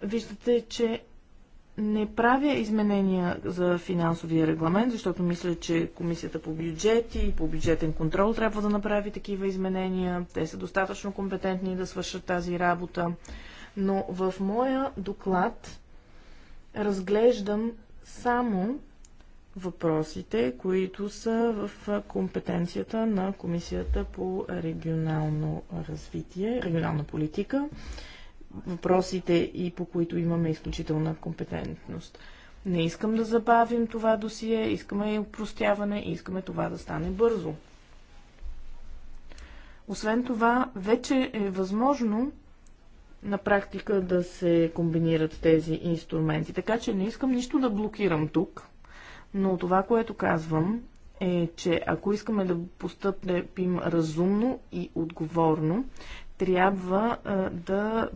Виждате, че не правя изменения за финансовия регламент, защото мисля, че Комисията по бюджет и по бюджетен контрол трябва да направи такива изменения. Те са достатъчно компетентни да свършат тази работа. Но в моя доклад разглеждам само въпросите, които са в компетенцията на Комисията по регионално развитие, регионална политика въпросите и по които имаме изключителна компетентност. Не искам да забавим това досие, искаме и упростяване, искаме това да стане бързо. Освен това, вече е възможно на практика да се комбинират тези инструменти. Така че не искам нищо да блокирам тук, но това, което казвам е, че ако искаме да постъпим разумно и отговорно, трябва да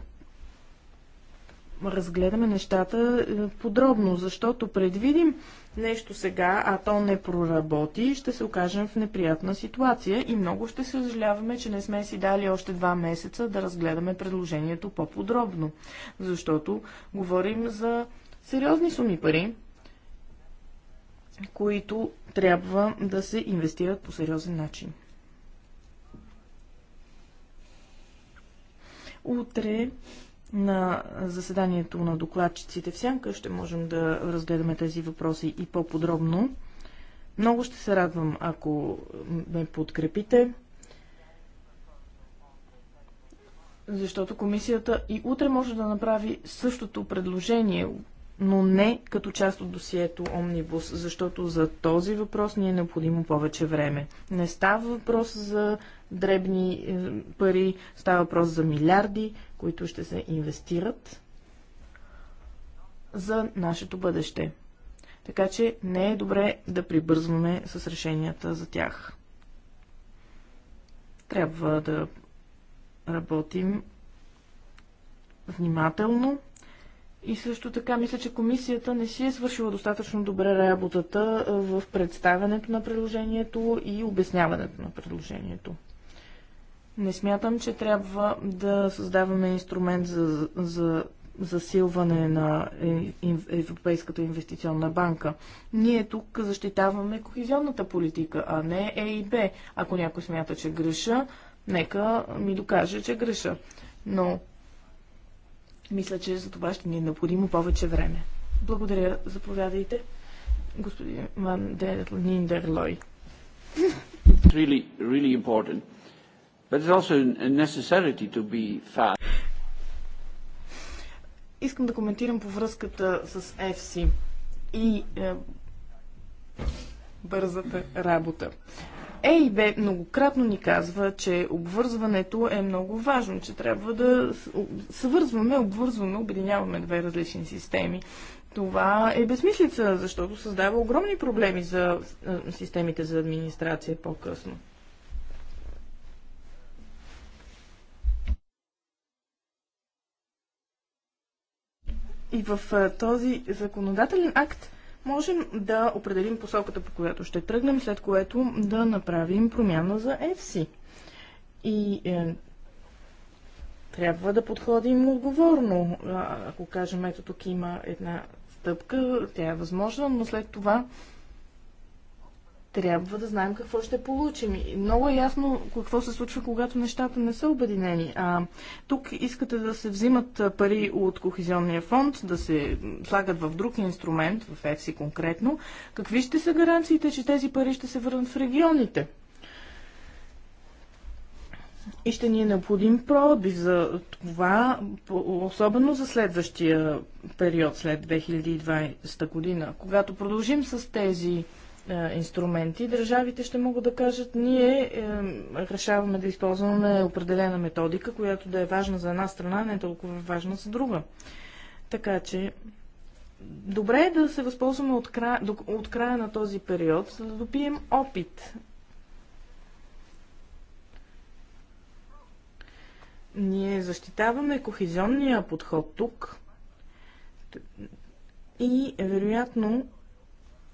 разгледаме нещата е, подробно, защото предвидим нещо сега, а то не проработи, ще се окажем в неприятна ситуация и много ще се съжаляваме, че не сме си дали още два месеца да разгледаме предложението по-подробно, защото говорим за сериозни суми пари, които трябва да се инвестират по сериозен начин. Утре на заседанието на докладчиците в Сянка ще можем да разгледаме тези въпроси и по-подробно. Много ще се радвам, ако ме подкрепите. Защото комисията и утре може да направи същото предложение, но не като част от досието Омнибус, защото за този въпрос ни е необходимо повече време. Не става въпрос за дребни е, пари, става въпрос за милиарди, които ще се инвестират за нашето бъдеще. Така че не е добре да прибързваме с решенията за тях. Трябва да работим внимателно и също така мисля, че комисията не си е свършила достатъчно добре работата в представянето на предложението и обясняването на предложението. Не смятам, че трябва да създаваме инструмент за, за засилване на е, Европейската инвестиционна банка. Ние тук защитаваме кохезионната политика, а не Е и Б. Ако някой смята, че греша, нека ми докаже, че греша. Но мисля, че за това ще ни е необходимо повече време. Благодаря. Заповядайте, господин Ван Дерлой. really, really important. But it's also a necessity to be fast. Искам да коментирам по връзката с FC и е, бързата работа. ЕИБ многократно ни казва, че обвързването е много важно, че трябва да свързваме, обвързваме, обединяваме две различни системи. Това е безмислица, защото създава огромни проблеми за системите за администрация по-късно. И в този законодателен акт можем да определим посоката, по която ще тръгнем, след което да направим промяна за FC. И е, трябва да подходим отговорно. Ако кажем, ето тук има една стъпка, тя е възможна, но след това трябва да знаем какво ще получим. И много е ясно какво се случва, когато нещата не са обединени. А, тук искате да се взимат пари от кохезионния фонд, да се слагат в друг инструмент, в ЕФСИ конкретно. Какви ще са гаранциите, че тези пари ще се върнат в регионите? И ще ни е необходим пробив за това, особено за следващия период след 2020 година. Когато продължим с тези е, инструменти, държавите ще могат да кажат, ние е, решаваме да използваме определена методика, която да е важна за една страна, не е толкова важна за друга. Така че, добре е да се възползваме от края, от края на този период, за да допием опит. Ние защитаваме кохезионния подход тук и вероятно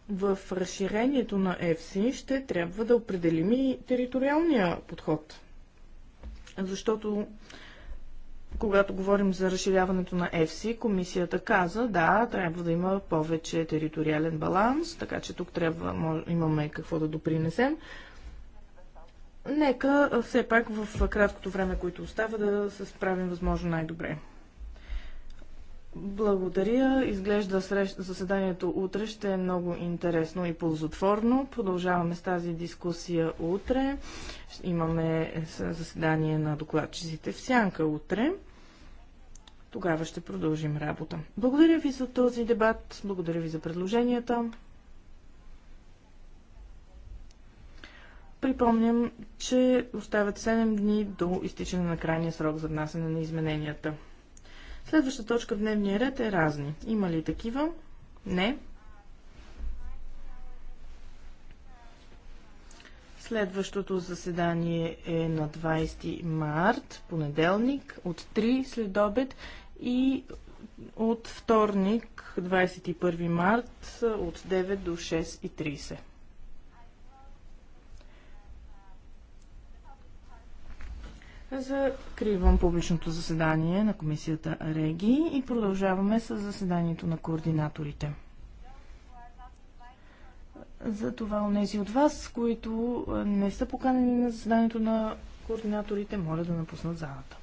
в разширението на ЕФСИ ще трябва да определим и териториалния подход. Защото когато говорим за разширяването на ЕФСИ, комисията каза, да, трябва да има повече териториален баланс, така че тук трябва, имаме какво да допринесем. Нека все пак в краткото време, което остава, да се справим възможно най-добре. Благодаря. Изглежда заседанието утре ще е много интересно и ползотворно. Продължаваме с тази дискусия утре. Имаме заседание на докладчиците в Сянка утре. Тогава ще продължим работа. Благодаря ви за този дебат. Благодаря ви за предложенията. Припомням, че остават 7 дни до изтичане на крайния срок за внасяне на измененията. Следващата точка в дневния ред е разни. Има ли такива? Не. Следващото заседание е на 20 март, понеделник, от 3 след обед и от вторник, 21 март, от 9 до 6.30. Закривам публичното заседание на комисията Реги и продължаваме с заседанието на координаторите. За това унези от вас, които не са поканени на заседанието на координаторите, моля да напуснат залата.